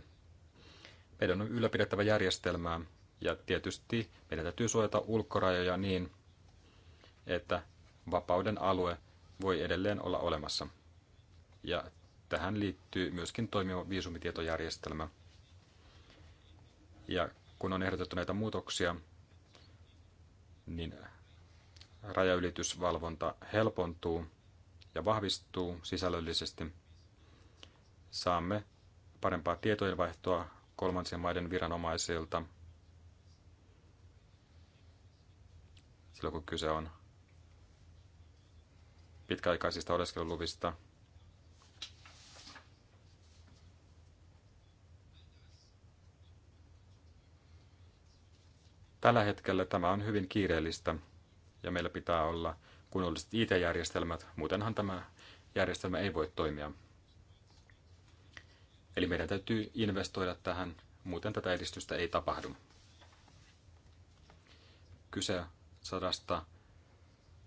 Meidän on ylläpidettävä järjestelmää ja tietysti meidän täytyy suojata ulkorajoja niin, että vapauden alue voi edelleen olla olemassa. Ja tähän liittyy myöskin toimiva viisumitietojärjestelmä. Ja kun on ehdotettu näitä muutoksia, niin rajaylitysvalvonta helpontuu ja vahvistuu sisällöllisesti. Saamme parempaa tietojenvaihtoa kolmansien maiden viranomaisilta silloin, kun kyse on pitkäaikaisista oleskeluluvista. Tällä hetkellä tämä on hyvin kiireellistä ja meillä pitää olla kunnolliset IT-järjestelmät, muutenhan tämä järjestelmä ei voi toimia. Eli meidän täytyy investoida tähän, muuten tätä edistystä ei tapahdu. Kyse sadasta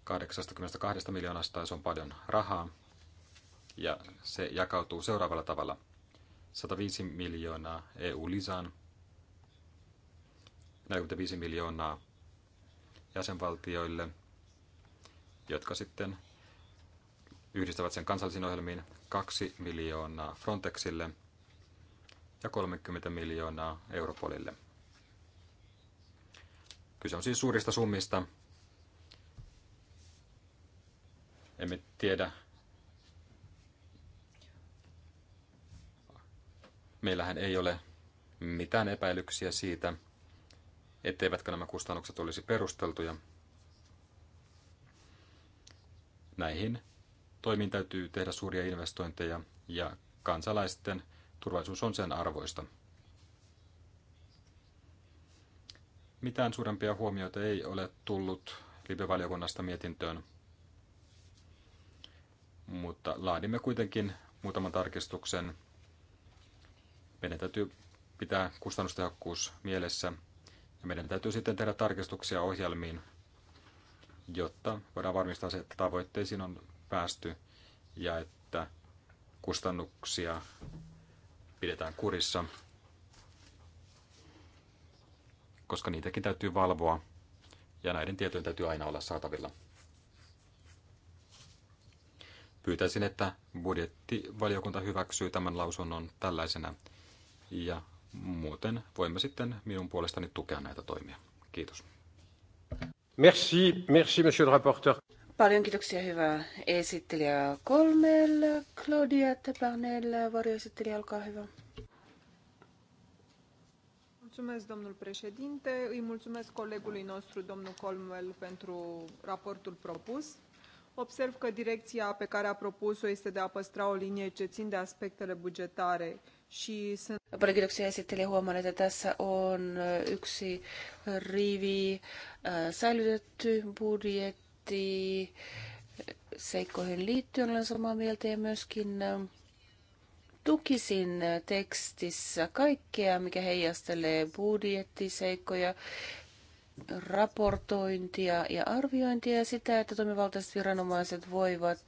82 miljoonasta ja se on paljon rahaa. Ja se jakautuu seuraavalla tavalla. 105 miljoonaa EU-lisään, 45 miljoonaa jäsenvaltioille, jotka sitten yhdistävät sen kansallisiin ohjelmiin, 2 miljoonaa Frontexille ja 30 miljoonaa Europolille. Kyse on siis suurista summista, Emme tiedä. Meillähän ei ole mitään epäilyksiä siitä, etteivätkö nämä kustannukset olisi perusteltuja. Näihin toimiin täytyy tehdä suuria investointeja ja kansalaisten turvallisuus on sen arvoista. Mitään suurempia huomioita ei ole tullut live-valiokunnasta mietintöön mutta laadimme kuitenkin muutaman tarkistuksen. Meidän täytyy pitää kustannustehokkuus mielessä ja meidän täytyy sitten tehdä tarkistuksia ohjelmiin, jotta voidaan varmistaa se, että tavoitteisiin on päästy ja että kustannuksia pidetään kurissa, koska niitäkin täytyy valvoa ja näiden tietojen täytyy aina olla saatavilla pyytäisin, että budjettivaliokunta hyväksyy tämän lausunnon tällaisena ja muuten voimme sitten minun puolestani tukea näitä toimia. Kiitos. Merci, merci monsieur le rapporteur. Paljon kiitoksia, hyvä esittelijä kolmelle. Claudia Tepanel, varjoesittelijä, olkaa hyvä. Mulțumesc, domnul președinte. Îi mulțumesc colegului nostru, domnul Colmel, pentru raportul propus observ că direcția pe care a propus-o este de a păstra o linie ce țin de aspectele bugetare și sunt... Paljon kiitoksia esittelijä. Huomaan, että tässä on yksi rivi säilytetty budjetti seikkoihin liittyen. Olen samaa mieltä ja myöskin tukisin tekstissä kaikkea, mikä heijastelee budjettiseikkoja raportointia ja arviointia ja sitä, että toimivaltaiset viranomaiset voivat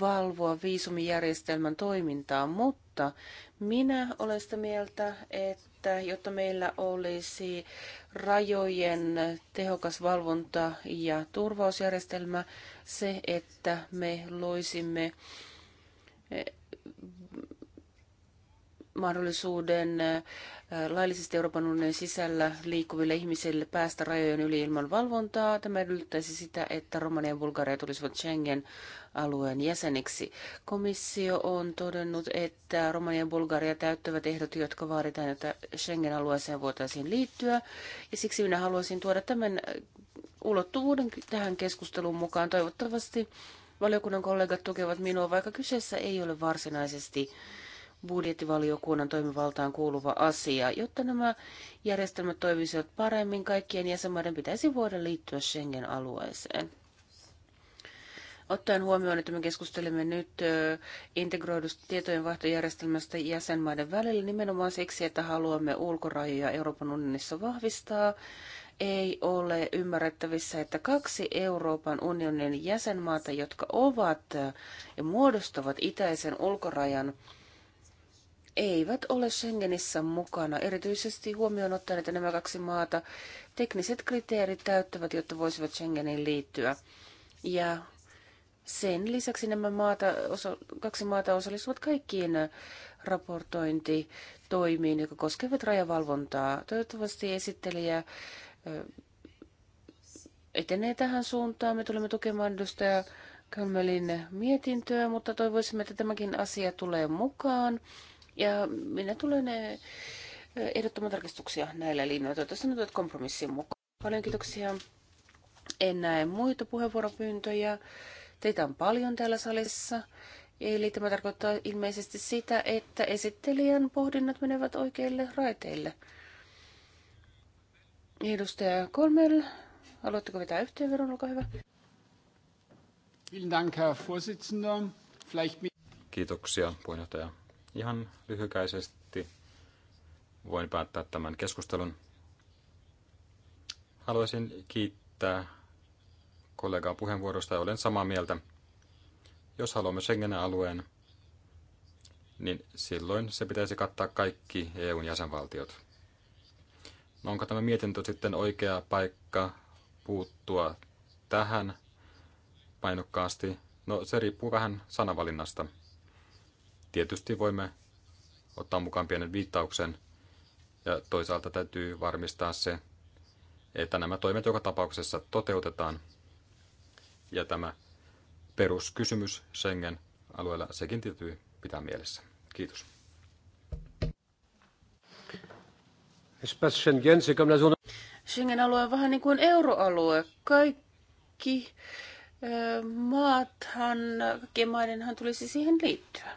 valvoa viisumijärjestelmän toimintaa, mutta minä olen sitä mieltä, että jotta meillä olisi rajojen tehokas valvonta ja turvausjärjestelmä, se, että me loisimme mahdollisuuden laillisesti Euroopan unionin sisällä liikkuville ihmisille päästä rajojen yli ilman valvontaa. Tämä edellyttäisi sitä, että Romania ja Bulgaria tulisivat Schengen-alueen jäseniksi. Komissio on todennut, että Romania ja Bulgaria täyttävät ehdot, jotka vaaditaan, että Schengen-alueeseen voitaisiin liittyä. Ja siksi minä haluaisin tuoda tämän ulottuvuuden tähän keskusteluun mukaan. Toivottavasti valiokunnan kollegat tukevat minua, vaikka kyseessä ei ole varsinaisesti budjettivaliokunnan toimivaltaan kuuluva asia. Jotta nämä järjestelmät toimisivat paremmin, kaikkien jäsenmaiden pitäisi voida liittyä Schengen-alueeseen. Ottaen huomioon, että me keskustelemme nyt integroidusta tietojenvaihtojärjestelmästä jäsenmaiden välillä nimenomaan siksi, että haluamme ulkorajoja Euroopan unionissa vahvistaa, ei ole ymmärrettävissä, että kaksi Euroopan unionin jäsenmaata, jotka ovat ja muodostavat itäisen ulkorajan, eivät ole Schengenissä mukana. Erityisesti huomioon ottaen, että nämä kaksi maata tekniset kriteerit täyttävät, jotta voisivat Schengeniin liittyä. Ja sen lisäksi nämä maata, osa, kaksi maata osallistuvat kaikkiin raportointitoimiin, jotka koskevat rajavalvontaa. Toivottavasti esittelijä etenee tähän suuntaan. Me tulemme tukemaan edustaja Kalmelin mietintöä, mutta toivoisimme, että tämäkin asia tulee mukaan ja minä tulen ehdottoman tarkistuksia näillä linjoilla. Toivottavasti ne tulet kompromissin mukaan. Paljon kiitoksia. En näe muita puheenvuoropyyntöjä. Teitä on paljon täällä salissa. Eli tämä tarkoittaa ilmeisesti sitä, että esittelijän pohdinnat menevät oikeille raiteille. Edustaja Kolmel, haluatteko vetää yhteenvedon? Olkaa hyvä. Kiitoksia, puheenjohtaja. Ihan lyhykäisesti voin päättää tämän keskustelun. Haluaisin kiittää kollegaa puheenvuorosta ja olen samaa mieltä. Jos haluamme Schengen-alueen, niin silloin se pitäisi kattaa kaikki EUn jäsenvaltiot. No onko tämä mietintö sitten oikea paikka puuttua tähän painokkaasti? No se riippuu vähän sanavalinnasta. Tietysti voimme ottaa mukaan pienen viittauksen ja toisaalta täytyy varmistaa se, että nämä toimet joka tapauksessa toteutetaan. Ja tämä peruskysymys Schengen-alueella, sekin täytyy pitää mielessä. Kiitos. Schengen-alue on vähän niin kuin euroalue. Kaikki maathan, kaikkien maidenhan tulisi siihen liittyä.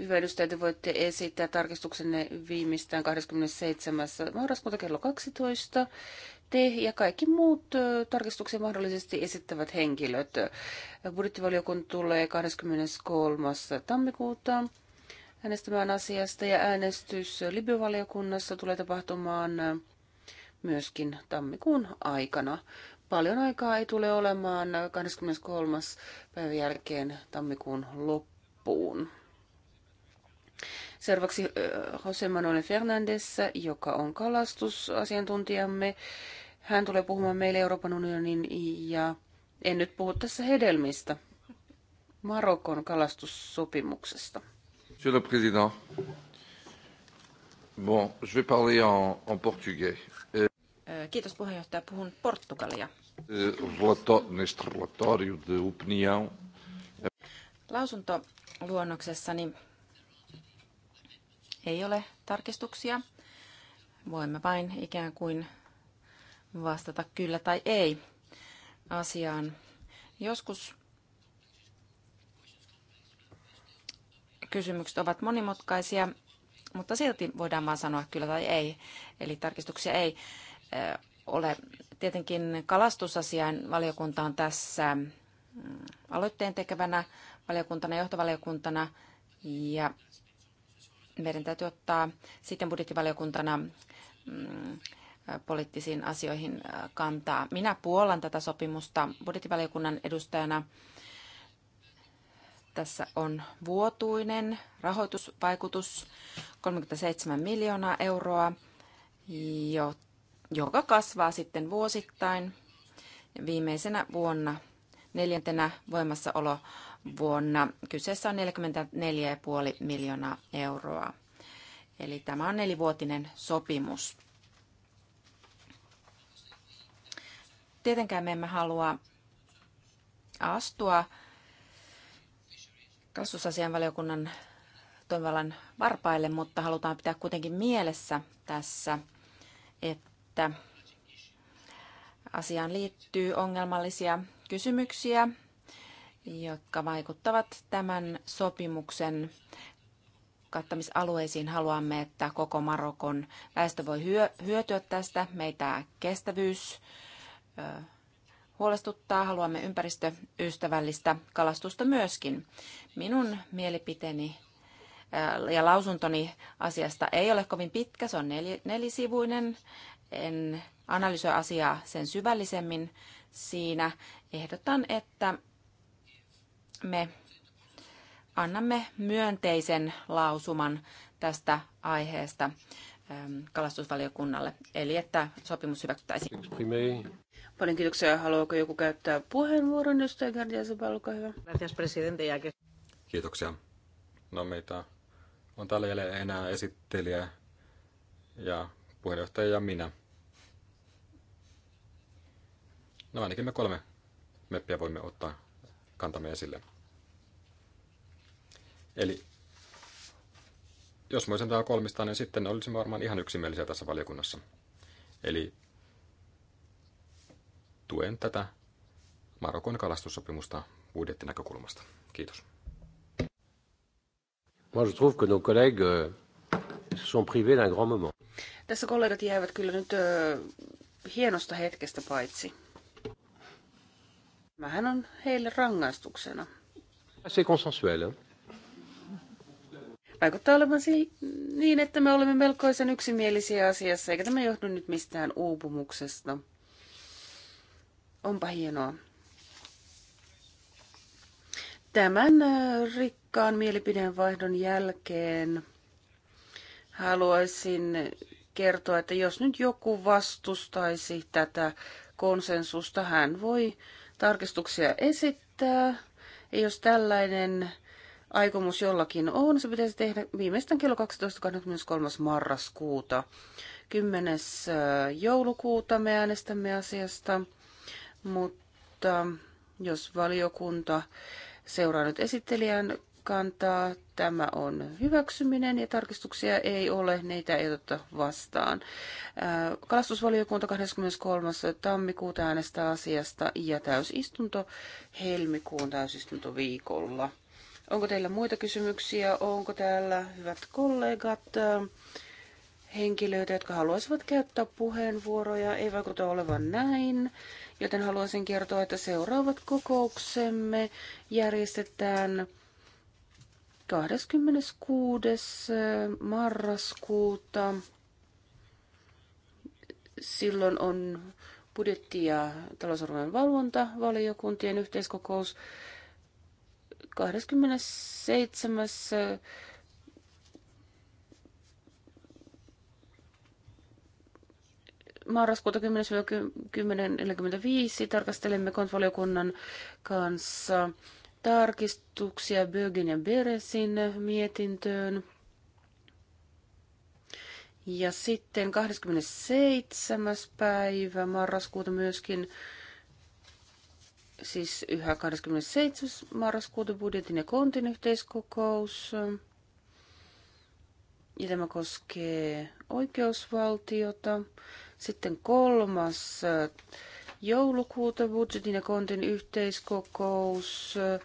Hyvä edustaja, te voitte esittää tarkistuksenne viimeistään 27. marraskuuta kello 12. Te ja kaikki muut tarkistuksen mahdollisesti esittävät henkilöt. Budjettivaliokunta tulee 23. tammikuuta äänestämään asiasta ja äänestys Libyvaliokunnassa tulee tapahtumaan myöskin tammikuun aikana. Paljon aikaa ei tule olemaan 23. päivän jälkeen tammikuun loppuun loppuun. Seuraavaksi Jose Manuel Fernandes, joka on kalastusasiantuntijamme. Hän tulee puhumaan meille Euroopan unionin ja en nyt puhu tässä hedelmistä, Marokon kalastussopimuksesta. Monsieur le Président, bon, je vais parler en, en portugais. Euh, kiitos puheenjohtaja, puhun portugalia. Relato, euh, neste relatório de opinião. Lausunto luonnoksessani niin ei ole tarkistuksia. Voimme vain ikään kuin vastata kyllä tai ei asiaan. Joskus kysymykset ovat monimutkaisia, mutta silti voidaan vain sanoa kyllä tai ei. Eli tarkistuksia ei ole. Tietenkin kalastusasian valiokunta on tässä mm, aloitteen tekevänä valiokuntana, johtovaliokuntana ja meidän täytyy ottaa sitten budjettivaliokuntana mm, poliittisiin asioihin äh, kantaa. Minä puolan tätä sopimusta budjettivaliokunnan edustajana. Tässä on vuotuinen rahoitusvaikutus 37 miljoonaa euroa, joka kasvaa sitten vuosittain. Viimeisenä vuonna neljäntenä voimassaolo vuonna. Kyseessä on 44,5 miljoonaa euroa. Eli tämä on nelivuotinen sopimus. Tietenkään me emme halua astua kasvusasianvaliokunnan toimivallan varpaille, mutta halutaan pitää kuitenkin mielessä tässä, että asiaan liittyy ongelmallisia kysymyksiä jotka vaikuttavat tämän sopimuksen kattamisalueisiin. Haluamme, että koko Marokon väestö voi hyötyä tästä. Meitä kestävyys huolestuttaa. Haluamme ympäristöystävällistä kalastusta myöskin. Minun mielipiteeni ja lausuntoni asiasta ei ole kovin pitkä, se on nelisivuinen. En analysoi asiaa sen syvällisemmin siinä. Ehdotan, että me annamme myönteisen lausuman tästä aiheesta ähm, kalastusvaliokunnalle, eli että sopimus hyväksyttäisiin. Paljon kiitoksia. Haluaako joku käyttää puheenvuoron? Edustaja Gardiasepä, olkaa hyvä. Kiitoksia. No meitä on täällä jälleen enää esittelijä ja puheenjohtaja ja minä. No ainakin me kolme meppiä voimme ottaa kantamme esille. Eli jos muistan tämä kolmista, niin sitten olisimme varmaan ihan yksimielisiä tässä valiokunnassa. Eli tuen tätä Marokon kalastussopimusta budjettinäkökulmasta. Kiitos. Moi, je trouve que nos collègues euh, sont privés d'un grand moment. Tässä kollegat jäävät kyllä nyt ö, hienosta hetkestä paitsi. Mähän on heille rangaistuksena. C'est consensuel. Hein? Vaikuttaa olevan niin, että me olemme melkoisen yksimielisiä asiassa, eikä tämä johdu nyt mistään uupumuksesta. Onpa hienoa. Tämän rikkaan mielipideenvaihdon jälkeen haluaisin kertoa, että jos nyt joku vastustaisi tätä konsensusta, hän voi tarkistuksia esittää. Ja jos tällainen aikomus jollakin on, se pitäisi tehdä viimeistään kello 12.23. marraskuuta. 10. Äh, joulukuuta me äänestämme asiasta, mutta jos valiokunta seuraa nyt esittelijän kantaa, tämä on hyväksyminen ja tarkistuksia ei ole, neitä ei oteta vastaan. Äh, kalastusvaliokunta 23. tammikuuta äänestää asiasta ja täysistunto helmikuun täysistuntoviikolla. viikolla. Onko teillä muita kysymyksiä? Onko täällä, hyvät kollegat, ähm, henkilöitä, jotka haluaisivat käyttää puheenvuoroja? Ei vaikuta olevan näin, joten haluaisin kertoa, että seuraavat kokouksemme järjestetään 26. Äh, marraskuuta. Silloin on budjetti- ja talousarvojen valvontavaliokuntien yhteiskokous 27. marraskuuta 10.45 tarkastelemme kontvaliokunnan kanssa tarkistuksia Bögen ja Beresin mietintöön. Ja sitten 27. päivä marraskuuta myöskin siis yhä 27. marraskuuta budjetin ja kontin yhteiskokous. Ja tämä koskee oikeusvaltiota. Sitten kolmas äh, joulukuuta budjetin ja kontin yhteiskokous, äh,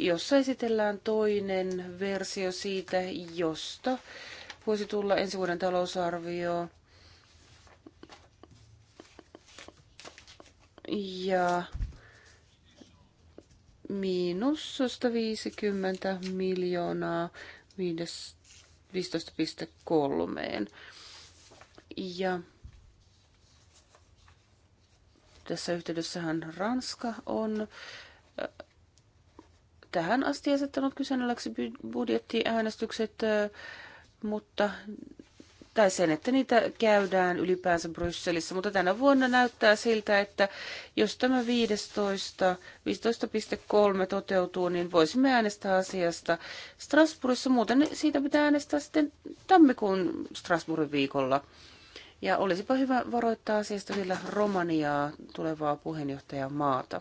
jossa esitellään toinen versio siitä, josta voisi tulla ensi vuoden talousarvio. Ja miinus 150 miljoonaa 15,3. Ja tässä yhteydessähän Ranska on äh, tähän asti asettanut kyseenalaiseksi budjettiäänestykset, äh, mutta tai sen, että niitä käydään ylipäänsä Brysselissä. Mutta tänä vuonna näyttää siltä, että jos tämä 15, 15.3 toteutuu, niin voisimme äänestää asiasta Strasbourgissa. Muuten siitä pitää äänestää sitten tammikuun Strasbourgin viikolla. Ja olisipa hyvä varoittaa asiasta vielä Romaniaa tulevaa puheenjohtajamaata.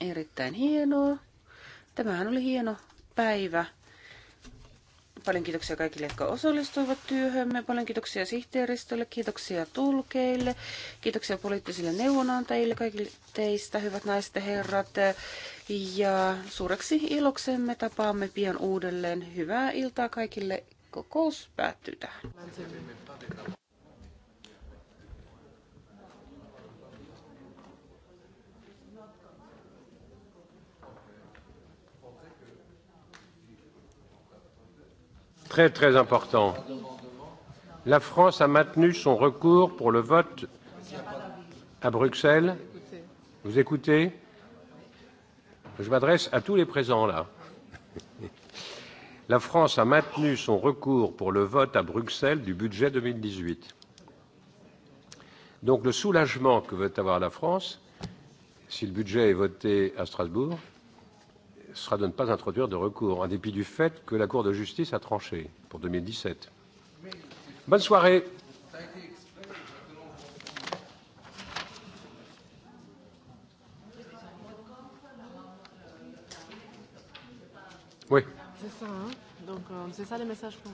Erittäin hienoa. Tämähän oli hieno päivä Paljon kiitoksia kaikille, jotka osallistuivat työhömme. Paljon kiitoksia sihteeristölle, kiitoksia tulkeille, kiitoksia poliittisille neuvonantajille, kaikille teistä, hyvät naiset ja herrat. Ja suureksi iloksemme tapaamme pian uudelleen. Hyvää iltaa kaikille. Kokous päättyy tähän. très très important. La France a maintenu son recours pour le vote à Bruxelles. Vous écoutez Je m'adresse à tous les présents là. La France a maintenu son recours pour le vote à Bruxelles du budget 2018. Donc le soulagement que veut avoir la France, si le budget est voté à Strasbourg, sera de ne pas introduire de recours, en dépit du fait que la Cour de justice a tranché pour 2017. Bonne soirée. Oui. C'est ça, hein Donc, euh, c'est ça les messages qu'on...